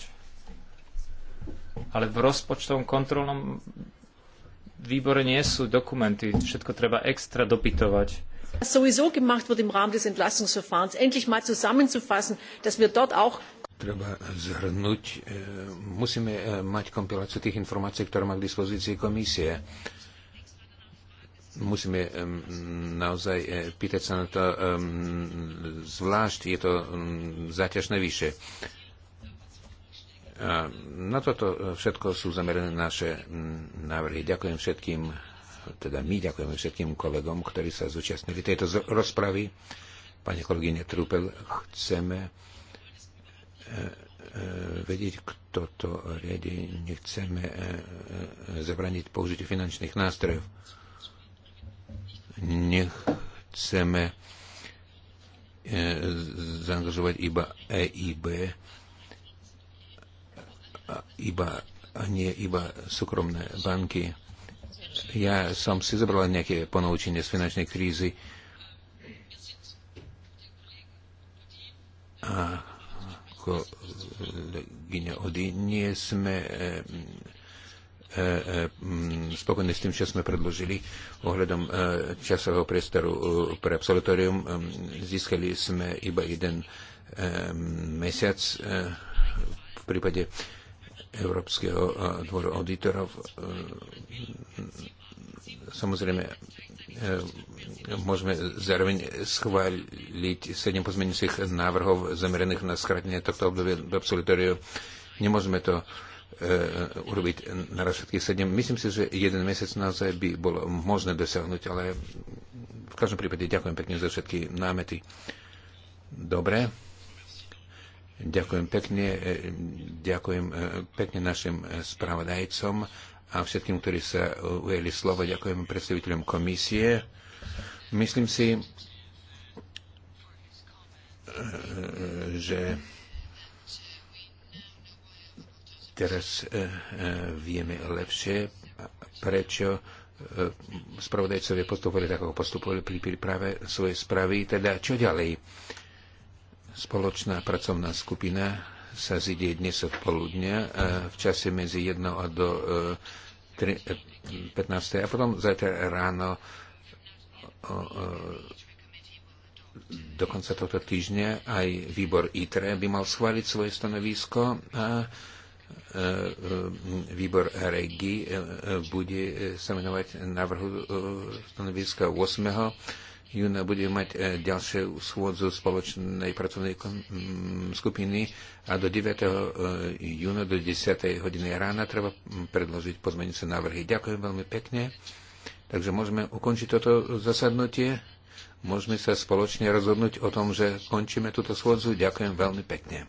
Ale v rozpočtovom kontrolnom výbore nie sú dokumenty. Všetko treba extra dopytovať. Was sowieso gemacht wird im Rahmen des Entlastungsverfahrens, endlich mal zusammenzufassen, dass wir dort auch treba zhrnúť, e, musíme e, mať kompiláciu tých informácií, ktoré má k dispozícii komisie. Musíme e, naozaj pýtať sa na to, zvlášť je to zaťažné vyše. na toto všetko sú zamerané naše návrhy. Ďakujem všetkým teda my ďakujeme všetkým kolegom, ktorí sa zúčastnili tejto rozpravy. Pani kolegyne Trúpel, chceme e, e, vedieť, kto to riadi. Nechceme e, zabraniť použitie finančných nástrojov. Nechceme zaangažovať iba EIB, iba, a nie iba súkromné banky ja som si zobral nejaké ponaučenie z finančnej krízy. A kolegyňa Odi, nie sme e, e, e, spokojní s tým, čo sme predložili ohľadom časového priestoru pre absolutorium. Získali sme iba jeden mesiac v prípade Európskeho dvoru auditorov samozrejme e, môžeme zároveň schváliť sedem pozmeňujúcich návrhov zameraných na skratenie tohto obdobia do absolutóriu. Nemôžeme to e, urobiť naraz všetkých sedem. Myslím si, že jeden mesiac naozaj by bolo možné dosiahnuť, ale v každom prípade ďakujem pekne za všetky námety. Dobre. Ďakujem pekne. E, ďakujem pekne našim spravodajcom a všetkým, ktorí sa ujeli slovo. Ďakujem predstaviteľom komisie. Myslím si, eh, že teraz eh, eh, vieme lepšie, prečo spravodajcovia postupovali tak, ako postupovali pri príprave svojej správy. Teda čo ďalej? Spoločná pracovná skupina sa zíde dnes od poludnia e, v čase medzi 1 a do 15. E, e, a potom zajtra ráno do konca tohto týždňa aj výbor ITRE by mal schváliť svoje stanovisko a výbor REGI bude sa menovať návrhu stanoviska 8 júna bude mať e, ďalšie schôdzu spoločnej pracovnej mm, skupiny a do 9. E, júna do 10. hodiny rána treba mm, predložiť pozmenice návrhy. Ďakujem veľmi pekne. Takže môžeme ukončiť toto zasadnutie. Môžeme sa spoločne rozhodnúť o tom, že končíme túto schôdzu. Ďakujem veľmi pekne.